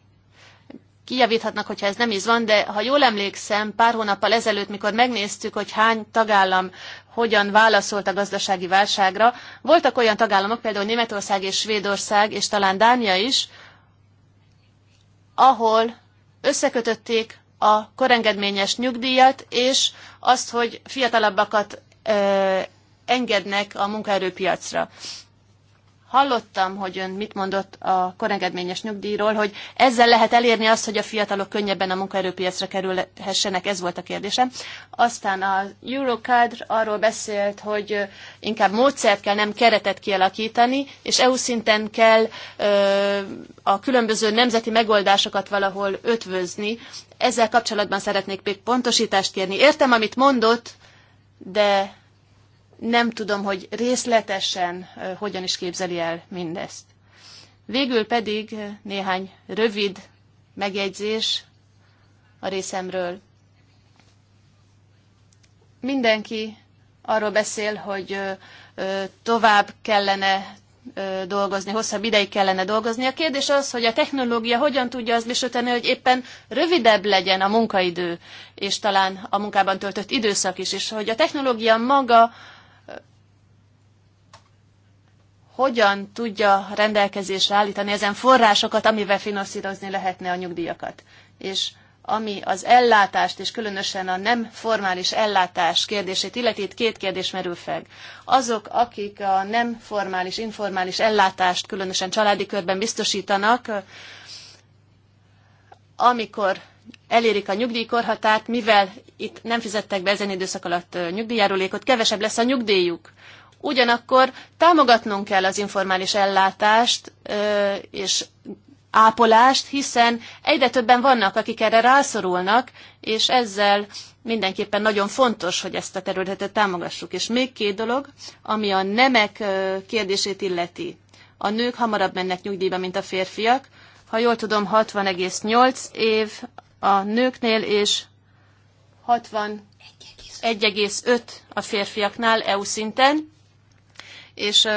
kijavíthatnak, hogyha ez nem is van, de ha jól emlékszem, pár hónappal ezelőtt, mikor megnéztük, hogy hány tagállam hogyan válaszolt a gazdasági válságra, voltak olyan tagállamok, például Németország és Svédország, és talán Dánia is, ahol összekötötték a korengedményes nyugdíjat, és azt, hogy fiatalabbakat ö, engednek a munkaerőpiacra. Hallottam, hogy ön mit mondott a korengedményes nyugdíjról, hogy ezzel lehet elérni azt, hogy a fiatalok könnyebben a munkaerőpiacra kerülhessenek, ez volt a kérdésem. Aztán a Eurocard arról beszélt, hogy inkább módszert kell, nem keretet kialakítani, és EU szinten kell a különböző nemzeti megoldásokat valahol ötvözni. Ezzel kapcsolatban szeretnék még pontosítást kérni. Értem, amit mondott, de nem tudom, hogy részletesen hogyan is képzeli el mindezt. Végül pedig néhány rövid megjegyzés a részemről. Mindenki arról beszél, hogy tovább kellene dolgozni, hosszabb ideig kellene dolgozni. A kérdés az, hogy a technológia hogyan tudja azt bizonyítani, hogy éppen rövidebb legyen a munkaidő, és talán a munkában töltött időszak is, és hogy a technológia maga hogyan tudja rendelkezésre állítani ezen forrásokat, amivel finanszírozni lehetne a nyugdíjakat. És ami az ellátást, és különösen a nem formális ellátás kérdését illeti, itt két kérdés merül fel. Azok, akik a nem formális, informális ellátást különösen családi körben biztosítanak, amikor elérik a nyugdíjkorhatárt, mivel itt nem fizettek be ezen időszak alatt nyugdíjjárulékot, kevesebb lesz a nyugdíjuk. Ugyanakkor támogatnunk kell az informális ellátást és ápolást, hiszen egyre többen vannak, akik erre rászorulnak, és ezzel mindenképpen nagyon fontos, hogy ezt a területet támogassuk. És még két dolog, ami a nemek kérdését illeti. A nők hamarabb mennek nyugdíjba, mint a férfiak. Ha jól tudom, 60,8 év a nőknél, és 61,5 a férfiaknál EU szinten és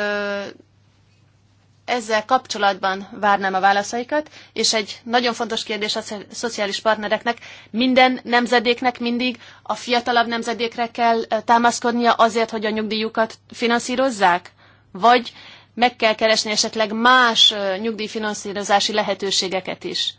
ezzel kapcsolatban várnám a válaszaikat, és egy nagyon fontos kérdés a szociális partnereknek, minden nemzedéknek mindig a fiatalabb nemzedékre kell támaszkodnia azért, hogy a nyugdíjukat finanszírozzák? Vagy meg kell keresni esetleg más nyugdíjfinanszírozási lehetőségeket is?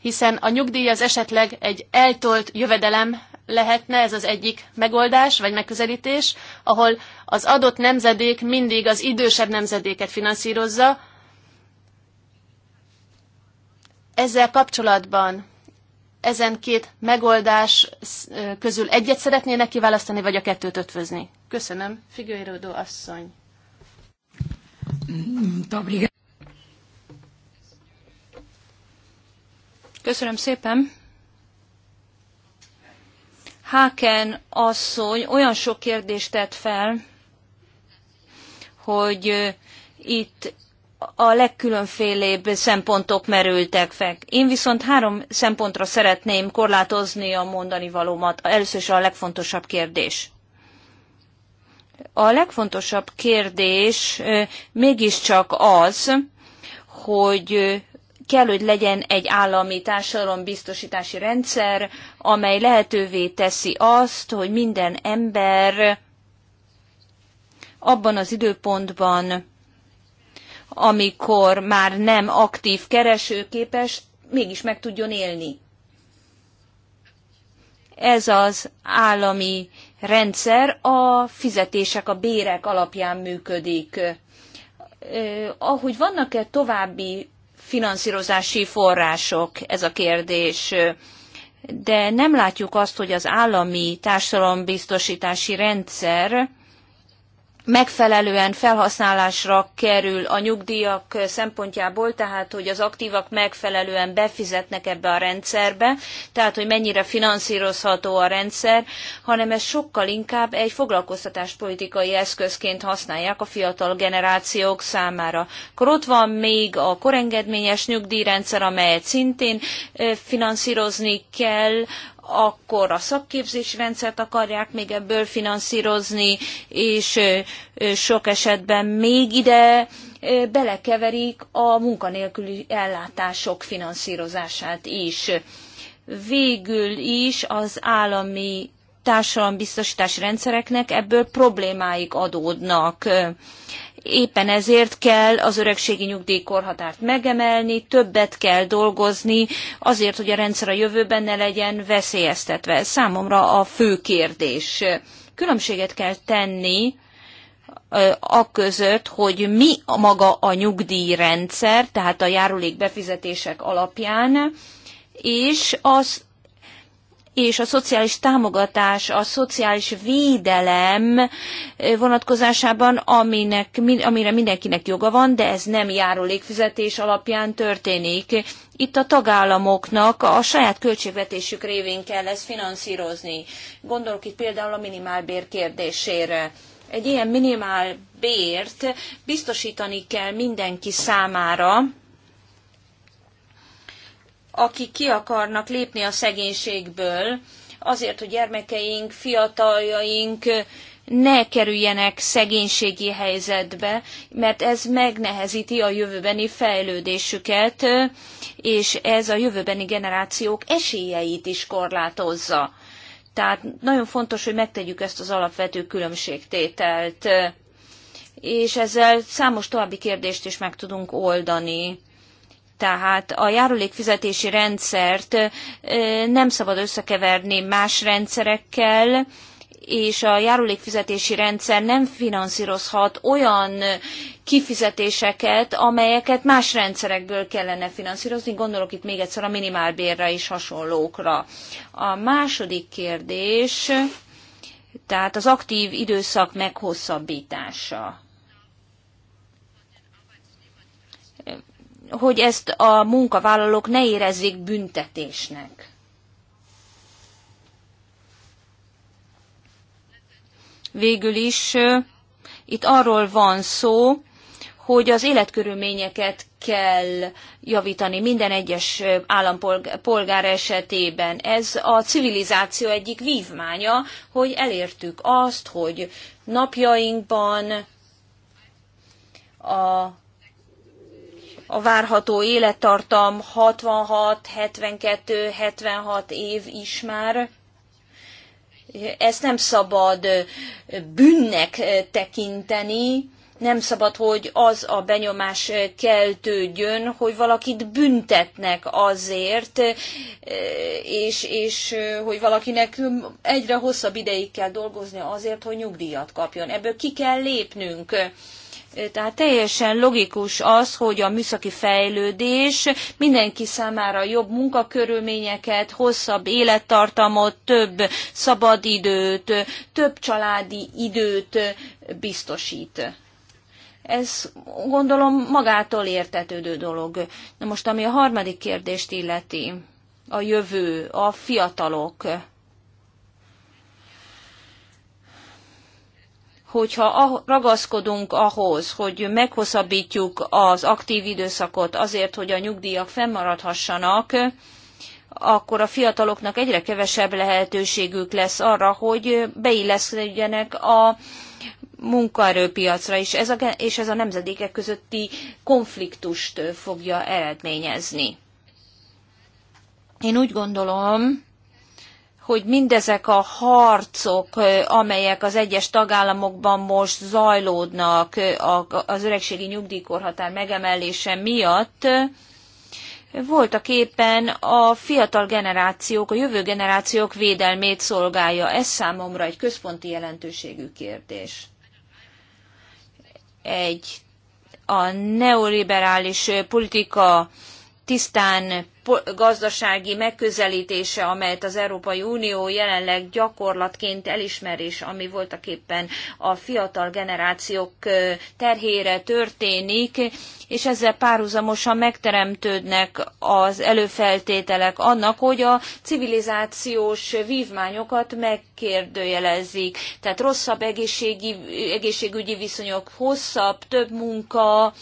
Hiszen a nyugdíj az esetleg egy eltolt jövedelem lehetne ez az egyik megoldás vagy megközelítés, ahol az adott nemzedék mindig az idősebb nemzedéket finanszírozza. Ezzel kapcsolatban ezen két megoldás közül egyet szeretnének kiválasztani, vagy a kettőt ötvözni? Köszönöm. Figueiredo asszony. Köszönöm szépen. Háken asszony olyan sok kérdést tett fel, hogy itt a legkülönfélébb szempontok merültek fel. Én viszont három szempontra szeretném korlátozni a mondani valómat. Először is a legfontosabb kérdés. A legfontosabb kérdés mégiscsak az, hogy kell, hogy legyen egy állami társadalombiztosítási rendszer, amely lehetővé teszi azt, hogy minden ember abban az időpontban, amikor már nem aktív keresőképes, mégis meg tudjon élni. Ez az állami rendszer a fizetések, a bérek alapján működik ahogy vannak-e további finanszírozási források, ez a kérdés. De nem látjuk azt, hogy az állami társadalombiztosítási rendszer megfelelően felhasználásra kerül a nyugdíjak szempontjából, tehát hogy az aktívak megfelelően befizetnek ebbe a rendszerbe, tehát hogy mennyire finanszírozható a rendszer, hanem ez sokkal inkább egy foglalkoztatáspolitikai eszközként használják a fiatal generációk számára. Akkor ott van még a korengedményes nyugdíjrendszer, amelyet szintén finanszírozni kell, akkor a rendszert akarják még ebből finanszírozni, és sok esetben még ide belekeverik a munkanélküli ellátások finanszírozását is. Végül is az állami társadalombiztosítás rendszereknek ebből problémáik adódnak. Éppen ezért kell az öregségi nyugdíjkorhatárt megemelni, többet kell dolgozni, azért, hogy a rendszer a jövőben ne legyen veszélyeztetve. Számomra a fő kérdés. Különbséget kell tenni a között, hogy mi a maga a nyugdíjrendszer, tehát a járulék befizetések alapján, és az és a szociális támogatás, a szociális védelem vonatkozásában, aminek, amire mindenkinek joga van, de ez nem járulékfizetés alapján történik. Itt a tagállamoknak a saját költségvetésük révén kell ezt finanszírozni. Gondolok itt például a minimálbér kérdésére egy ilyen minimál bért biztosítani kell mindenki számára, akik ki akarnak lépni a szegénységből, azért, hogy gyermekeink, fiataljaink ne kerüljenek szegénységi helyzetbe, mert ez megnehezíti a jövőbeni fejlődésüket, és ez a jövőbeni generációk esélyeit is korlátozza. Tehát nagyon fontos, hogy megtegyük ezt az alapvető különbségtételt, és ezzel számos további kérdést is meg tudunk oldani. Tehát a járulékfizetési rendszert nem szabad összekeverni más rendszerekkel, és a járulékfizetési rendszer nem finanszírozhat olyan kifizetéseket, amelyeket más rendszerekből kellene finanszírozni. Gondolok itt még egyszer a minimálbérre is hasonlókra. A második kérdés, tehát az aktív időszak meghosszabbítása. hogy ezt a munkavállalók ne érezzék büntetésnek. Végül is itt arról van szó, hogy az életkörülményeket kell javítani minden egyes állampolgár esetében. Ez a civilizáció egyik vívmánya, hogy elértük azt, hogy napjainkban a a várható élettartam 66, 72, 76 év is már. Ezt nem szabad bűnnek tekinteni, nem szabad, hogy az a benyomás keltődjön, hogy valakit büntetnek azért, és, és hogy valakinek egyre hosszabb ideig kell dolgozni azért, hogy nyugdíjat kapjon. Ebből ki kell lépnünk tehát teljesen logikus az, hogy a műszaki fejlődés mindenki számára jobb munkakörülményeket, hosszabb élettartamot, több szabadidőt, több családi időt biztosít. Ez gondolom magától értetődő dolog. Na most, ami a harmadik kérdést illeti, a jövő, a fiatalok hogyha ah, ragaszkodunk ahhoz, hogy meghosszabbítjuk az aktív időszakot azért, hogy a nyugdíjak fennmaradhassanak, akkor a fiataloknak egyre kevesebb lehetőségük lesz arra, hogy beilleszkedjenek a munkaerőpiacra, és ez a, és ez a nemzedékek közötti konfliktust fogja eredményezni. Én úgy gondolom, hogy mindezek a harcok, amelyek az egyes tagállamokban most zajlódnak az öregségi nyugdíjkorhatár megemelése miatt, voltak éppen a fiatal generációk, a jövő generációk védelmét szolgálja. Ez számomra egy központi jelentőségű kérdés. Egy a neoliberális politika tisztán gazdasági megközelítése, amelyet az Európai Unió jelenleg gyakorlatként elismer, és ami éppen a fiatal generációk terhére történik, és ezzel párhuzamosan megteremtődnek az előfeltételek annak, hogy a civilizációs vívmányokat megkérdőjelezik. Tehát rosszabb egészségi, egészségügyi viszonyok, hosszabb, több munka,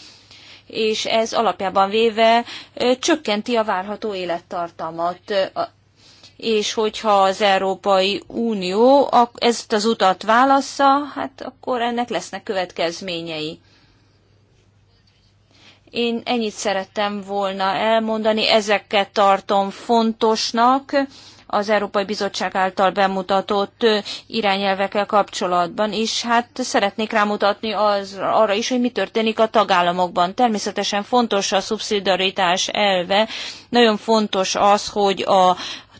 és ez alapjában véve csökkenti a várható élettartamot és hogyha az Európai Unió ezt az utat válassza, hát akkor ennek lesznek következményei. Én ennyit szerettem volna elmondani, ezeket tartom fontosnak, az Európai Bizottság által bemutatott irányelvekkel kapcsolatban, és hát szeretnék rámutatni az, arra is, hogy mi történik a tagállamokban. Természetesen fontos a szubszidaritás elve, nagyon fontos az, hogy a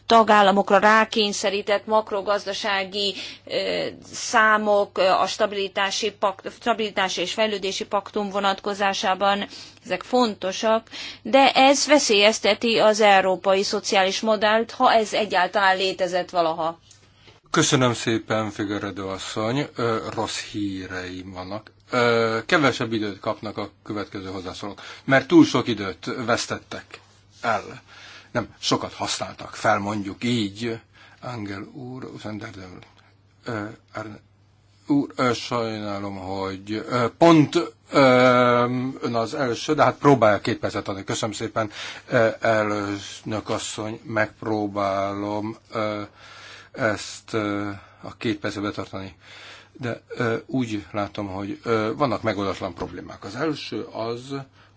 tagállamokra rákényszerített makrogazdasági számok a stabilitási, pakt, stabilitási és fejlődési paktum vonatkozásában, ezek fontosak, de ez veszélyezteti az európai szociális modellt, ha ez egyáltalán létezett valaha. Köszönöm szépen, Figueredo asszony. Ö, rossz híreim vannak. Ö, kevesebb időt kapnak a következő hozzászólók, mert túl sok időt vesztettek el nem sokat használtak fel, mondjuk így, Angel úr, Venderdel úr, ö, sajnálom, hogy ö, pont ö, ön az első, de hát próbálja két percet adni. Köszönöm szépen, elnök asszony, megpróbálom ö, ezt ö, a két percet betartani. De ö, úgy látom, hogy ö, vannak megoldatlan problémák. Az első az,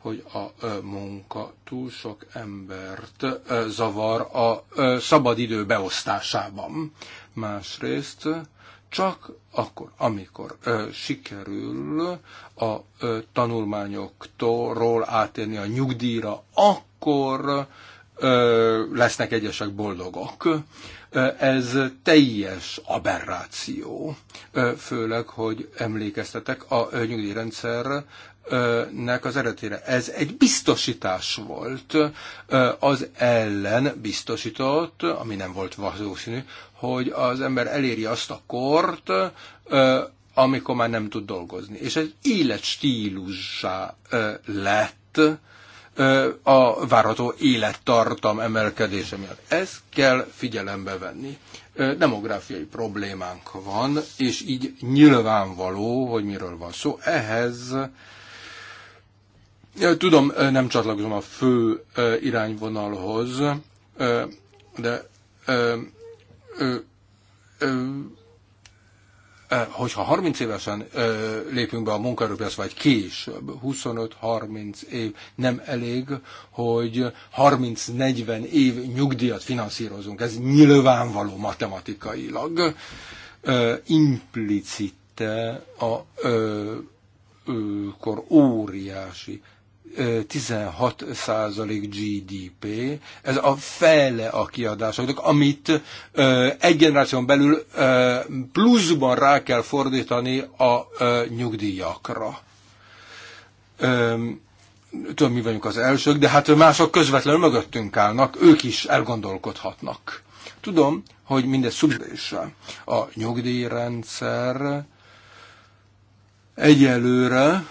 hogy a munka túl sok embert zavar a szabadidő beosztásában. Másrészt csak akkor, amikor sikerül a tanulmányoktól átérni a nyugdíjra, akkor lesznek egyesek boldogok. Ez teljes aberráció, főleg, hogy emlékeztetek, a nyugdíjrendszer nek az eredetére. Ez egy biztosítás volt, az ellen biztosított, ami nem volt valószínű, hogy az ember eléri azt a kort, amikor már nem tud dolgozni. És egy életstílusá lett a várható élettartam emelkedése miatt. Ezt kell figyelembe venni. Demográfiai problémánk van, és így nyilvánvaló, hogy miről van szó. Ehhez Tudom, nem csatlakozom a fő irányvonalhoz, de hogyha 30 évesen lépünk be a munkaerőpiacra, vagy később, 25-30 év nem elég, hogy 30-40 év nyugdíjat finanszírozunk. Ez nyilvánvaló matematikailag. Implicite a kor óriási 16 százalék GDP, ez a fele a kiadásoknak, amit egy generáción belül pluszban rá kell fordítani a nyugdíjakra. Tudom, mi vagyunk az elsők, de hát mások közvetlenül mögöttünk állnak, ők is elgondolkodhatnak. Tudom, hogy mindez szubzéssel. A nyugdíjrendszer egyelőre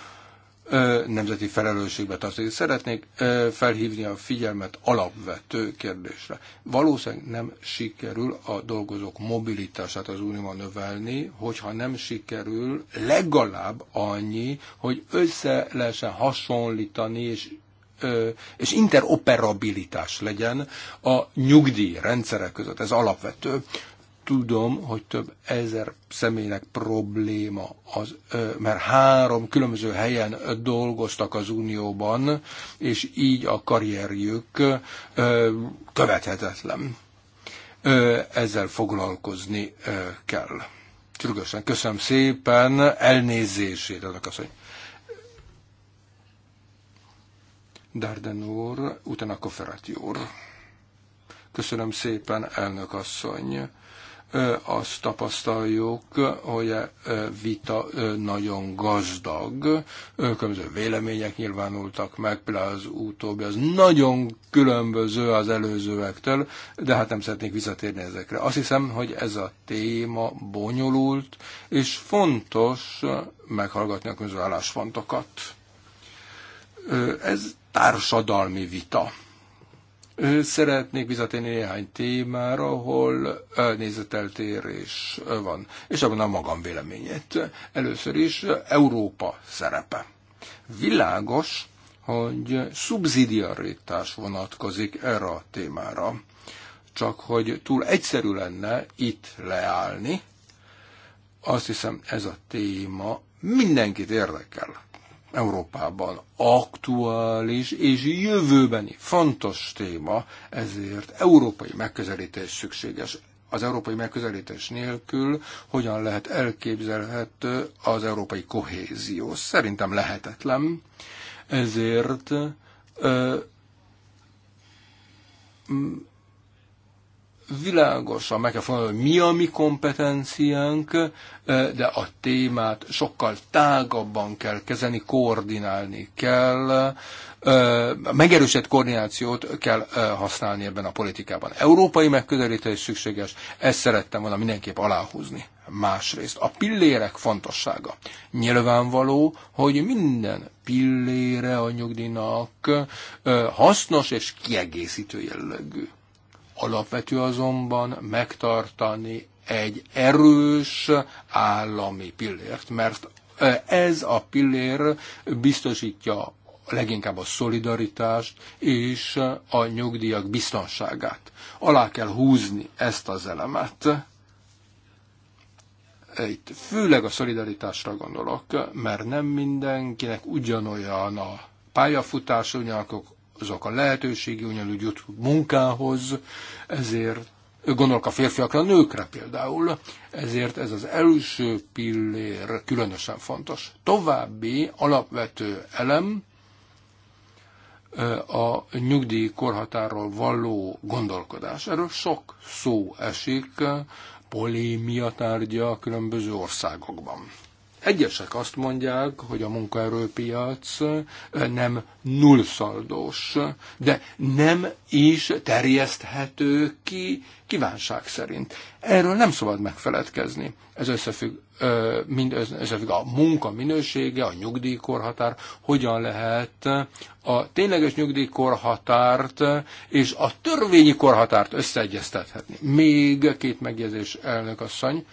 nemzeti felelősségbe tartozik. Szeretnék felhívni a figyelmet alapvető kérdésre. Valószínűleg nem sikerül a dolgozók mobilitását az unióban növelni, hogyha nem sikerül legalább annyi, hogy össze lehessen hasonlítani és és interoperabilitás legyen a nyugdíjrendszerek között. Ez alapvető tudom, hogy több ezer személynek probléma, az, mert három különböző helyen dolgoztak az Unióban, és így a karrierjük követhetetlen. Ezzel foglalkozni kell. Sürgősen köszönöm szépen elnézését, önök asszony. Darden úr, utána Koferati úr. Köszönöm szépen, elnök asszony azt tapasztaljuk, hogy a vita nagyon gazdag, különböző vélemények nyilvánultak meg, például az utóbbi az nagyon különböző az előzőektől, de hát nem szeretnék visszatérni ezekre. Azt hiszem, hogy ez a téma bonyolult, és fontos meghallgatni a különböző álláspontokat. Ez társadalmi vita Szeretnék visszatérni néhány témára, ahol nézeteltérés van, és abban a magam véleményét. Először is Európa szerepe. Világos, hogy szubszidiaritás vonatkozik erre a témára. Csak hogy túl egyszerű lenne itt leállni, azt hiszem ez a téma mindenkit érdekel. Európában aktuális és jövőbeni fontos téma, ezért európai megközelítés szükséges. Az európai megközelítés nélkül hogyan lehet elképzelhető az európai kohézió? Szerintem lehetetlen, ezért ö, világosan meg kell fogalmazni, hogy mi a mi kompetenciánk, de a témát sokkal tágabban kell kezelni, koordinálni kell, megerősített koordinációt kell használni ebben a politikában. Európai megközelítés szükséges, ezt szerettem volna mindenképp aláhúzni. Másrészt a pillérek fontossága. Nyilvánvaló, hogy minden pillére a nyugdíjnak hasznos és kiegészítő jellegű Alapvető azonban megtartani egy erős állami pillért, mert ez a pillér biztosítja leginkább a szolidaritást és a nyugdíjak biztonságát. Alá kell húzni ezt az elemet. Itt főleg a szolidaritásra gondolok, mert nem mindenkinek ugyanolyan a pályafutás, ugyanakkor azok a lehetőségi ugyanúgy jut munkához, ezért gondolok a férfiakra, a nőkre például, ezért ez az első pillér különösen fontos. További alapvető elem a korhatáról való gondolkodás. Erről sok szó esik, polémia tárgya a különböző országokban. Egyesek azt mondják, hogy a munkaerőpiac nem nullszaldós, de nem is terjeszthető ki kívánság szerint. Erről nem szabad megfeledkezni. Ez összefügg, mind összefügg a munka minősége, a nyugdíjkorhatár, hogyan lehet a tényleges nyugdíjkorhatárt és a törvényi korhatárt összeegyeztethetni. Még két megjegyzés, elnök asszony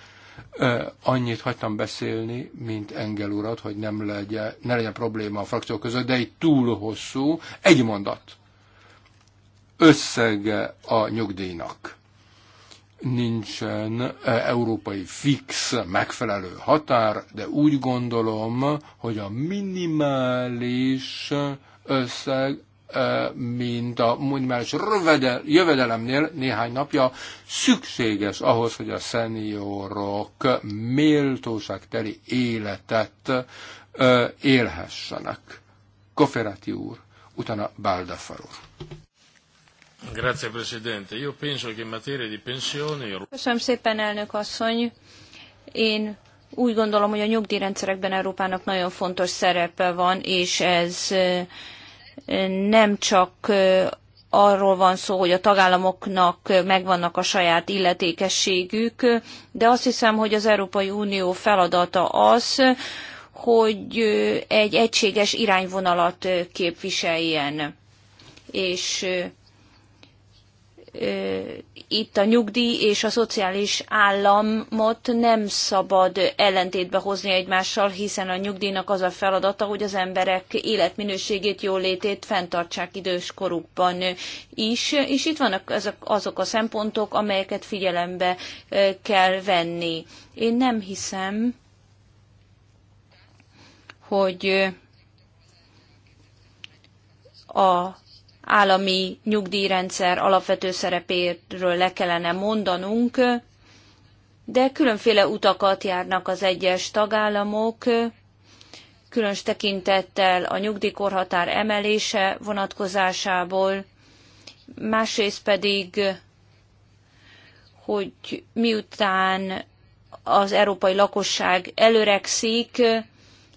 Annyit hagytam beszélni, mint Engel urat, hogy nem legyen, ne legyen probléma a frakciók között, de egy túl hosszú, egy mondat. Összege a nyugdíjnak nincsen európai fix megfelelő határ, de úgy gondolom, hogy a minimális összeg mint a minimális jövedelemnél néhány napja szükséges ahhoz, hogy a szeniorok teli életet élhessenek. Koferati úr, utána Baldafar úr. Grazie Presidente. Io penso che in materia di pensioni... Köszönöm szépen, elnök asszony. Én úgy gondolom, hogy a nyugdíjrendszerekben Európának nagyon fontos szerepe van, és ez nem csak arról van szó, hogy a tagállamoknak megvannak a saját illetékességük, de azt hiszem, hogy az Európai Unió feladata az, hogy egy egységes irányvonalat képviseljen. És itt a nyugdíj és a szociális államot nem szabad ellentétbe hozni egymással, hiszen a nyugdíjnak az a feladata, hogy az emberek életminőségét, jólétét fenntartsák időskorukban is, és itt vannak azok a szempontok, amelyeket figyelembe kell venni. Én nem hiszem, hogy a állami nyugdíjrendszer alapvető szerepéről le kellene mondanunk, de különféle utakat járnak az egyes tagállamok, különös tekintettel a nyugdíjkorhatár emelése vonatkozásából, másrészt pedig, hogy miután az európai lakosság előregszik,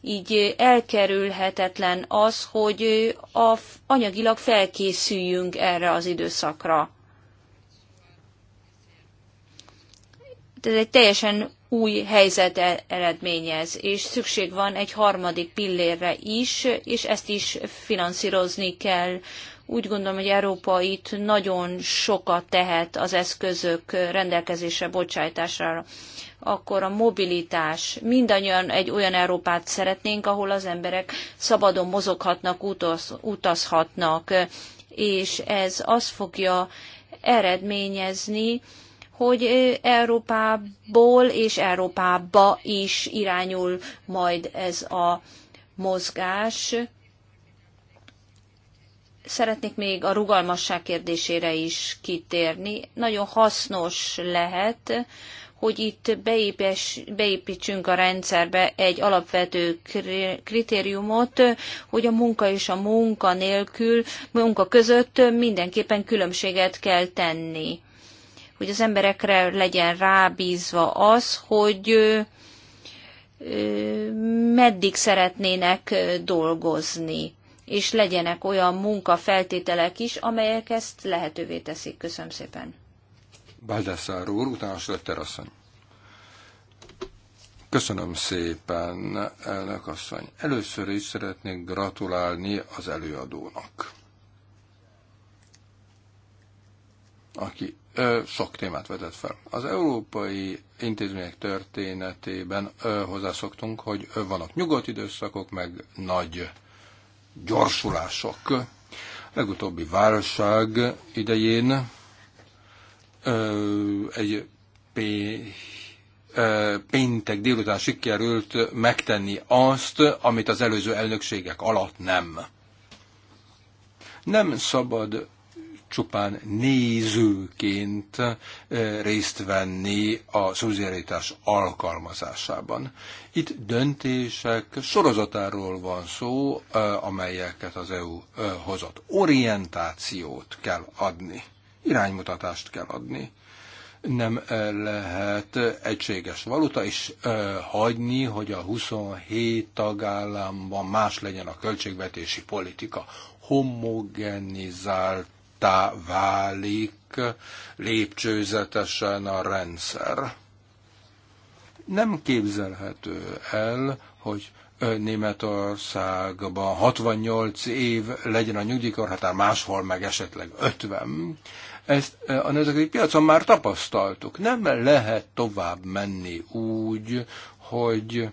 így elkerülhetetlen az, hogy a, anyagilag felkészüljünk erre az időszakra. Ez egy teljesen új helyzet e-, eredményez, és szükség van egy harmadik pillérre is, és ezt is finanszírozni kell. Úgy gondolom, hogy Európa itt nagyon sokat tehet az eszközök rendelkezésre bocsájtására akkor a mobilitás. Mindannyian egy olyan Európát szeretnénk, ahol az emberek szabadon mozoghatnak, utaz, utazhatnak, és ez azt fogja eredményezni, hogy Európából és Európába is irányul majd ez a mozgás. Szeretnék még a rugalmasság kérdésére is kitérni. Nagyon hasznos lehet, hogy itt beépes, beépítsünk a rendszerbe egy alapvető kritériumot, hogy a munka és a munka nélkül, munka között mindenképpen különbséget kell tenni. Hogy az emberekre legyen rábízva az, hogy meddig szeretnének dolgozni és legyenek olyan munkafeltételek is, amelyek ezt lehetővé teszik. Köszönöm szépen. Baldassar úr, utána Slötter asszony. Köszönöm szépen, elnök asszony. Először is szeretnék gratulálni az előadónak, aki ö, sok témát vetett fel. Az európai intézmények történetében ö, hozzászoktunk, hogy ö, vannak nyugodt időszakok, meg nagy gyorsulások. Legutóbbi válság idején egy péntek délután sikerült megtenni azt, amit az előző elnökségek alatt nem. Nem szabad csupán nézőként részt venni a szubszidiaritás alkalmazásában. Itt döntések sorozatáról van szó, amelyeket az EU hozott. Orientációt kell adni iránymutatást kell adni. Nem eh, lehet egységes valuta, és eh, hagyni, hogy a 27 tagállamban más legyen a költségvetési politika. Homogenizáltá válik lépcsőzetesen a rendszer. Nem képzelhető el, hogy eh, Németországban 68 év legyen a nyugdíjkorhatár, máshol meg esetleg 50. Ezt a nemzetközi piacon már tapasztaltuk. Nem lehet tovább menni úgy, hogy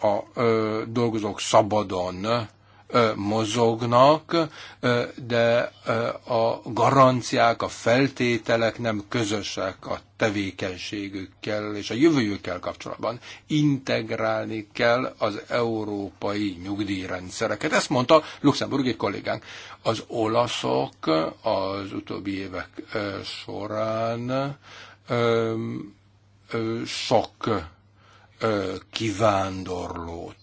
a dolgozók szabadon mozognak, de a garanciák, a feltételek nem közösek a tevékenységükkel és a jövőjükkel kapcsolatban. Integrálni kell az európai nyugdíjrendszereket. Ezt mondta luxemburgi kollégánk. Az olaszok az utóbbi évek során sok kivándorlót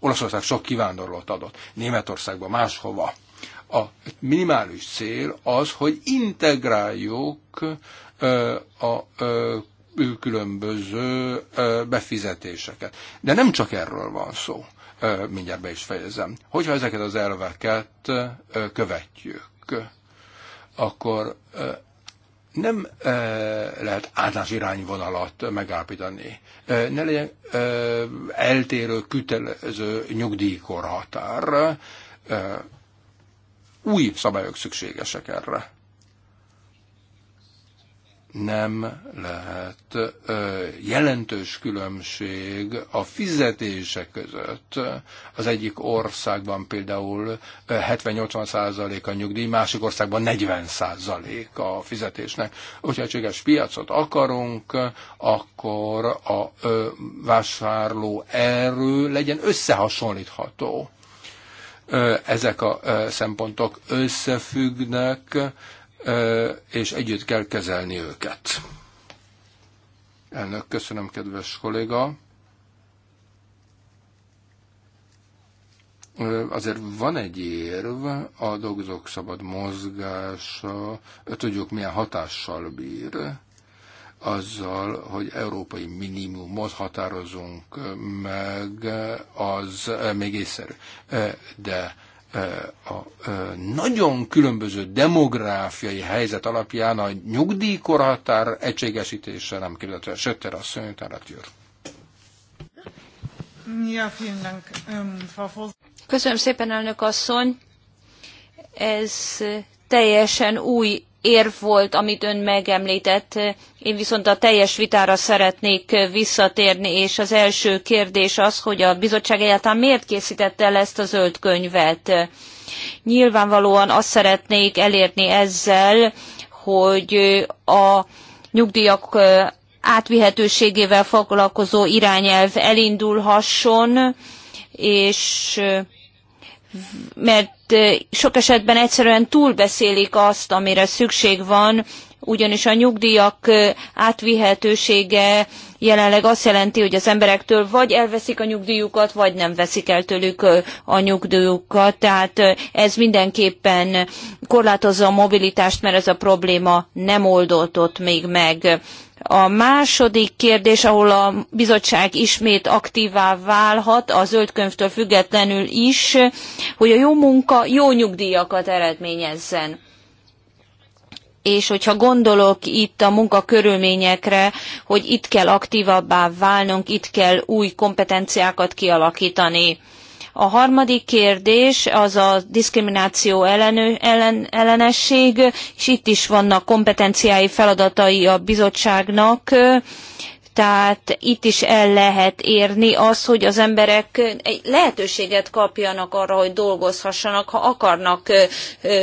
Olaszország sok kivándorlót adott, Németországba, máshova. A minimális cél az, hogy integráljuk a különböző befizetéseket. De nem csak erről van szó, mindjárt be is fejezem. Hogyha ezeket az elveket követjük, akkor nem e, lehet általános irányvonalat megállapítani. E, ne legyen e, eltérő, kütelező nyugdíjkorhatár. E, új szabályok szükségesek erre nem lehet jelentős különbség a fizetések között. Az egyik országban például 70-80 százalék a nyugdíj, másik országban 40 százalék a fizetésnek. Hogyha egységes piacot akarunk, akkor a vásárló erő legyen összehasonlítható. Ezek a szempontok összefüggnek, és együtt kell kezelni őket. Elnök, köszönöm, kedves kolléga. Azért van egy érv, a dolgozók szabad mozgása, tudjuk milyen hatással bír, azzal, hogy európai minimumot határozunk meg, az még észszerű. De a nagyon különböző demográfiai helyzet alapján a nyugdíjkorhatár egységesítése nem kérdezett. Sötter a utána tűr. Ähm, Köszönöm szépen, elnök asszony. Ez teljesen új érv volt, amit ön megemlített. Én viszont a teljes vitára szeretnék visszatérni, és az első kérdés az, hogy a bizottság egyáltalán miért készítette el ezt a zöld könyvet. Nyilvánvalóan azt szeretnék elérni ezzel, hogy a nyugdíjak átvihetőségével foglalkozó irányelv elindulhasson, és mert sok esetben egyszerűen túlbeszélik azt, amire szükség van ugyanis a nyugdíjak átvihetősége jelenleg azt jelenti, hogy az emberektől vagy elveszik a nyugdíjukat, vagy nem veszik el tőlük a nyugdíjukat. Tehát ez mindenképpen korlátozza a mobilitást, mert ez a probléma nem oldódott még meg. A második kérdés, ahol a bizottság ismét aktívá válhat, a zöld könyvtől függetlenül is, hogy a jó munka jó nyugdíjakat eredményezzen és hogyha gondolok itt a munkakörülményekre, hogy itt kell aktívabbá válnunk, itt kell új kompetenciákat kialakítani. A harmadik kérdés az a diszkrimináció ellenő, ellen, ellenesség, és itt is vannak kompetenciái, feladatai a bizottságnak tehát itt is el lehet érni az, hogy az emberek egy lehetőséget kapjanak arra, hogy dolgozhassanak, ha akarnak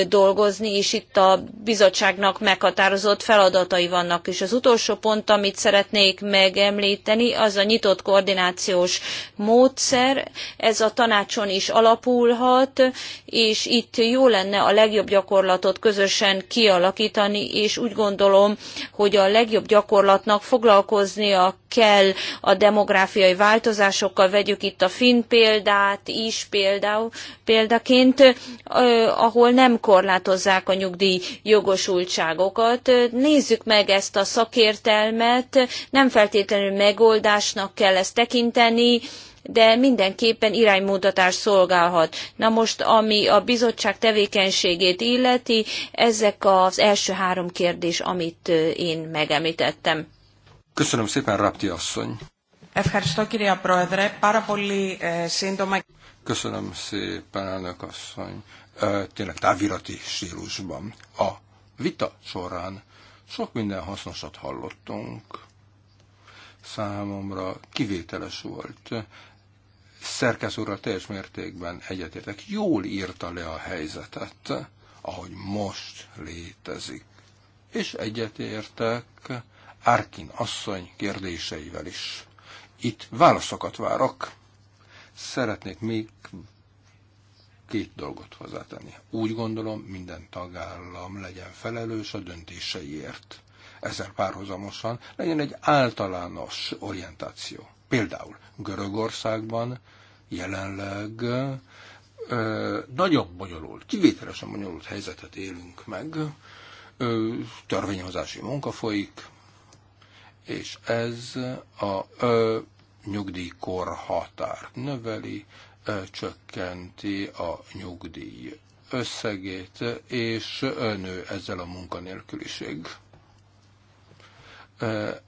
dolgozni, és itt a bizottságnak meghatározott feladatai vannak. És az utolsó pont, amit szeretnék megemlíteni, az a nyitott koordinációs módszer. Ez a tanácson is alapulhat, és itt jó lenne a legjobb gyakorlatot közösen kialakítani, és úgy gondolom, hogy a legjobb gyakorlatnak foglalkozni foglalkoznia kell a demográfiai változásokkal, vegyük itt a finn példát is például, példaként, ahol nem korlátozzák a nyugdíj jogosultságokat. Nézzük meg ezt a szakértelmet, nem feltétlenül megoldásnak kell ezt tekinteni, de mindenképpen iránymutatás szolgálhat. Na most, ami a bizottság tevékenységét illeti, ezek az első három kérdés, amit én megemlítettem. Köszönöm szépen, Rapti asszony. Köszönöm szépen, elnök asszony. Tényleg távirati stílusban. A vita során sok minden hasznosat hallottunk. Számomra kivételes volt. Szerkesz teljes mértékben egyetértek. Jól írta le a helyzetet, ahogy most létezik. És egyetértek Árkin asszony kérdéseivel is. Itt válaszokat várok. Szeretnék még két dolgot hozzátenni. Úgy gondolom, minden tagállam legyen felelős a döntéseiért. Ezzel párhuzamosan legyen egy általános orientáció. Például Görögországban jelenleg ö, nagyobb bonyolult, kivételesen bonyolult helyzetet élünk meg, ö, törvényhozási munka folyik, és ez a ö, nyugdíjkor határt növeli, ö, csökkenti a nyugdíj összegét, és nő ezzel a munkanélküliség.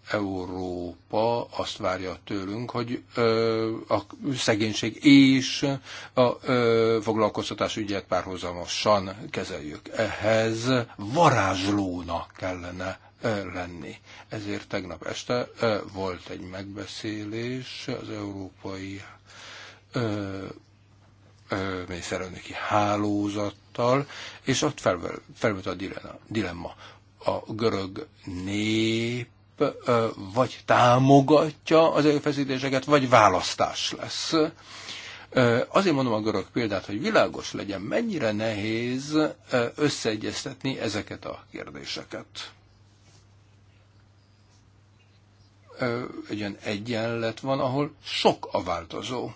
Európa azt várja tőlünk, hogy a szegénység és a foglalkoztatás ügyet párhuzamosan kezeljük. Ehhez varázslónak kellene lenni. Ezért tegnap este volt egy megbeszélés az európai mészerelnöki hálózattal, és ott felmerült a dilemma. A görög nép vagy támogatja az erőfeszítéseket, vagy választás lesz. Azért mondom a görög példát, hogy világos legyen, mennyire nehéz összeegyeztetni ezeket a kérdéseket. egy ilyen egyenlet van, ahol sok a változó.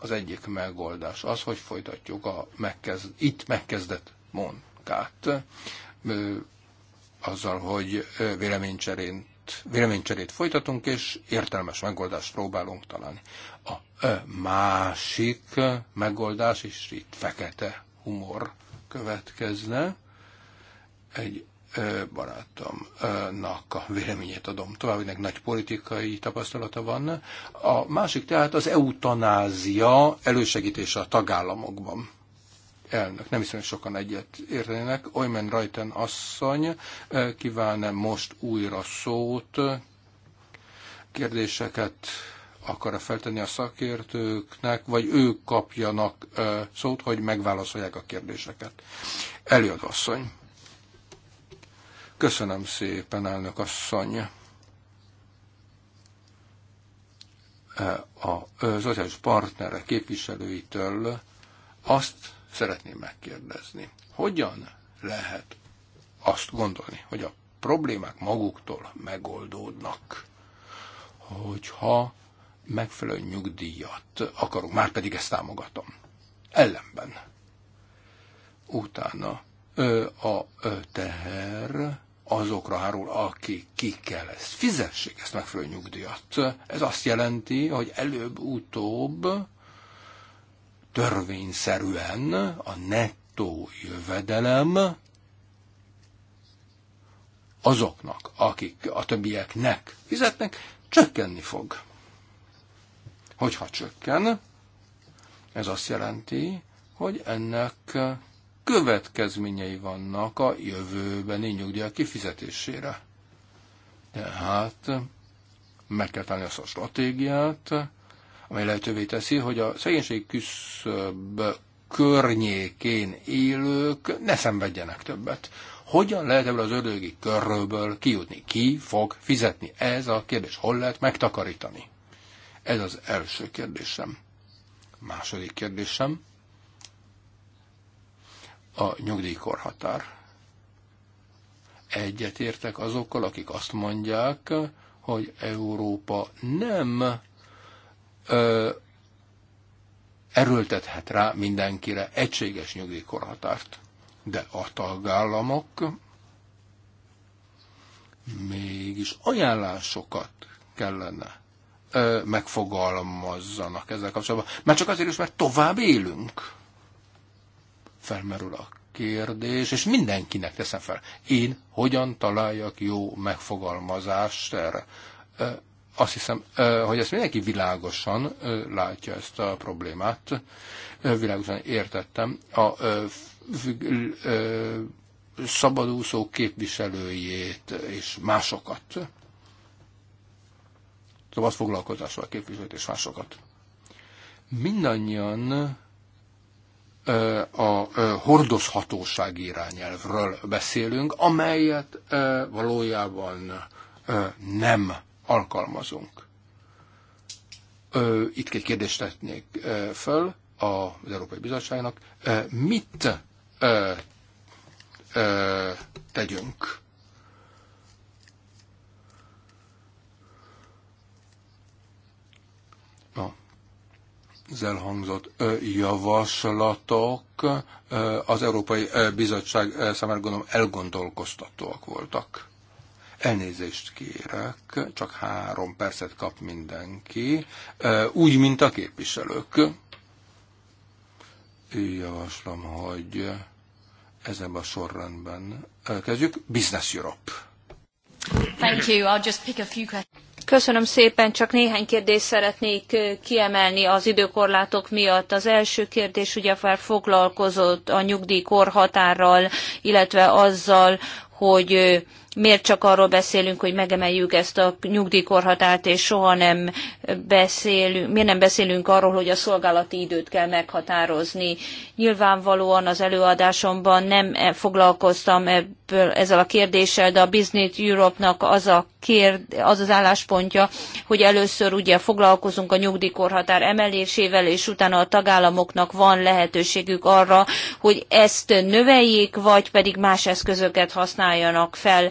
Az egyik megoldás az, hogy folytatjuk a megkezd, itt megkezdett munkát, azzal, hogy véleménycserét, véleménycserét folytatunk, és értelmes megoldást próbálunk találni. A másik megoldás, és itt fekete humor következne, egy barátomnak a véleményét adom tovább, hogy nagy politikai tapasztalata van. A másik tehát az eutanázia elősegítése a tagállamokban. Elnök, nem hiszem, hogy sokan egyet értenének. Oymen Rajten asszony kívánne most újra szót, kérdéseket akar-e feltenni a szakértőknek, vagy ők kapjanak szót, hogy megválaszolják a kérdéseket. Előadó asszony. Köszönöm szépen, elnök asszony. E, a szociális partnere képviselőitől azt szeretném megkérdezni, hogyan lehet azt gondolni, hogy a problémák maguktól megoldódnak, hogyha megfelelő nyugdíjat akarunk, már pedig ezt támogatom. Ellenben. Utána ö, a ö, teher azokra árul, akik ki kell ezt fizessék, ezt megfelelő nyugdíjat. Ez azt jelenti, hogy előbb-utóbb törvényszerűen a nettó jövedelem azoknak, akik a többieknek fizetnek, csökkenni fog. Hogyha csökken, ez azt jelenti, hogy ennek következményei vannak a jövőbeni nyugdíjak kifizetésére. Tehát meg kell találni azt a stratégiát, amely lehetővé teszi, hogy a szegénység küszöbb környékén élők ne szenvedjenek többet. Hogyan lehet ebből az ördögi körből kijutni? Ki fog fizetni? Ez a kérdés. Hol lehet megtakarítani? Ez az első kérdésem. Második kérdésem a nyugdíjkorhatár. Egyetértek azokkal, akik azt mondják, hogy Európa nem ö, erőltethet rá mindenkire egységes nyugdíjkorhatárt. De a tagállamok mégis ajánlásokat kellene ö, megfogalmazzanak ezzel kapcsolatban. Már csak azért is, mert tovább élünk felmerül a kérdés, és mindenkinek teszem fel. Én hogyan találjak jó megfogalmazást erre? Azt hiszem, hogy ezt mindenki világosan látja ezt a problémát. Világosan értettem. A szabadúszó képviselőjét és másokat. Szabad szóval foglalkozásról képviselőt és másokat. Mindannyian a hordozhatóság irányelvről beszélünk, amelyet valójában nem alkalmazunk. Itt egy kérdést tetnék föl az Európai Bizottságnak. Mit tegyünk? az elhangzott javaslatok az Európai Bizottság számára gondolom elgondolkoztatóak voltak. Elnézést kérek, csak három percet kap mindenki, úgy, mint a képviselők. Javaslom, hogy ezen a sorrendben kezdjük. Business Europe. Thank you. I'll just pick a few questions. Köszönöm szépen, csak néhány kérdést szeretnék kiemelni az időkorlátok miatt. Az első kérdés ugye már foglalkozott a nyugdíjkorhatárral, illetve azzal, hogy miért csak arról beszélünk, hogy megemeljük ezt a nyugdíjkorhatárt, és soha nem beszélünk, miért nem beszélünk arról, hogy a szolgálati időt kell meghatározni. Nyilvánvalóan az előadásomban nem e, foglalkoztam ebből, ezzel a kérdéssel, de a Business Europe-nak az a kérd, az, az álláspontja, hogy először ugye foglalkozunk a nyugdíjkorhatár emelésével, és utána a tagállamoknak van lehetőségük arra, hogy ezt növeljék, vagy pedig más eszközöket használjanak fel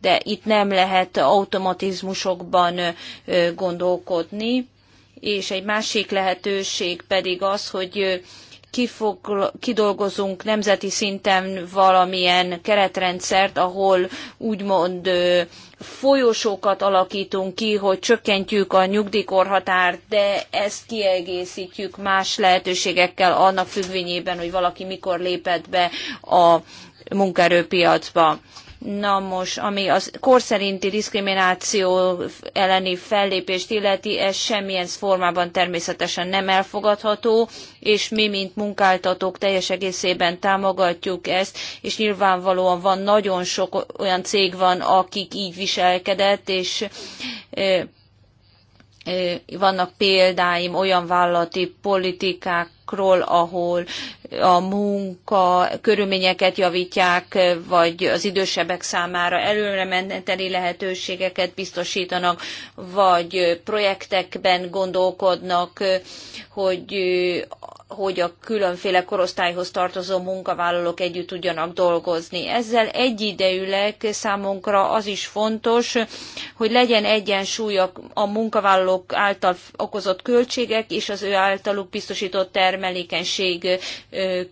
de itt nem lehet automatizmusokban gondolkodni, és egy másik lehetőség pedig az, hogy kifog, kidolgozunk nemzeti szinten valamilyen keretrendszert, ahol úgymond folyosókat alakítunk ki, hogy csökkentjük a nyugdíjkorhatárt, de ezt kiegészítjük más lehetőségekkel annak függvényében, hogy valaki mikor lépett be a munkaerőpiacba. Na most, ami a korszerinti diszkrimináció elleni fellépést illeti, ez semmilyen formában természetesen nem elfogadható, és mi, mint munkáltatók teljes egészében támogatjuk ezt, és nyilvánvalóan van nagyon sok olyan cég van, akik így viselkedett, és vannak példáim olyan vállalati politikákról, ahol a munka körülményeket javítják, vagy az idősebbek számára előrementeli lehetőségeket biztosítanak, vagy projektekben gondolkodnak, hogy hogy a különféle korosztályhoz tartozó munkavállalók együtt tudjanak dolgozni. Ezzel egyidejűleg számunkra az is fontos, hogy legyen egyensúly a munkavállalók által okozott költségek és az ő általuk biztosított termelékenység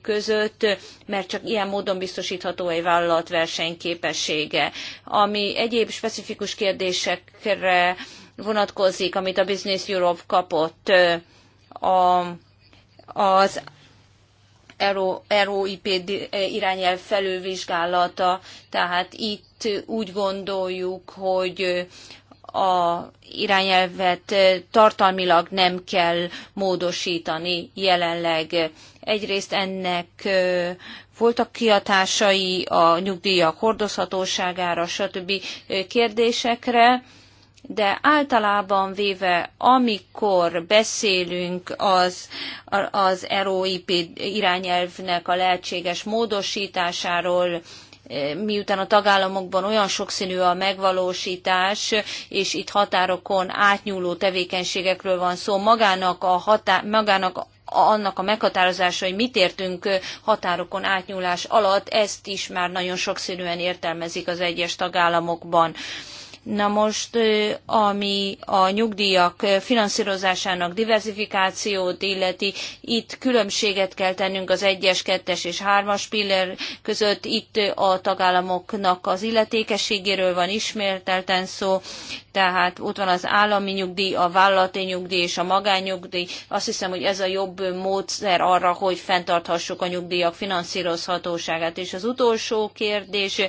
között, mert csak ilyen módon biztosítható egy vállalat versenyképessége. Ami egyéb specifikus kérdésekre vonatkozik, amit a Business Europe kapott, a, az ROIP irányelv felülvizsgálata, tehát itt úgy gondoljuk, hogy a irányelvet tartalmilag nem kell módosítani jelenleg. Egyrészt ennek voltak kiatásai a nyugdíjak hordozhatóságára, stb. kérdésekre, de általában véve, amikor beszélünk az, az ROIP irányelvnek a lehetséges módosításáról, miután a tagállamokban olyan sokszínű a megvalósítás, és itt határokon átnyúló tevékenységekről van szó, magának a határ, magának annak a meghatározása, hogy mit értünk határokon átnyúlás alatt, ezt is már nagyon sokszínűen értelmezik az egyes tagállamokban. Na most, ami a nyugdíjak finanszírozásának diversifikációt illeti, itt különbséget kell tennünk az egyes kettes és hármas as pillér között, itt a tagállamoknak az illetékességéről van ismertelten szó, tehát ott van az állami nyugdíj, a vállalati nyugdíj és a magánnyugdíj. Azt hiszem, hogy ez a jobb módszer arra, hogy fenntarthassuk a nyugdíjak finanszírozhatóságát. És az utolsó kérdés,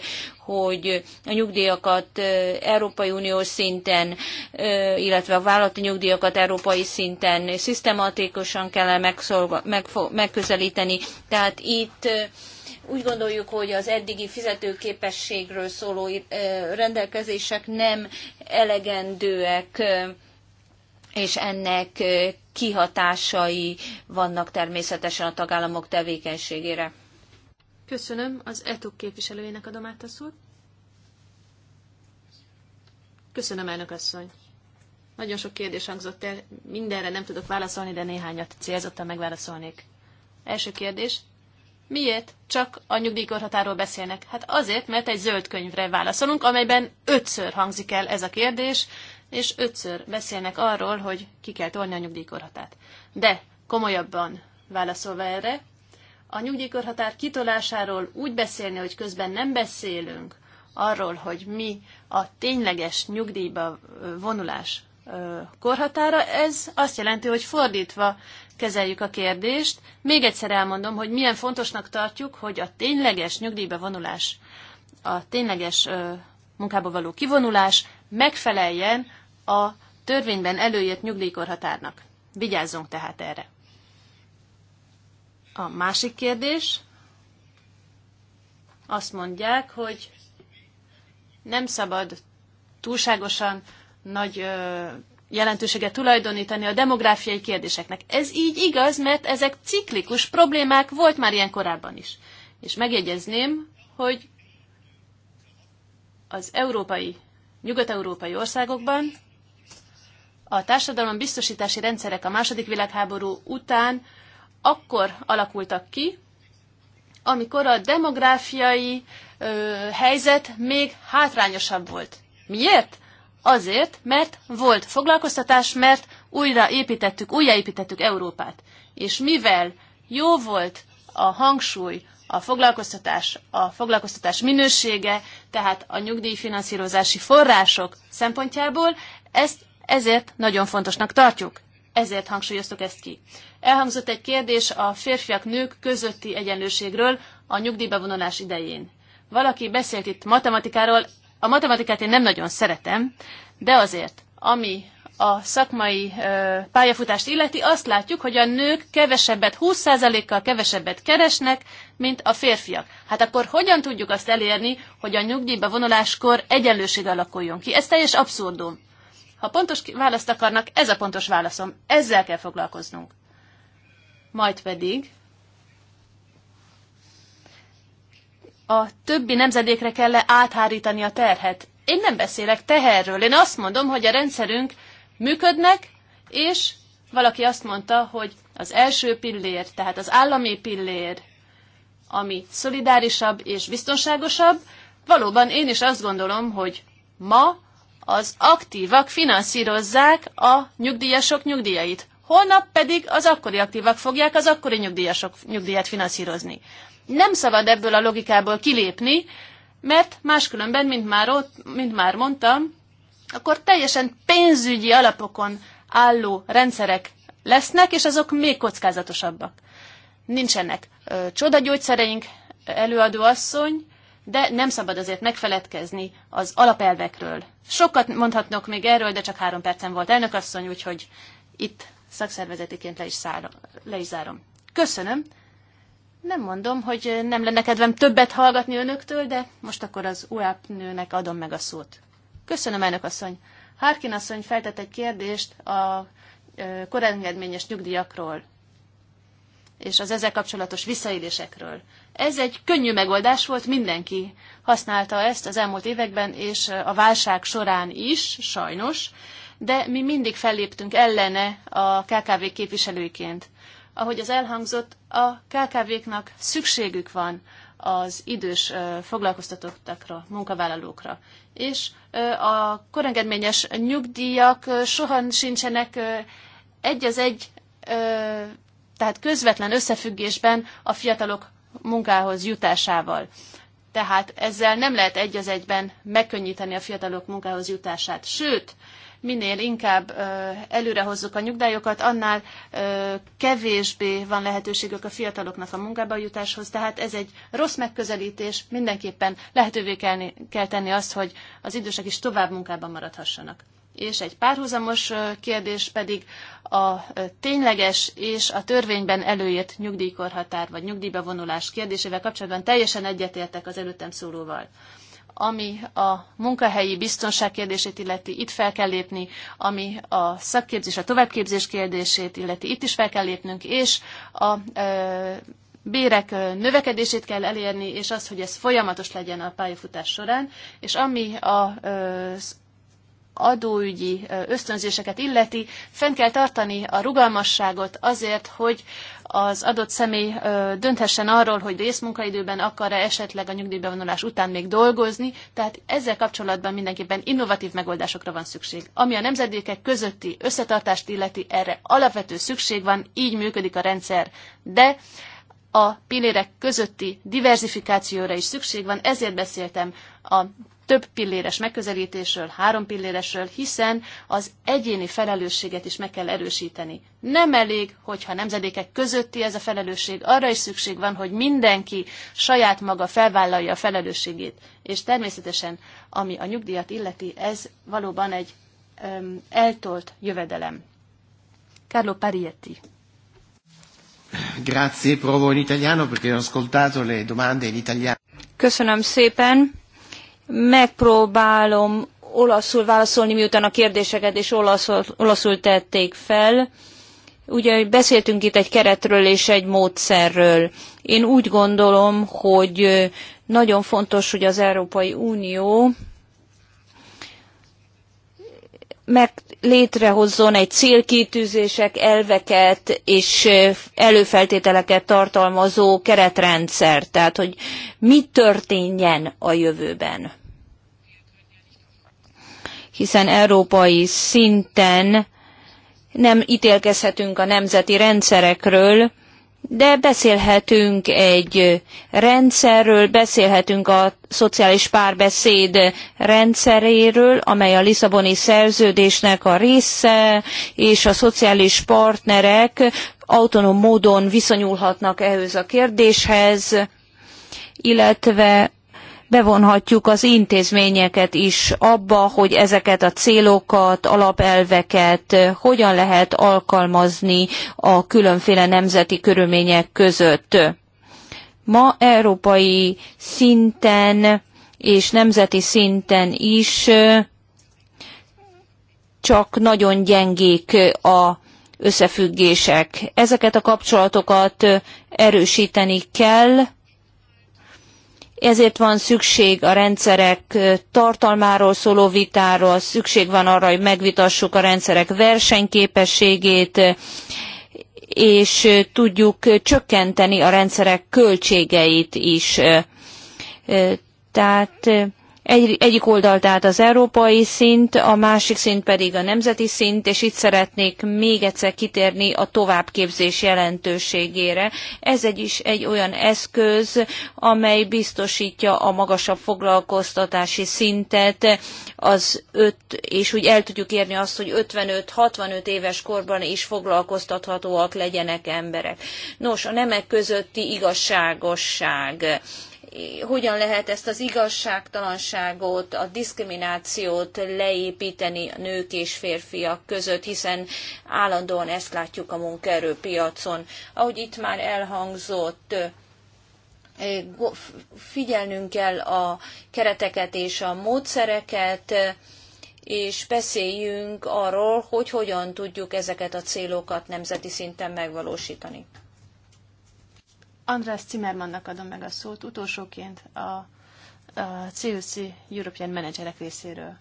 hogy a nyugdíjakat Európai Uniós szinten, illetve a vállalati nyugdíjakat európai szinten szisztematikusan kell megközelíteni. Tehát itt úgy gondoljuk, hogy az eddigi fizetőképességről szóló rendelkezések nem elegendőek, és ennek kihatásai vannak természetesen a tagállamok tevékenységére. Köszönöm az ETUK képviselőjének adom át a szót. Köszönöm, elnök asszony. Nagyon sok kérdés hangzott el, mindenre nem tudok válaszolni, de néhányat célzottan megválaszolnék. Első kérdés. Miért csak a nyugdíjkorhatáról beszélnek? Hát azért, mert egy zöld könyvre válaszolunk, amelyben ötször hangzik el ez a kérdés, és ötször beszélnek arról, hogy ki kell tolni a nyugdíjkorhatát. De komolyabban válaszolva erre, a nyugdíjkorhatár kitolásáról úgy beszélni, hogy közben nem beszélünk arról, hogy mi a tényleges nyugdíjba vonulás korhatára, ez azt jelenti, hogy fordítva kezeljük a kérdést. Még egyszer elmondom, hogy milyen fontosnak tartjuk, hogy a tényleges nyugdíjba vonulás, a tényleges munkába való kivonulás megfeleljen a törvényben előírt nyugdíjkorhatárnak. Vigyázzunk tehát erre. A másik kérdés, azt mondják, hogy nem szabad túlságosan nagy jelentőséget tulajdonítani a demográfiai kérdéseknek. Ez így igaz, mert ezek ciklikus problémák, volt már ilyen korábban is. És megjegyezném, hogy az európai, nyugat-európai országokban a társadalom biztosítási rendszerek a második világháború után akkor alakultak ki, amikor a demográfiai ö, helyzet még hátrányosabb volt. Miért? Azért, mert volt foglalkoztatás, mert újra építettük, újjáépítettük Európát. És mivel jó volt a hangsúly, a foglalkoztatás, a foglalkoztatás minősége, tehát a nyugdíjfinanszírozási források szempontjából, ezt ezért nagyon fontosnak tartjuk ezért hangsúlyoztuk ezt ki. Elhangzott egy kérdés a férfiak-nők közötti egyenlőségről a nyugdíjbevonulás idején. Valaki beszélt itt matematikáról, a matematikát én nem nagyon szeretem, de azért, ami a szakmai ö, pályafutást illeti, azt látjuk, hogy a nők kevesebbet, 20%-kal kevesebbet keresnek, mint a férfiak. Hát akkor hogyan tudjuk azt elérni, hogy a nyugdíjba vonuláskor egyenlőség alakuljon ki? Ez teljes abszurdum. Ha pontos választ akarnak, ez a pontos válaszom. Ezzel kell foglalkoznunk. Majd pedig a többi nemzedékre kell -e áthárítani a terhet. Én nem beszélek teherről. Én azt mondom, hogy a rendszerünk működnek, és valaki azt mondta, hogy az első pillér, tehát az állami pillér, ami szolidárisabb és biztonságosabb, valóban én is azt gondolom, hogy ma az aktívak finanszírozzák a nyugdíjasok nyugdíjait. Holnap pedig az akkori aktívak fogják az akkori nyugdíjasok nyugdíját finanszírozni. Nem szabad ebből a logikából kilépni, mert máskülönben, mint már, ott, mint már mondtam, akkor teljesen pénzügyi alapokon álló rendszerek lesznek, és azok még kockázatosabbak. Nincsenek ö, csodagyógyszereink, előadóasszony, de nem szabad azért megfeledkezni az alapelvekről. Sokat mondhatnok még erről, de csak három percen volt elnökasszony, úgyhogy itt szakszervezetiként le is, szára, le is zárom. Köszönöm. Nem mondom, hogy nem lenne kedvem többet hallgatni önöktől, de most akkor az UAP nőnek adom meg a szót. Köszönöm, elnökasszony. asszony. Harkin asszony feltett egy kérdést a korengedményes nyugdíjakról és az ezzel kapcsolatos visszaélésekről. Ez egy könnyű megoldás volt, mindenki használta ezt az elmúlt években, és a válság során is, sajnos, de mi mindig felléptünk ellene a KKV képviselőiként. Ahogy az elhangzott, a KKV-knak szükségük van az idős foglalkoztatottakra, munkavállalókra. És a korengedményes nyugdíjak soha sincsenek egy az egy tehát közvetlen összefüggésben a fiatalok munkához jutásával. Tehát ezzel nem lehet egy az egyben megkönnyíteni a fiatalok munkához jutását. Sőt, minél inkább előre hozzuk a nyugdíjokat, annál kevésbé van lehetőségük a fiataloknak a munkába jutáshoz. Tehát ez egy rossz megközelítés, mindenképpen lehetővé kell, kell tenni azt, hogy az idősek is tovább munkában maradhassanak és egy párhuzamos kérdés pedig a tényleges és a törvényben előírt nyugdíjkorhatár vagy nyugdíjba vonulás kérdésével kapcsolatban teljesen egyetértek az előttem szólóval ami a munkahelyi biztonság kérdését illeti, itt fel kell lépni, ami a szakképzés, a továbbképzés kérdését illeti, itt is fel kell lépnünk, és a ö, bérek növekedését kell elérni, és az, hogy ez folyamatos legyen a pályafutás során, és ami az adóügyi ösztönzéseket illeti, fenn kell tartani a rugalmasságot azért, hogy az adott személy dönthessen arról, hogy részmunkaidőben akar-e esetleg a nyugdíjbevonulás után még dolgozni, tehát ezzel kapcsolatban mindenképpen innovatív megoldásokra van szükség. Ami a nemzedékek közötti összetartást illeti, erre alapvető szükség van, így működik a rendszer. De a pillérek közötti diversifikációra is szükség van, ezért beszéltem a több pilléres megközelítésről, három pilléresről, hiszen az egyéni felelősséget is meg kell erősíteni. Nem elég, hogyha nemzedékek közötti ez a felelősség, arra is szükség van, hogy mindenki saját maga felvállalja a felelősségét. És természetesen, ami a nyugdíjat illeti, ez valóban egy öm, eltolt jövedelem. Carlo Parietti. Grazie, provo in italiano perché ho ascoltato le domande in italiano. Köszönöm szépen Megpróbálom olaszul válaszolni, miután a kérdéseket is olaszul, olaszul tették fel. Ugye beszéltünk itt egy keretről és egy módszerről. Én úgy gondolom, hogy nagyon fontos, hogy az Európai Unió meg létrehozzon egy célkitűzések, elveket és előfeltételeket tartalmazó keretrendszer, tehát hogy mi történjen a jövőben. Hiszen európai szinten nem ítélkezhetünk a nemzeti rendszerekről, de beszélhetünk egy rendszerről, beszélhetünk a szociális párbeszéd rendszeréről, amely a Lisszaboni szerződésnek a része, és a szociális partnerek autonóm módon viszonyulhatnak ehhez a kérdéshez, illetve bevonhatjuk az intézményeket is abba, hogy ezeket a célokat, alapelveket eh, hogyan lehet alkalmazni a különféle nemzeti körülmények között. Ma európai szinten és nemzeti szinten is eh, csak nagyon gyengék eh, a összefüggések. Ezeket a kapcsolatokat erősíteni kell, ezért van szükség a rendszerek tartalmáról szóló vitáról, szükség van arra, hogy megvitassuk a rendszerek versenyképességét, és tudjuk csökkenteni a rendszerek költségeit is. Tehát egy, egyik oldal tehát az európai szint, a másik szint pedig a nemzeti szint, és itt szeretnék még egyszer kitérni a továbbképzés jelentőségére. Ez egy is egy olyan eszköz, amely biztosítja a magasabb foglalkoztatási szintet, az öt, és úgy el tudjuk érni azt, hogy 55-65 éves korban is foglalkoztathatóak legyenek emberek. Nos, a nemek közötti igazságosság hogyan lehet ezt az igazságtalanságot, a diszkriminációt leépíteni a nők és férfiak között, hiszen állandóan ezt látjuk a munkaerőpiacon. Ahogy itt már elhangzott, figyelnünk kell a kereteket és a módszereket, és beszéljünk arról, hogy hogyan tudjuk ezeket a célokat nemzeti szinten megvalósítani. András Zimmermannnak adom meg a szót utolsóként a, a CUC European Managerek részéről.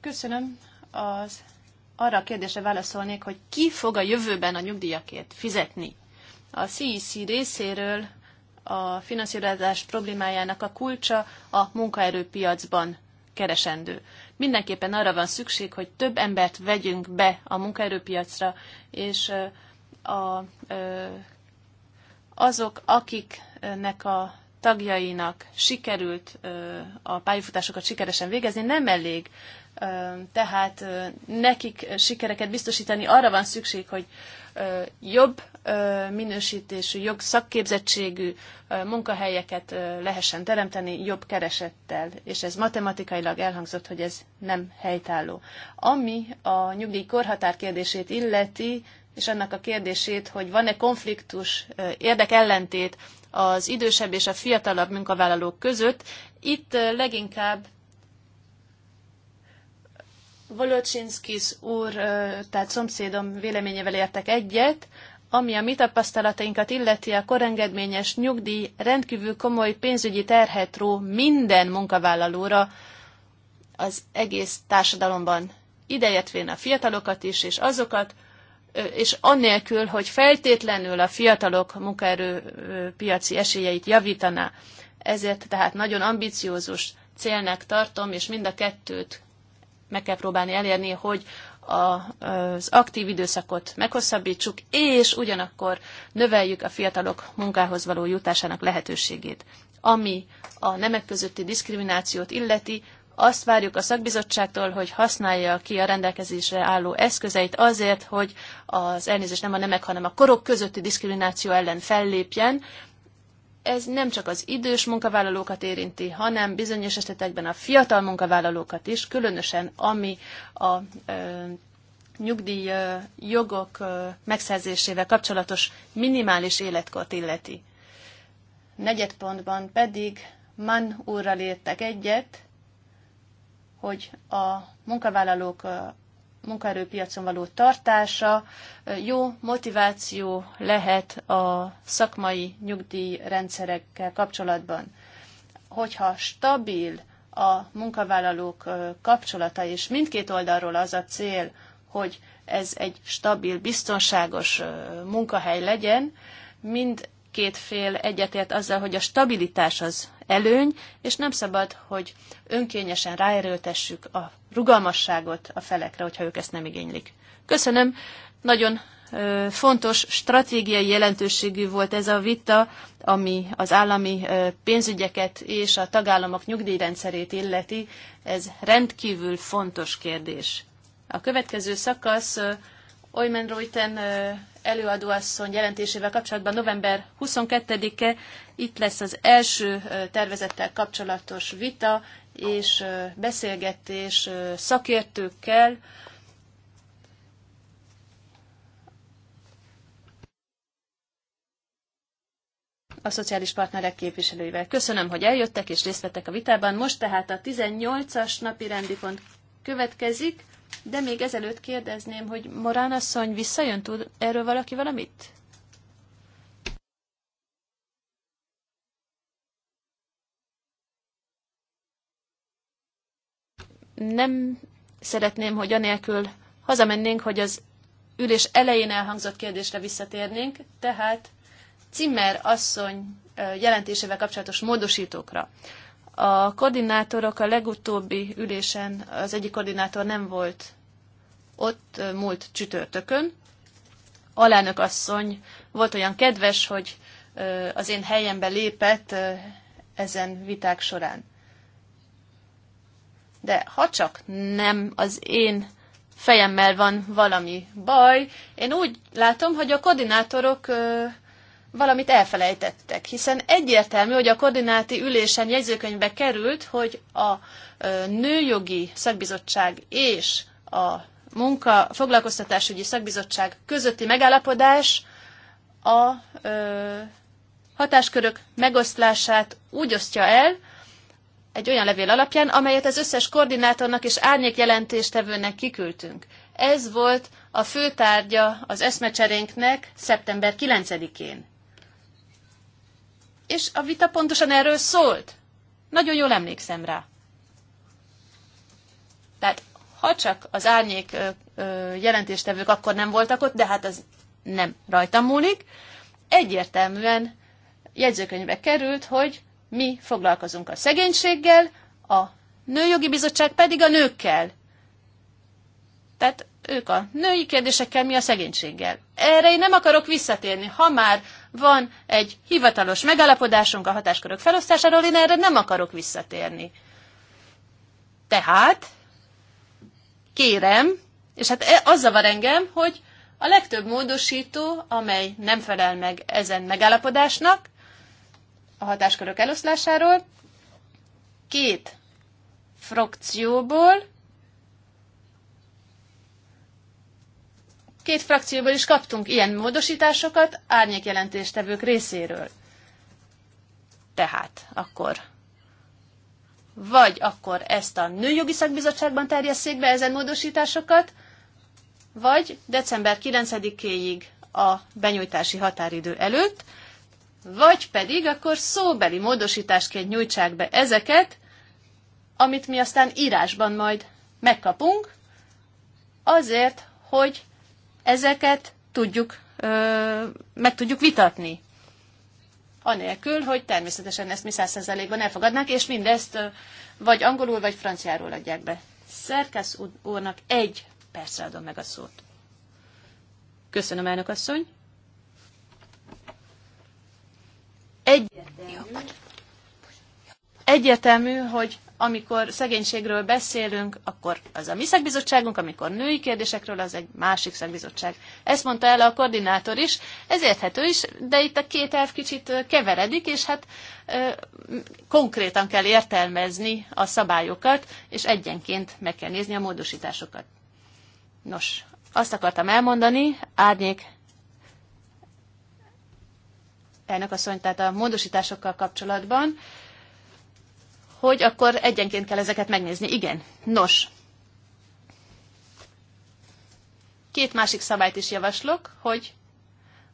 Köszönöm. Az arra a kérdésre válaszolnék, hogy ki fog a jövőben a nyugdíjakért fizetni. A CEC e részéről a finanszírozás problémájának a kulcsa a munkaerőpiacban keresendő. Mindenképpen arra van szükség, hogy több embert vegyünk be a munkaerőpiacra, és a, azok, akiknek a tagjainak sikerült a pályafutásokat sikeresen végezni, nem elég. Tehát nekik sikereket biztosítani arra van szükség, hogy jobb minősítésű, jobb szakképzettségű munkahelyeket lehessen teremteni jobb keresettel, és ez matematikailag elhangzott, hogy ez nem helytálló. Ami a nyugdíj korhatár kérdését illeti, és annak a kérdését, hogy van-e konfliktus, érdekellentét az idősebb és a fiatalabb munkavállalók között. Itt leginkább Volocsinskis úr, tehát szomszédom véleményével értek egyet, ami a mi tapasztalatainkat illeti, a korengedményes nyugdíj rendkívül komoly pénzügyi terhet ró minden munkavállalóra az egész társadalomban, Ideértvén a fiatalokat is, és azokat, és annélkül, hogy feltétlenül a fiatalok munkaerőpiaci esélyeit javítaná. Ezért tehát nagyon ambiciózus célnak tartom, és mind a kettőt meg kell próbálni elérni, hogy a, az aktív időszakot meghosszabbítsuk, és ugyanakkor növeljük a fiatalok munkához való jutásának lehetőségét. Ami a nemek közötti diszkriminációt illeti, azt várjuk a szakbizottságtól, hogy használja ki a rendelkezésre álló eszközeit azért, hogy az elnézés nem a nemek, hanem a korok közötti diszkrimináció ellen fellépjen. Ez nem csak az idős munkavállalókat érinti, hanem bizonyos esetekben a fiatal munkavállalókat is, különösen ami a nyugdíj jogok megszerzésével kapcsolatos minimális életkort illeti. Negyed pontban pedig Mann úrral értek egyet, hogy a munkavállalók munkaerőpiacon való tartása jó motiváció lehet a szakmai nyugdíjrendszerekkel kapcsolatban. Hogyha stabil a munkavállalók kapcsolata, és mindkét oldalról az a cél, hogy ez egy stabil, biztonságos munkahely legyen, mindkét fél egyetért azzal, hogy a stabilitás az előny, és nem szabad, hogy önkényesen ráerőltessük a rugalmasságot a felekre, hogyha ők ezt nem igénylik. Köszönöm, nagyon fontos, stratégiai jelentőségű volt ez a vita, ami az állami pénzügyeket és a tagállamok nyugdíjrendszerét illeti. Ez rendkívül fontos kérdés. A következő szakasz Oymen Reuten előadóasszony jelentésével kapcsolatban november 22-e itt lesz az első tervezettel kapcsolatos vita és beszélgetés szakértőkkel, a szociális partnerek képviselőivel. Köszönöm, hogy eljöttek és részt vettek a vitában. Most tehát a 18-as napi rendi pont következik. De még ezelőtt kérdezném, hogy Morán asszony visszajön, tud erről valaki valamit? Nem szeretném, hogy anélkül hazamennénk, hogy az ülés elején elhangzott kérdésre visszatérnénk, tehát Cimmer asszony jelentésével kapcsolatos módosítókra. A koordinátorok a legutóbbi ülésen, az egyik koordinátor nem volt ott múlt csütörtökön. Alelnök asszony volt olyan kedves, hogy az én helyembe lépett ezen viták során. De ha csak nem az én fejemmel van valami baj, én úgy látom, hogy a koordinátorok valamit elfelejtettek, hiszen egyértelmű, hogy a koordináti ülésen jegyzőkönyvbe került, hogy a nőjogi szakbizottság és a munka foglalkoztatásügyi szakbizottság közötti megállapodás a ö, hatáskörök megosztását úgy osztja el, egy olyan levél alapján, amelyet az összes koordinátornak és árnyék jelentéstevőnek kiküldtünk. Ez volt a főtárgya az eszmecserénknek szeptember 9-én. És a vita pontosan erről szólt. Nagyon jól emlékszem rá. Tehát ha csak az árnyék jelentéstevők akkor nem voltak ott, de hát az nem rajtam múlik, egyértelműen jegyzőkönyvbe került, hogy mi foglalkozunk a szegénységgel, a Nőjogi Bizottság pedig a nőkkel. Tehát ők a női kérdésekkel, mi a szegénységgel. Erre én nem akarok visszatérni. Ha már van egy hivatalos megállapodásunk a hatáskörök felosztásáról, én erre nem akarok visszatérni. Tehát kérem, és hát e- az zavar engem, hogy a legtöbb módosító, amely nem felel meg ezen megállapodásnak, a hatáskörök eloszlásáról, két frakcióból Két frakcióból is kaptunk ilyen módosításokat árnyékjelentéstevők részéről. Tehát akkor vagy akkor ezt a Nőjogi Szakbizottságban terjesszék be ezen módosításokat, vagy december 9-éig a benyújtási határidő előtt, vagy pedig akkor szóbeli módosításként nyújtsák be ezeket, amit mi aztán írásban majd megkapunk, azért, hogy ezeket tudjuk, meg tudjuk vitatni. Anélkül, hogy természetesen ezt mi százszerzelékben százalékban elfogadnánk, és mindezt vagy angolul, vagy franciáról adják be. Szerkesz úrnak egy percre adom meg a szót. Köszönöm, elnök asszony. Egyértelmű, egyértelmű hogy amikor szegénységről beszélünk, akkor az a mi szakbizottságunk, amikor női kérdésekről, az egy másik szakbizottság. Ezt mondta el a koordinátor is, ez érthető is, de itt a két elv kicsit keveredik, és hát ö, konkrétan kell értelmezni a szabályokat, és egyenként meg kell nézni a módosításokat. Nos, azt akartam elmondani, árnyék elnök asszony, tehát a módosításokkal kapcsolatban, hogy akkor egyenként kell ezeket megnézni. Igen. Nos. Két másik szabályt is javaslok, hogy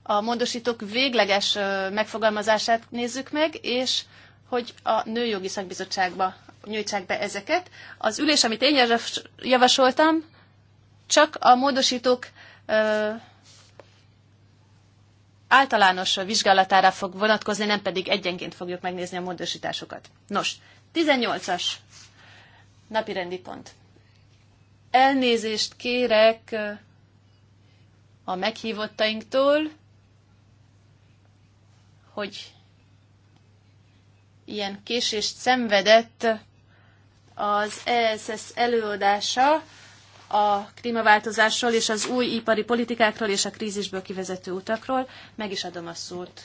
a módosítók végleges megfogalmazását nézzük meg, és hogy a nőjogi szakbizottságba nyújtsák be ezeket. Az ülés, amit én javasoltam, csak a módosítók általános vizsgálatára fog vonatkozni, nem pedig egyenként fogjuk megnézni a módosításokat. Nos, 18-as napi rendi pont. Elnézést kérek a meghívottainktól, hogy ilyen késést szenvedett az ESS előadása, a klímaváltozásról és az új ipari politikákról és a krízisből kivezető utakról. Meg is adom a szót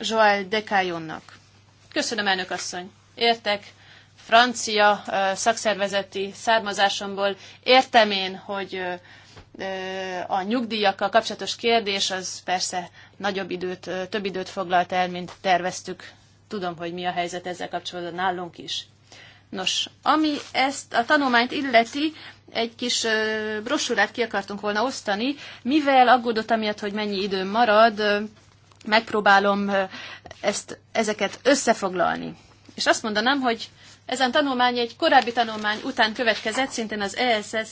Joël Decayonnak. Köszönöm, elnök asszony. Értek, francia szakszervezeti származásomból értem én, hogy a nyugdíjakkal kapcsolatos kérdés az persze nagyobb időt, több időt foglalt el, mint terveztük. Tudom, hogy mi a helyzet ezzel kapcsolatban nálunk is. Nos, ami ezt a tanulmányt illeti, egy kis brosúrát ki akartunk volna osztani, mivel aggódott amiatt, hogy mennyi időm marad, megpróbálom ezt, ezeket összefoglalni. És azt mondanám, hogy ezen tanulmány egy korábbi tanulmány után következett, szintén az ESS,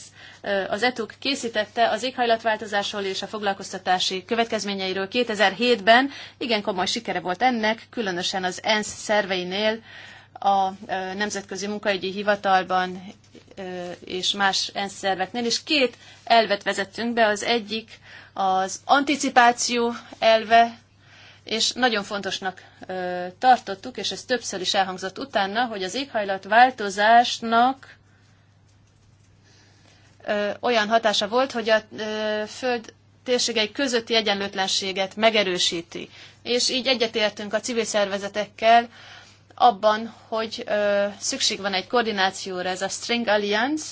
az ETUK készítette az éghajlatváltozásról és a foglalkoztatási következményeiről 2007-ben. Igen komoly sikere volt ennek, különösen az ENSZ szerveinél a Nemzetközi Munkaügyi Hivatalban és más ENSZ szerveknél, és két elvet vezettünk be, az egyik az anticipáció elve, és nagyon fontosnak tartottuk, és ez többször is elhangzott utána, hogy az éghajlatváltozásnak olyan hatása volt, hogy a Föld térségei közötti egyenlőtlenséget megerősíti. És így egyetértünk a civil szervezetekkel, abban, hogy ö, szükség van egy koordinációra, ez a String Alliance,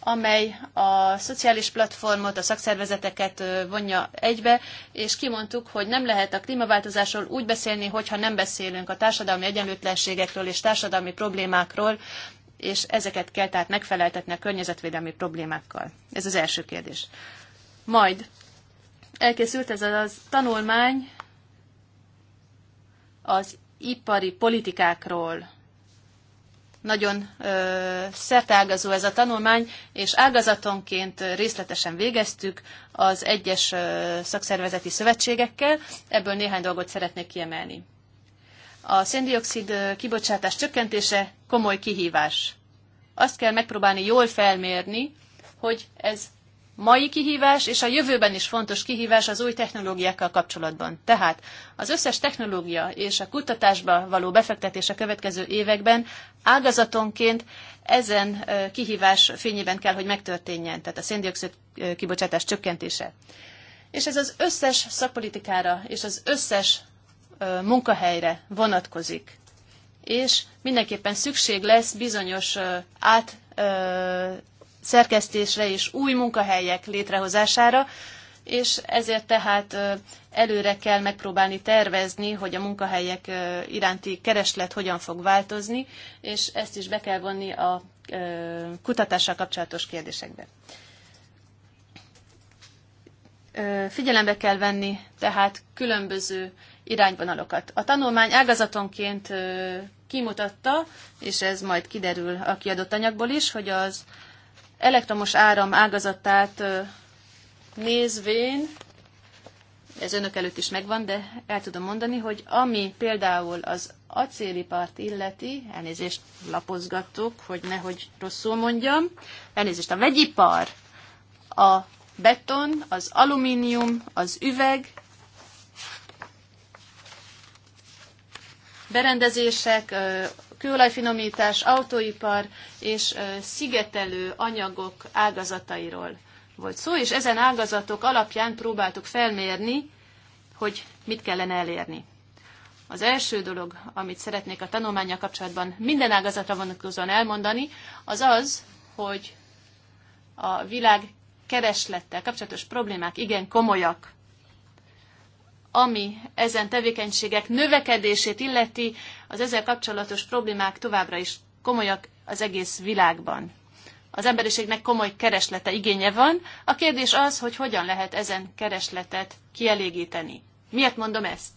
amely a szociális platformot, a szakszervezeteket vonja egybe, és kimondtuk, hogy nem lehet a klímaváltozásról úgy beszélni, hogyha nem beszélünk a társadalmi egyenlőtlenségekről és társadalmi problémákról, és ezeket kell tehát megfeleltetni a környezetvédelmi problémákkal. Ez az első kérdés. Majd elkészült ez a tanulmány az ipari politikákról. Nagyon ö, szertágazó ez a tanulmány, és ágazatonként részletesen végeztük az egyes ö, szakszervezeti szövetségekkel. Ebből néhány dolgot szeretnék kiemelni. A széndiokszid kibocsátás csökkentése komoly kihívás. Azt kell megpróbálni jól felmérni, hogy ez mai kihívás, és a jövőben is fontos kihívás az új technológiákkal kapcsolatban. Tehát az összes technológia és a kutatásba való befektetés a következő években ágazatonként ezen kihívás fényében kell, hogy megtörténjen, tehát a széndiokszid kibocsátás csökkentése. És ez az összes szakpolitikára és az összes munkahelyre vonatkozik. És mindenképpen szükség lesz bizonyos át szerkesztésre és új munkahelyek létrehozására, és ezért tehát előre kell megpróbálni tervezni, hogy a munkahelyek iránti kereslet hogyan fog változni, és ezt is be kell vonni a kutatással kapcsolatos kérdésekbe. Figyelembe kell venni tehát különböző irányvonalokat. A tanulmány ágazatonként kimutatta, és ez majd kiderül a kiadott anyagból is, hogy az elektromos áram ágazatát nézvén, ez önök előtt is megvan, de el tudom mondani, hogy ami például az acélipart illeti, elnézést lapozgattuk, hogy nehogy rosszul mondjam, elnézést a vegyipar, a beton, az alumínium, az üveg, berendezések, kőolajfinomítás, autóipar és szigetelő anyagok ágazatairól volt szó, és ezen ágazatok alapján próbáltuk felmérni, hogy mit kellene elérni. Az első dolog, amit szeretnék a tanulmánya kapcsolatban minden ágazatra vonatkozóan elmondani, az az, hogy a világ kereslettel kapcsolatos problémák igen komolyak ami ezen tevékenységek növekedését illeti, az ezzel kapcsolatos problémák továbbra is komolyak az egész világban. Az emberiségnek komoly kereslete igénye van. A kérdés az, hogy hogyan lehet ezen keresletet kielégíteni. Miért mondom ezt?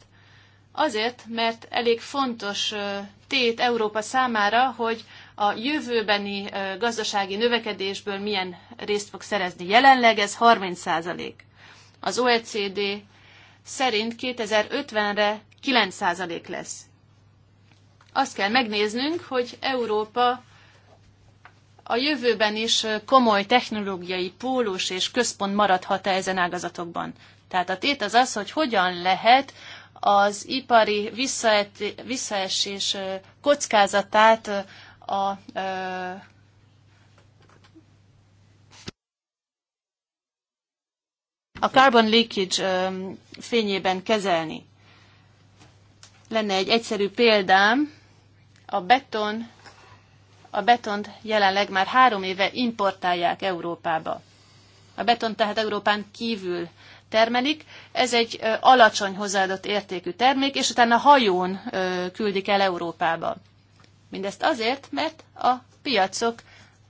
Azért, mert elég fontos tét Európa számára, hogy a jövőbeni gazdasági növekedésből milyen részt fog szerezni. Jelenleg ez 30 százalék. Az OECD szerint 2050-re 9% lesz. Azt kell megnéznünk, hogy Európa a jövőben is komoly technológiai pólus és központ maradhat-e ezen ágazatokban. Tehát a tét az az, hogy hogyan lehet az ipari visszaesés kockázatát a a carbon leakage fényében kezelni. Lenne egy egyszerű példám, a beton, a betont jelenleg már három éve importálják Európába. A beton tehát Európán kívül termelik. Ez egy alacsony hozzáadott értékű termék, és utána hajón küldik el Európába. Mindezt azért, mert a piacok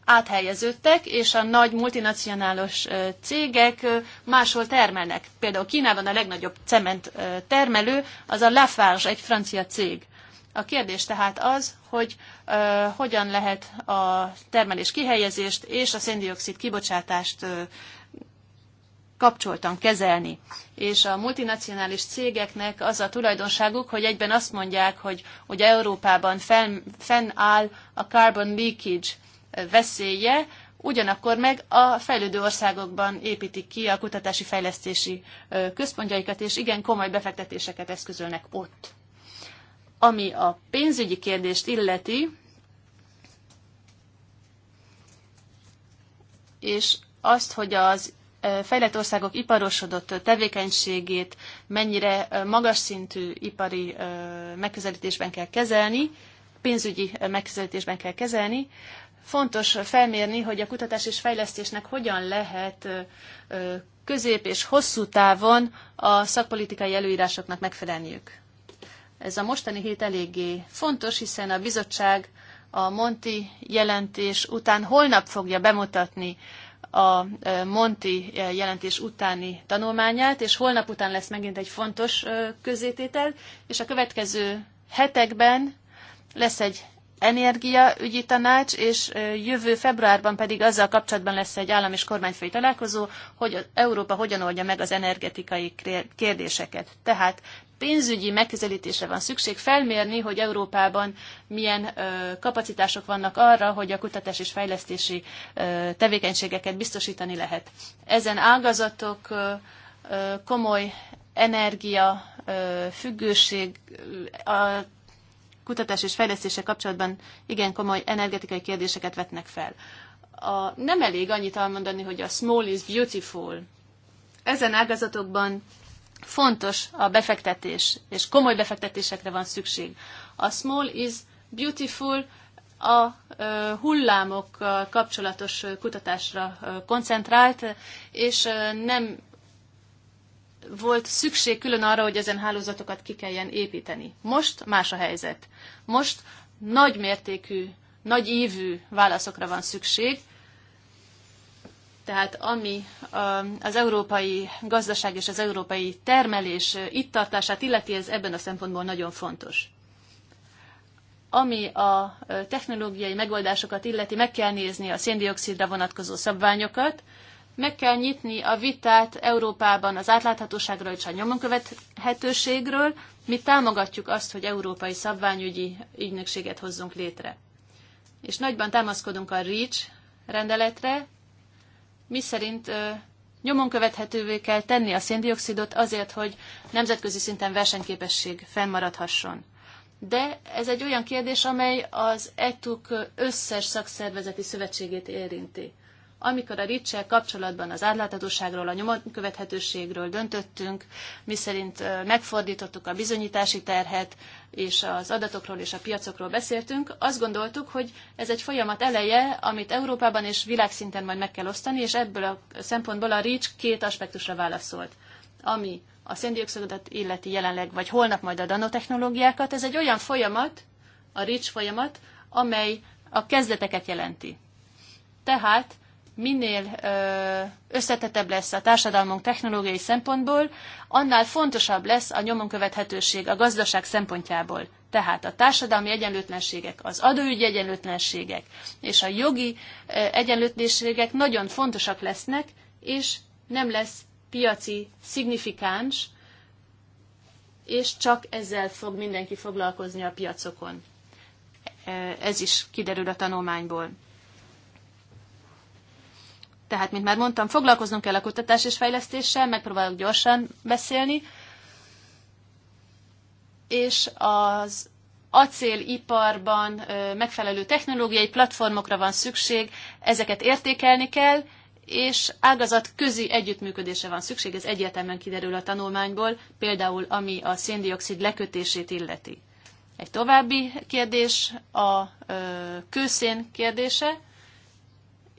áthelyeződtek, és a nagy multinacionális cégek máshol termelnek. Például Kínában a legnagyobb cement termelő az a Lafarge, egy francia cég. A kérdés tehát az, hogy ö, uh, hogyan lehet a termelés kihelyezést és a széndiokszid kibocsátást ö, uh, kapcsoltan kezelni. És a multinacionális cégeknek az a tulajdonságuk, hogy egyben azt mondják, hogy, hogy Európában fenn, fennáll a carbon leakage, veszélye, ugyanakkor meg a fejlődő országokban építik ki a kutatási fejlesztési központjaikat, és igen komoly befektetéseket eszközölnek ott. Ami a pénzügyi kérdést illeti, és azt, hogy az fejlett országok iparosodott tevékenységét mennyire magas szintű ipari megközelítésben kell kezelni, pénzügyi megközelítésben kell kezelni fontos felmérni, hogy a kutatás és fejlesztésnek hogyan lehet közép és hosszú távon a szakpolitikai előírásoknak megfelelniük. Ez a mostani hét eléggé fontos, hiszen a bizottság a Monti jelentés után holnap fogja bemutatni a Monti jelentés utáni tanulmányát, és holnap után lesz megint egy fontos közététel, és a következő hetekben lesz egy energiaügyi tanács, és jövő februárban pedig azzal kapcsolatban lesz egy állam és kormányfői találkozó, hogy Európa hogyan oldja meg az energetikai kérdéseket. Tehát pénzügyi megközelítésre van szükség, felmérni, hogy Európában milyen kapacitások vannak arra, hogy a kutatás és fejlesztési tevékenységeket biztosítani lehet. Ezen ágazatok komoly energia függőség, a kutatás és fejlesztése kapcsolatban igen komoly energetikai kérdéseket vetnek fel. A, nem elég annyit elmondani, hogy a small is beautiful. Ezen ágazatokban fontos a befektetés, és komoly befektetésekre van szükség. A small is beautiful a hullámok kapcsolatos kutatásra koncentrált, és nem volt szükség külön arra, hogy ezen hálózatokat ki kelljen építeni. Most más a helyzet. Most nagy mértékű, nagy ívű válaszokra van szükség, tehát ami az európai gazdaság és az európai termelés itt tartását illeti, ez ebben a szempontból nagyon fontos. Ami a technológiai megoldásokat illeti, meg kell nézni a széndiokszidra vonatkozó szabványokat, meg kell nyitni a vitát Európában az átláthatóságról és a nyomonkövethetőségről. Mi támogatjuk azt, hogy európai szabványügyi ügynökséget hozzunk létre. És nagyban támaszkodunk a REACH rendeletre, mi szerint nyomon követhetővé kell tenni a széndiokszidot azért, hogy nemzetközi szinten versenyképesség fennmaradhasson. De ez egy olyan kérdés, amely az ETUK összes szakszervezeti szövetségét érinti amikor a rics kapcsolatban az átláthatóságról, a nyomonkövethetőségről döntöttünk, miszerint megfordítottuk a bizonyítási terhet, és az adatokról és a piacokról beszéltünk, azt gondoltuk, hogy ez egy folyamat eleje, amit Európában és világszinten majd meg kell osztani, és ebből a szempontból a REACH két aspektusra válaszolt. Ami a széndiokszidot illeti jelenleg, vagy holnap majd a nanotechnológiákat, ez egy olyan folyamat, a REACH folyamat, amely a kezdeteket jelenti. Tehát minél összetettebb lesz a társadalmunk technológiai szempontból, annál fontosabb lesz a nyomon követhetőség a gazdaság szempontjából. Tehát a társadalmi egyenlőtlenségek, az adóügyi egyenlőtlenségek és a jogi egyenlőtlenségek nagyon fontosak lesznek, és nem lesz piaci szignifikáns, és csak ezzel fog mindenki foglalkozni a piacokon. Ez is kiderül a tanulmányból. Tehát, mint már mondtam, foglalkoznunk kell a kutatás és fejlesztéssel, megpróbálok gyorsan beszélni. És az acéliparban megfelelő technológiai platformokra van szükség, ezeket értékelni kell, és ágazat közi együttműködése van szükség, ez egyértelműen kiderül a tanulmányból, például ami a széndiokszid lekötését illeti. Egy további kérdés a kőszén kérdése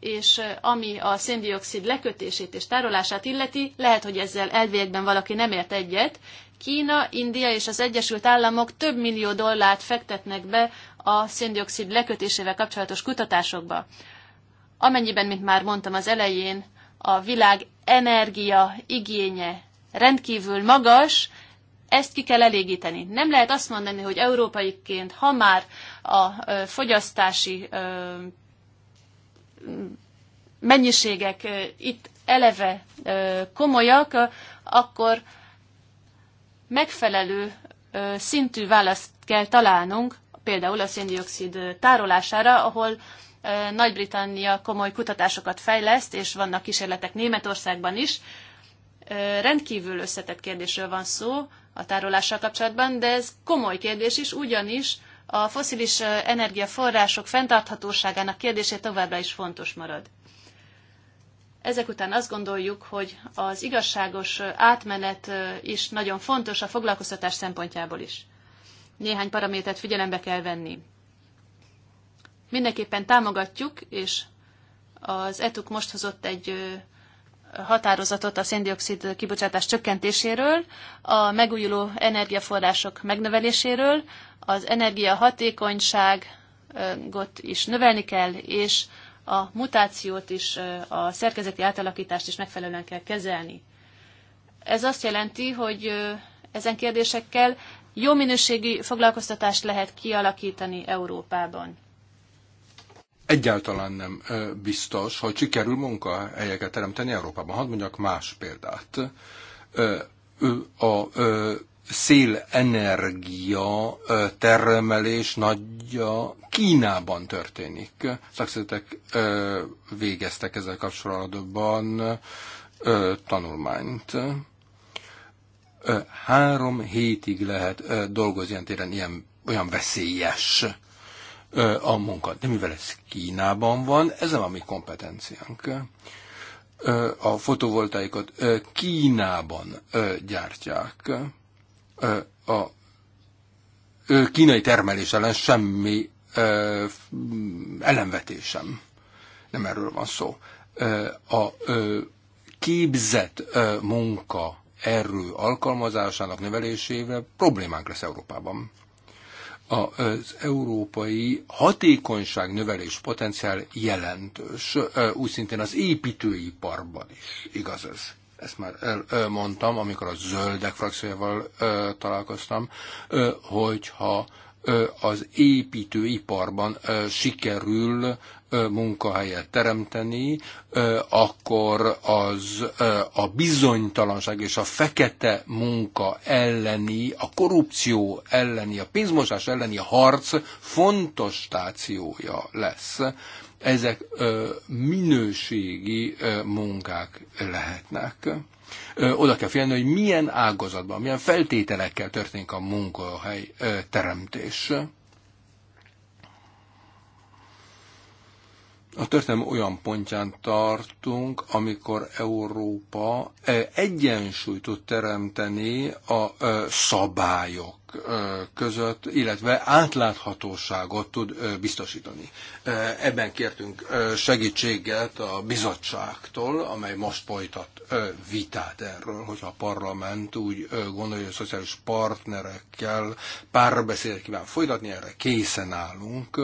és ami a széndiokszid lekötését és tárolását illeti, lehet, hogy ezzel elvégben valaki nem ért egyet. Kína, India és az Egyesült Államok több millió dollárt fektetnek be a széndiokszid lekötésével kapcsolatos kutatásokba. Amennyiben, mint már mondtam az elején, a világ energia igénye rendkívül magas, ezt ki kell elégíteni. Nem lehet azt mondani, hogy európaiként, ha már a fogyasztási mennyiségek itt eleve komolyak, akkor megfelelő szintű választ kell találnunk, például a széndiokszid tárolására, ahol Nagy-Britannia komoly kutatásokat fejleszt, és vannak kísérletek Németországban is. Rendkívül összetett kérdésről van szó a tárolással kapcsolatban, de ez komoly kérdés is, ugyanis a foszilis energiaforrások fenntarthatóságának kérdése továbbra is fontos marad. Ezek után azt gondoljuk, hogy az igazságos átmenet is nagyon fontos a foglalkoztatás szempontjából is. Néhány paramétert figyelembe kell venni. Mindenképpen támogatjuk, és az ETUK most hozott egy határozatot a széndiokszid kibocsátás csökkentéséről, a megújuló energiaforrások megnöveléséről, az energiahatékonyságot is növelni kell, és a mutációt is, a szerkezeti átalakítást is megfelelően kell kezelni. Ez azt jelenti, hogy ezen kérdésekkel jó minőségű foglalkoztatást lehet kialakítani Európában. Egyáltalán nem biztos, hogy sikerül munkahelyeket teremteni Európában. Hadd mondjak más példát. A szélenergia termelés nagyja Kínában történik. Szakszeretek végeztek ezzel kapcsolatban tanulmányt. Három hétig lehet dolgozni téren ilyen, olyan veszélyes a munka. De mivel ez Kínában van, ez nem a mi kompetenciánk a fotovoltaikot Kínában gyártják a kínai termelés ellen semmi ellenvetésem. Nem erről van szó. A képzett munka erő alkalmazásának növelésével problémánk lesz Európában. Az európai hatékonyság növelés potenciál jelentős, úgy szintén az építőiparban is igaz ez ezt már elmondtam, amikor a zöldek frakciójával találkoztam, hogyha az építőiparban sikerül munkahelyet teremteni, akkor az a bizonytalanság és a fekete munka elleni, a korrupció elleni, a pénzmosás elleni harc fontos stációja lesz. Ezek minőségi munkák lehetnek. Oda kell figyelni, hogy milyen ágazatban, milyen feltételekkel történik a munkahely teremtés. A történelem olyan pontján tartunk, amikor Európa egyensúlyt tud teremteni a szabályok között, illetve átláthatóságot tud biztosítani. Ebben kértünk segítséget a bizottságtól, amely most folytat vitát erről, hogyha a parlament úgy gondolja, hogy a szociális partnerekkel párbeszédet kíván folytatni, erre készen állunk.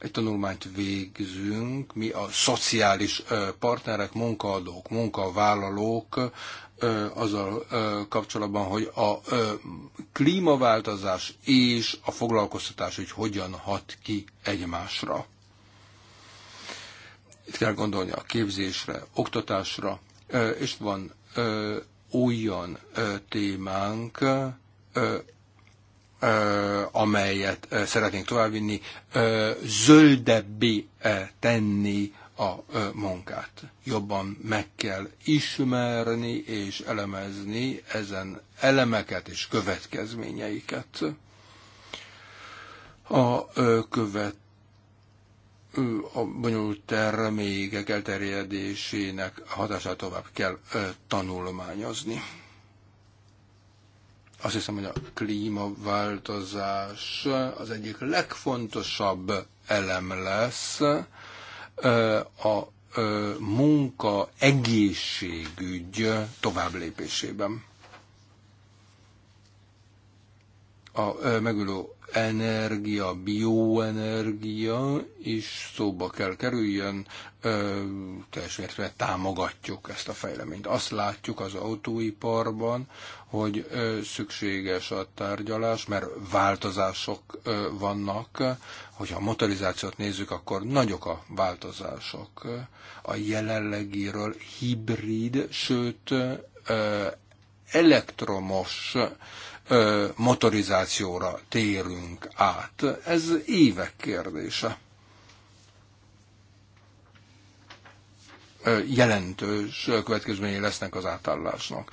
Egy tanulmányt végzünk, mi a szociális partnerek, munkaadók, munkavállalók azzal kapcsolatban, hogy a klímaváltozás és a foglalkoztatás, hogy hogyan hat ki egymásra. Itt kell gondolni a képzésre, oktatásra, és van olyan témánk, amelyet szeretnénk továbbvinni, zöldebbé tenni a munkát. Jobban meg kell ismerni és elemezni ezen elemeket és következményeiket. A követ a bonyolult termékek elterjedésének hatását tovább kell tanulmányozni. Azt hiszem, hogy a klímaváltozás az egyik legfontosabb elem lesz a munka egészségügy tovább lépésében. A megülő energia, bioenergia is szóba kell kerüljön, ö, teljes mértékben támogatjuk ezt a fejleményt. Azt látjuk az autóiparban, hogy ö, szükséges a tárgyalás, mert változások ö, vannak. Hogyha a motorizációt nézzük, akkor nagyok a változások. A jelenlegiről hibrid, sőt ö, elektromos motorizációra térünk át. Ez évek kérdése. jelentős következményei lesznek az átállásnak.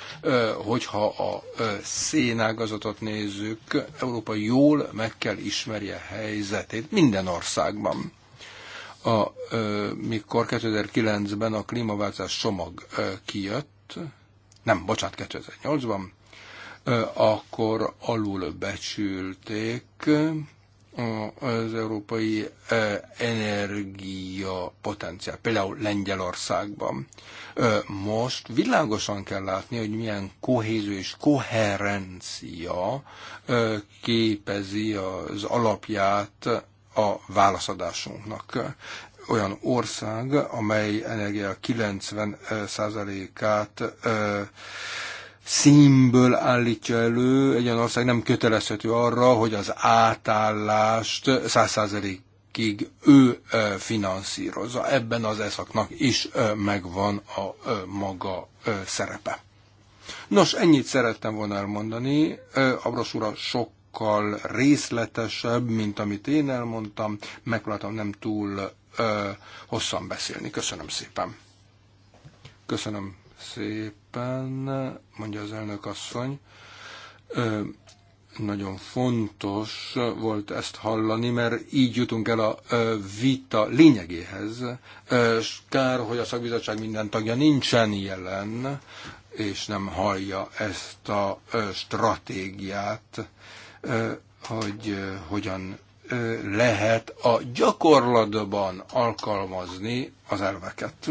Hogyha a szénágazatot nézzük, Európa jól meg kell ismerje helyzetét minden országban. A, mikor 2009-ben a klímaváltozás csomag kijött, nem, bocsánat, 2008-ban, akkor becsülték az európai energia potenciál, például Lengyelországban. Most világosan kell látni, hogy milyen kohézió és koherencia képezi az alapját a válaszadásunknak. Olyan ország, amely energia 90%-át színből állítja elő, egy olyan ország nem kötelezhető arra, hogy az átállást százszázalékig ő finanszírozza. Ebben az eszaknak is megvan a maga szerepe. Nos, ennyit szerettem volna elmondani. Abros ura sok sokkal részletesebb, mint amit én elmondtam. Megpróbáltam nem túl ö, hosszan beszélni. Köszönöm szépen. Köszönöm szépen tulajdonképpen, mondja az elnök asszony. nagyon fontos volt ezt hallani, mert így jutunk el a vita lényegéhez. És kár, hogy a szakbizottság minden tagja nincsen jelen, és nem hallja ezt a stratégiát, hogy hogyan lehet a gyakorlatban alkalmazni az elveket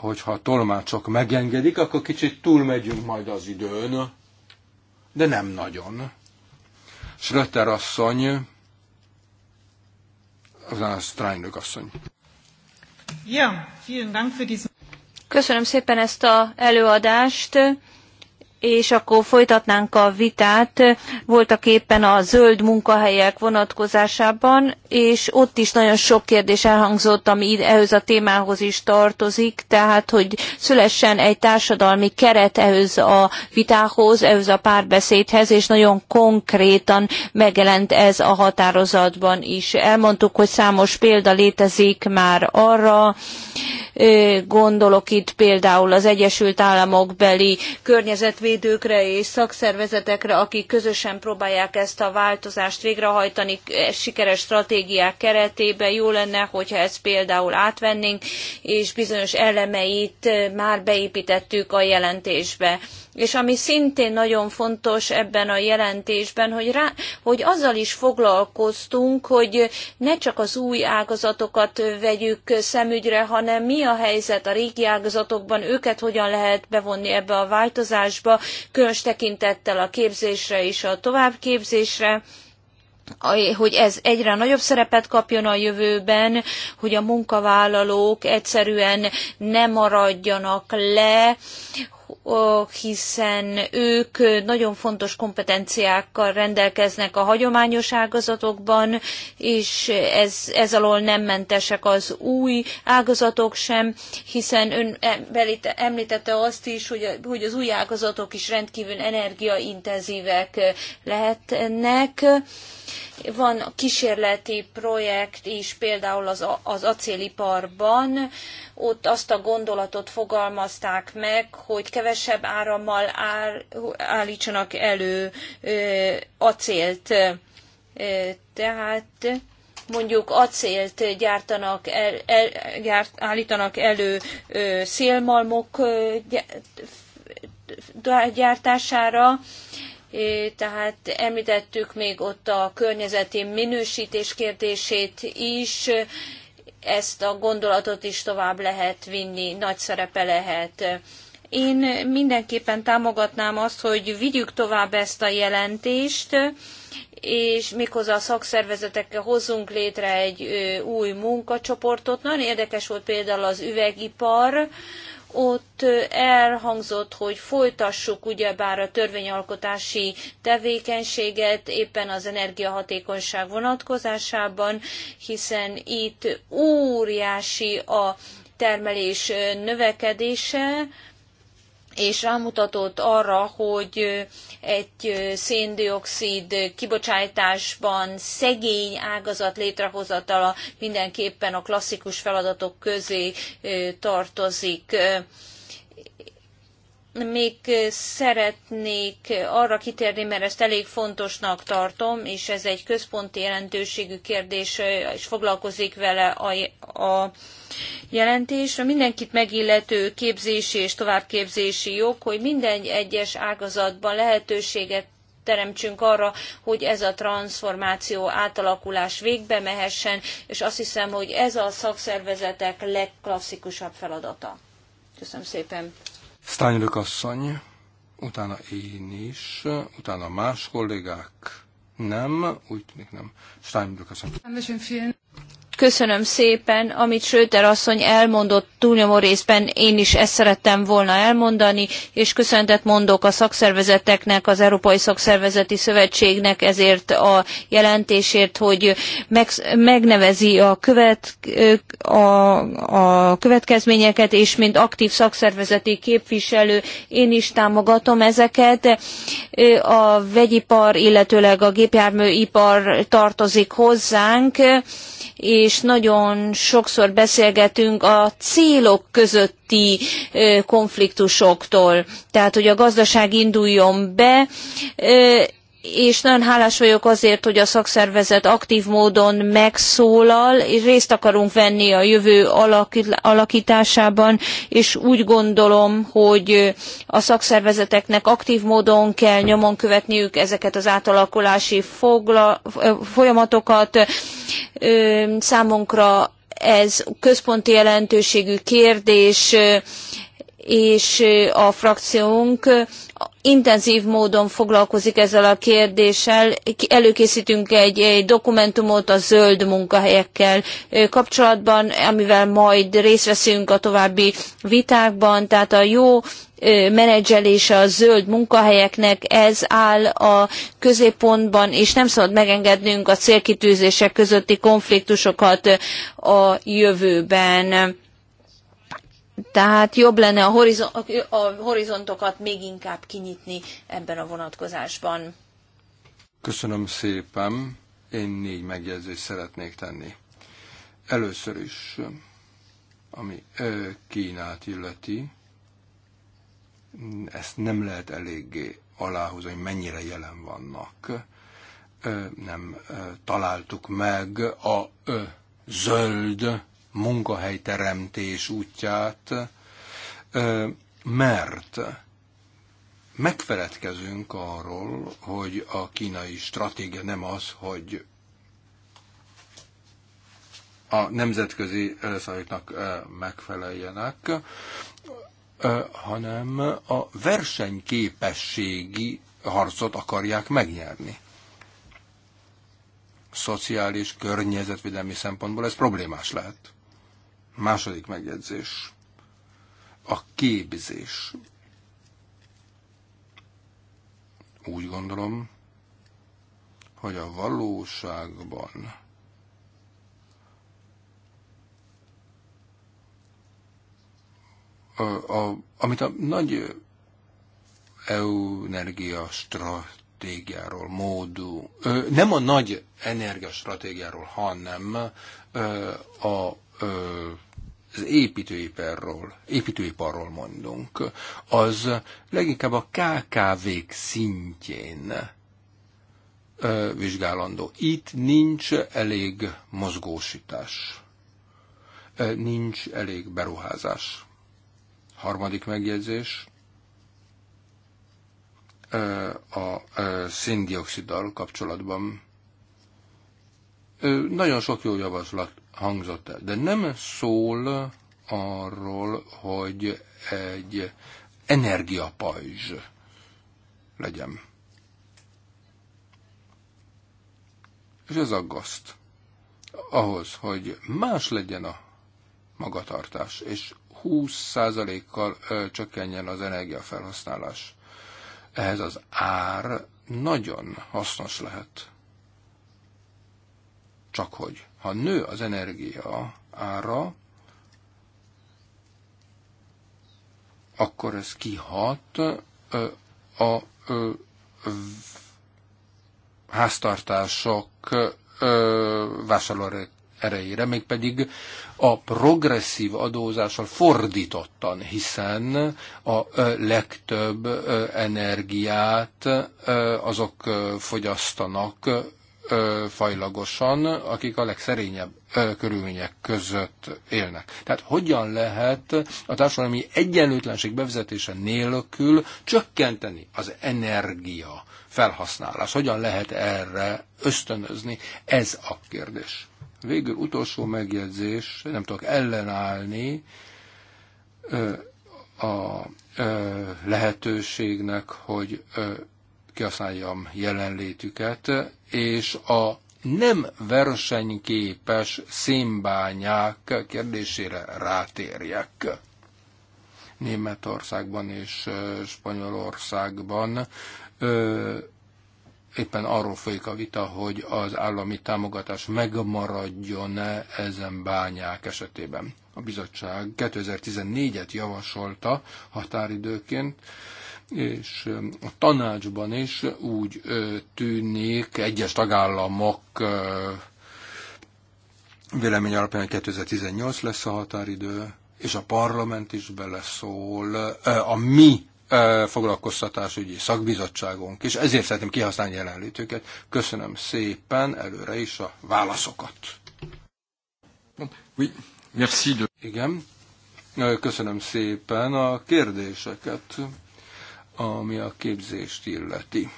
hogyha a tolmácsok megengedik, akkor kicsit túlmegyünk majd az időn, de nem nagyon. Schröter asszony, aztán Streinlök asszony. Ja, vielen Dank für diesen... Köszönöm szépen ezt a előadást és akkor folytatnánk a vitát voltak éppen a zöld munkahelyek vonatkozásában, és ott is nagyon sok kérdés elhangzott, ami ehhez a témához is tartozik, tehát hogy szülessen egy társadalmi keret ehhez a vitához, ehhez a párbeszédhez, és nagyon konkrétan megjelent ez a határozatban is. Elmondtuk, hogy számos példa létezik már arra, gondolok itt például az Egyesült Államok beli környezetvédelmi munkavédőkre és szakszervezetekre, akik közösen próbálják ezt a változást végrehajtani eh, sikeres stratégiák keretében. Jó lenne, hogyha ezt például átvennénk, és bizonyos elemeit eh, már beépítettük a jelentésbe. És ami szintén nagyon fontos ebben a jelentésben, hogy, rá, hogy azzal is foglalkoztunk, hogy ne csak az új ágazatokat eh, vegyük szemügyre, hanem mi a helyzet a régi ágazatokban, őket hogyan lehet bevonni ebbe a változásba, különös tekintettel a képzésre és a továbbképzésre hogy ez egyre nagyobb szerepet kapjon a jövőben, hogy a munkavállalók egyszerűen ne maradjanak le, hiszen ők nagyon fontos kompetenciákkal rendelkeznek a hagyományos ágazatokban, és ez, ez alól nem mentesek az új ágazatok sem, hiszen ön említette azt is, hogy, hogy az új ágazatok is rendkívül energiaintenzívek lehetnek. Van kísérleti projekt is például az, az acéliparban, ott azt a gondolatot fogalmazták meg, hogy kevesebb árammal áll, állítsanak elő ö, acélt. Ö, tehát mondjuk acélt gyártanak el, el, gyárt, állítanak elő ö, szélmalmok ö, gyártására, tehát említettük még ott a környezeti minősítés kérdését is, ezt a gondolatot is tovább lehet vinni, nagy szerepe lehet. Én mindenképpen támogatnám azt, hogy vigyük tovább ezt a jelentést, és méghozzá a szakszervezetekkel hozzunk létre egy új munkacsoportot. Nagyon érdekes volt például az üvegipar, ott elhangzott, hogy folytassuk ugyebár a törvényalkotási tevékenységet éppen az energiahatékonyság vonatkozásában, hiszen itt óriási a termelés növekedése, és rámutatott arra, hogy egy széndiokszid kibocsátásban szegény ágazat létrehozatala mindenképpen a klasszikus feladatok közé tartozik még szeretnék arra kitérni, mert ezt elég fontosnak tartom, és ez egy központi jelentőségű kérdés, és foglalkozik vele a, a jelentés. A mindenkit megillető képzési és továbbképzési jog, hogy minden egyes ágazatban lehetőséget teremtsünk arra, hogy ez a transformáció, átalakulás végbe mehessen, és azt hiszem, hogy ez a szakszervezetek legklasszikusabb feladata. Köszönöm szépen! Sztányrök asszony, utána én is, utána más kollégák. Nem, úgy tűnik nem. Sztányrök asszony. Köszönöm szépen, amit Söter asszony elmondott túlnyomó részben, én is ezt szerettem volna elmondani, és köszöntet mondok a szakszervezeteknek, az Európai Szakszervezeti Szövetségnek ezért a jelentésért, hogy meg, megnevezi a, követ, a, a következményeket, és mint aktív szakszervezeti képviselő én is támogatom ezeket. A vegyipar, illetőleg a gépjárműipar tartozik hozzánk, és nagyon sokszor beszélgetünk a célok közötti konfliktusoktól, tehát hogy a gazdaság induljon be, és nagyon hálás vagyok azért, hogy a szakszervezet aktív módon megszólal, és részt akarunk venni a jövő alakításában, és úgy gondolom, hogy a szakszervezeteknek aktív módon kell nyomon követniük ezeket az átalakulási fogla, folyamatokat. Számunkra ez központi jelentőségű kérdés, és a frakciónk intenzív módon foglalkozik ezzel a kérdéssel. Előkészítünk egy, egy dokumentumot a zöld munkahelyekkel kapcsolatban, amivel majd részt veszünk a további vitákban, tehát a jó menedzselése a zöld munkahelyeknek, ez áll a középpontban, és nem szabad megengednünk a célkitűzések közötti konfliktusokat a jövőben tehát jobb lenne a, horizon, a horizontokat még inkább kinyitni ebben a vonatkozásban. Köszönöm szépen. Én négy megjegyzést szeretnék tenni. Először is, ami Kínát illeti, ezt nem lehet eléggé alához, hogy mennyire jelen vannak. Nem találtuk meg a zöld munkahelyteremtés útját, mert megfeledkezünk arról, hogy a kínai stratégia nem az, hogy a nemzetközi szabályoknak megfeleljenek, hanem a versenyképességi harcot akarják megnyerni. Szociális, környezetvédelmi szempontból ez problémás lehet. Második megjegyzés. A képzés. Úgy gondolom, hogy a valóságban a, a, amit a nagy energia stratégiáról, módú, ö, nem a nagy energiastratégiáról, hanem ö, a az építőiparról, építőiparról mondunk, az leginkább a KKV-k szintjén vizsgálandó. Itt nincs elég mozgósítás, nincs elég beruházás. Harmadik megjegyzés, a széndioksziddal kapcsolatban. Nagyon sok jó javaslat hangzott el. De nem szól arról, hogy egy energiapajzs legyen. És ez aggaszt. Ahhoz, hogy más legyen a magatartás, és 20%-kal csökkenjen az energiafelhasználás. Ehhez az ár nagyon hasznos lehet. Csak hogy ha nő az energia ára, akkor ez kihat a háztartások vásárló erejére, mégpedig a progresszív adózással fordítottan, hiszen a legtöbb energiát azok fogyasztanak, fajlagosan, akik a legszerényebb körülmények között élnek. Tehát hogyan lehet a társadalmi egyenlőtlenség bevezetése nélkül csökkenteni az energia felhasználás? Hogyan lehet erre ösztönözni? Ez a kérdés. Végül utolsó megjegyzés, nem tudok ellenállni a lehetőségnek, hogy kihasználjam jelenlétüket és a nem versenyképes szénbányák kérdésére rátérjek. Németországban és Spanyolországban éppen arról folyik a vita, hogy az állami támogatás megmaradjon -e ezen bányák esetében. A bizottság 2014-et javasolta határidőként, és a tanácsban is úgy tűnik egyes tagállamok vélemény alapján 2018 lesz a határidő, és a parlament is beleszól, a mi foglalkoztatásügyi szakbizottságunk is, ezért szeretném kihasználni jelenlétüket. Köszönöm szépen előre is a válaszokat. Oui, merci de... Igen, köszönöm szépen a kérdéseket ami a képzést illeti.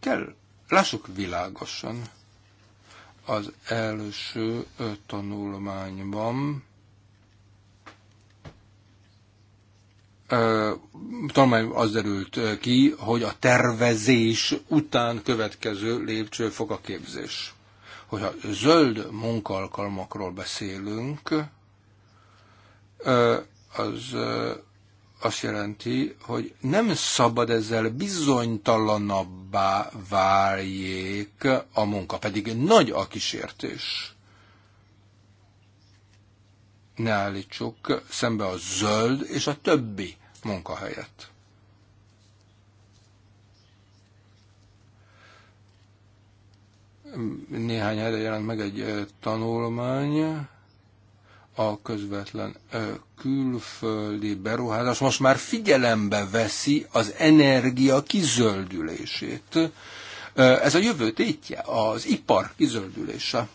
Kell, lássuk világosan, az első tanulmányban tanulmány az derült ki, hogy a tervezés után következő lépcsőfok a képzés. Hogyha zöld munkalkalmakról beszélünk, az azt jelenti, hogy nem szabad ezzel bizonytalanabbá váljék a munka, pedig nagy a kísértés. Ne állítsuk szembe a zöld és a többi munkahelyet. Néhány helyre jelent meg egy eh, tanulmány, a közvetlen külföldi beruházás most már figyelembe veszi az energia kizöldülését. Ez a jövő tétje, az ipar kizöldülése.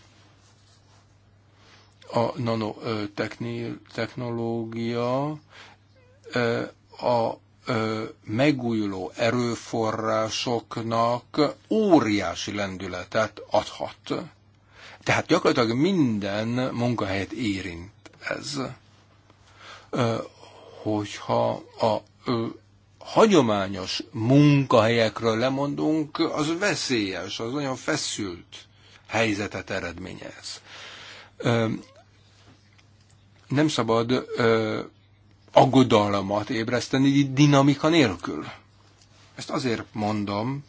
A nanotechnológia, a megújuló erőforrásoknak óriási lendületet adhat tehát gyakorlatilag minden munkahelyet érint ez. Hogyha a hagyományos munkahelyekről lemondunk, az veszélyes, az olyan feszült helyzetet eredményez. Nem szabad aggodalmat ébreszteni dinamika nélkül. Ezt azért mondom,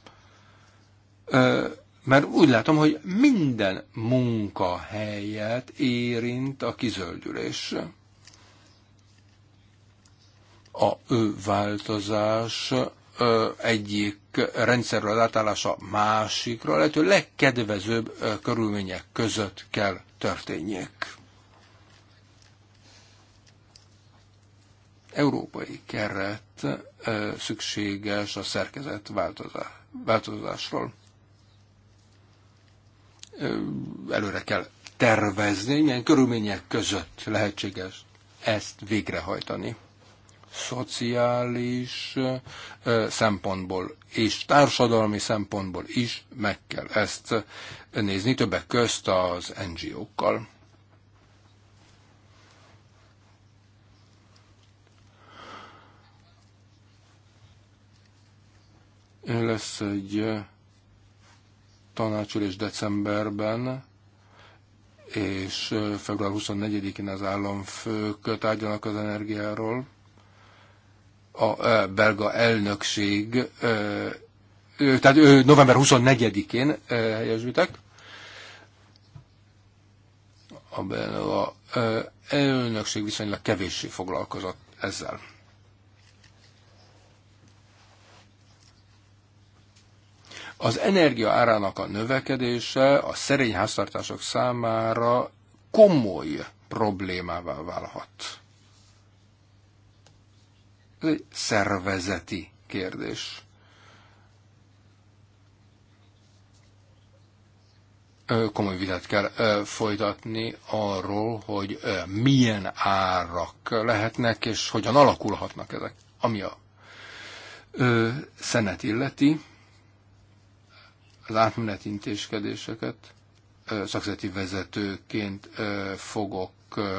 mert úgy látom, hogy minden munkahelyet érint a kizöldülés. A ő változás egyik rendszerről átállása másikra lehető legkedvezőbb körülmények között kell történjék. Európai keret szükséges a szerkezet változásról előre kell tervezni, milyen körülmények között lehetséges ezt végrehajtani. Szociális szempontból és társadalmi szempontból is meg kell ezt nézni, többek közt az NGO-kkal. Lesz egy tanácsülés decemberben, és február 24-én az államfők tárgyalnak az energiáról. A belga elnökség, tehát november 24-én helyesbitek, a belga elnökség viszonylag kevéssé foglalkozott ezzel. Az energia árának a növekedése a szerény háztartások számára komoly problémává válhat. Ez egy szervezeti kérdés. komoly vitát kell folytatni arról, hogy milyen árak lehetnek, és hogyan alakulhatnak ezek. Ami a szenet illeti, az átmenet intézkedéseket szakszeti vezetőként fogok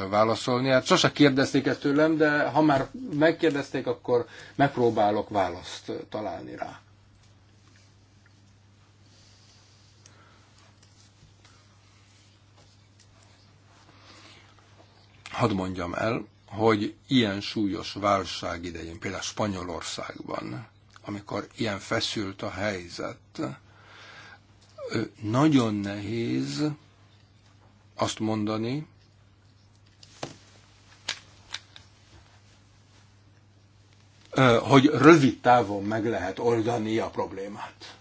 válaszolni. Hát sose kérdezték ezt tőlem, de ha már megkérdezték, akkor megpróbálok választ találni rá. Hadd mondjam el, hogy ilyen súlyos válság idején, például Spanyolországban, amikor ilyen feszült a helyzet, nagyon nehéz azt mondani, hogy rövid távon meg lehet oldani a problémát.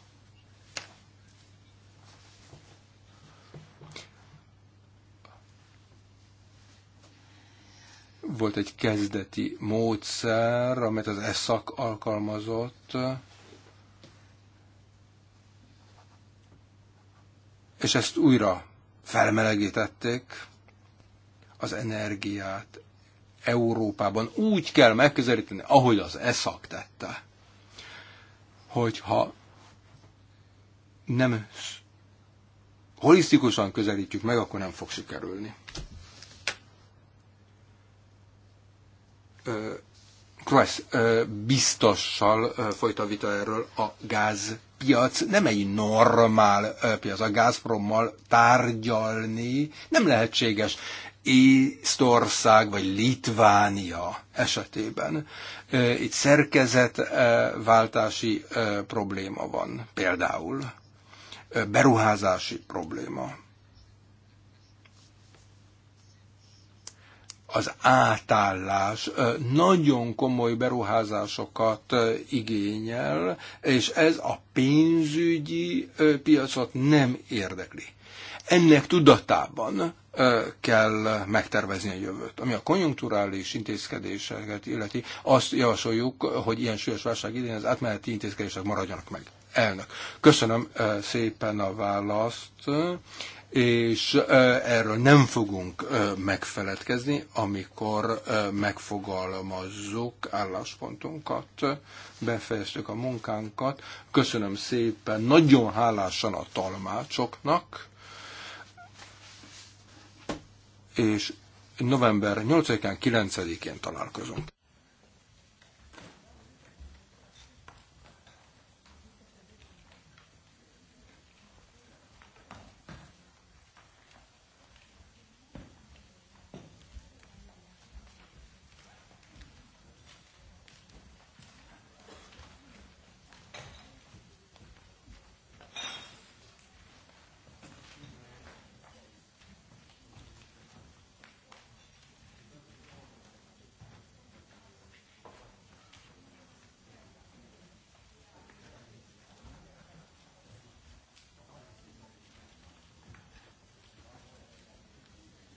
Volt egy kezdeti módszer, amit az ESZAK alkalmazott, és ezt újra felmelegítették, az energiát Európában úgy kell megközelíteni, ahogy az ESZAK tette, hogyha nem holisztikusan közelítjük meg, akkor nem fog sikerülni. Kreis biztossal folyt a vita erről a gáz piac nem egy normál piac. A Gazprommal tárgyalni nem lehetséges. Észtország vagy Litvánia esetében. Itt szerkezetváltási probléma van például, beruházási probléma. az átállás nagyon komoly beruházásokat igényel, és ez a pénzügyi piacot nem érdekli. Ennek tudatában kell megtervezni a jövőt. Ami a konjunkturális intézkedéseket illeti, azt javasoljuk, hogy ilyen súlyos válság idén az átmeneti intézkedések maradjanak meg. Elnök. Köszönöm szépen a választ és erről nem fogunk megfeledkezni, amikor megfogalmazzuk álláspontunkat, befejeztük a munkánkat. Köszönöm szépen, nagyon hálásan a talmácsoknak, és november 8-án, 9-én találkozunk.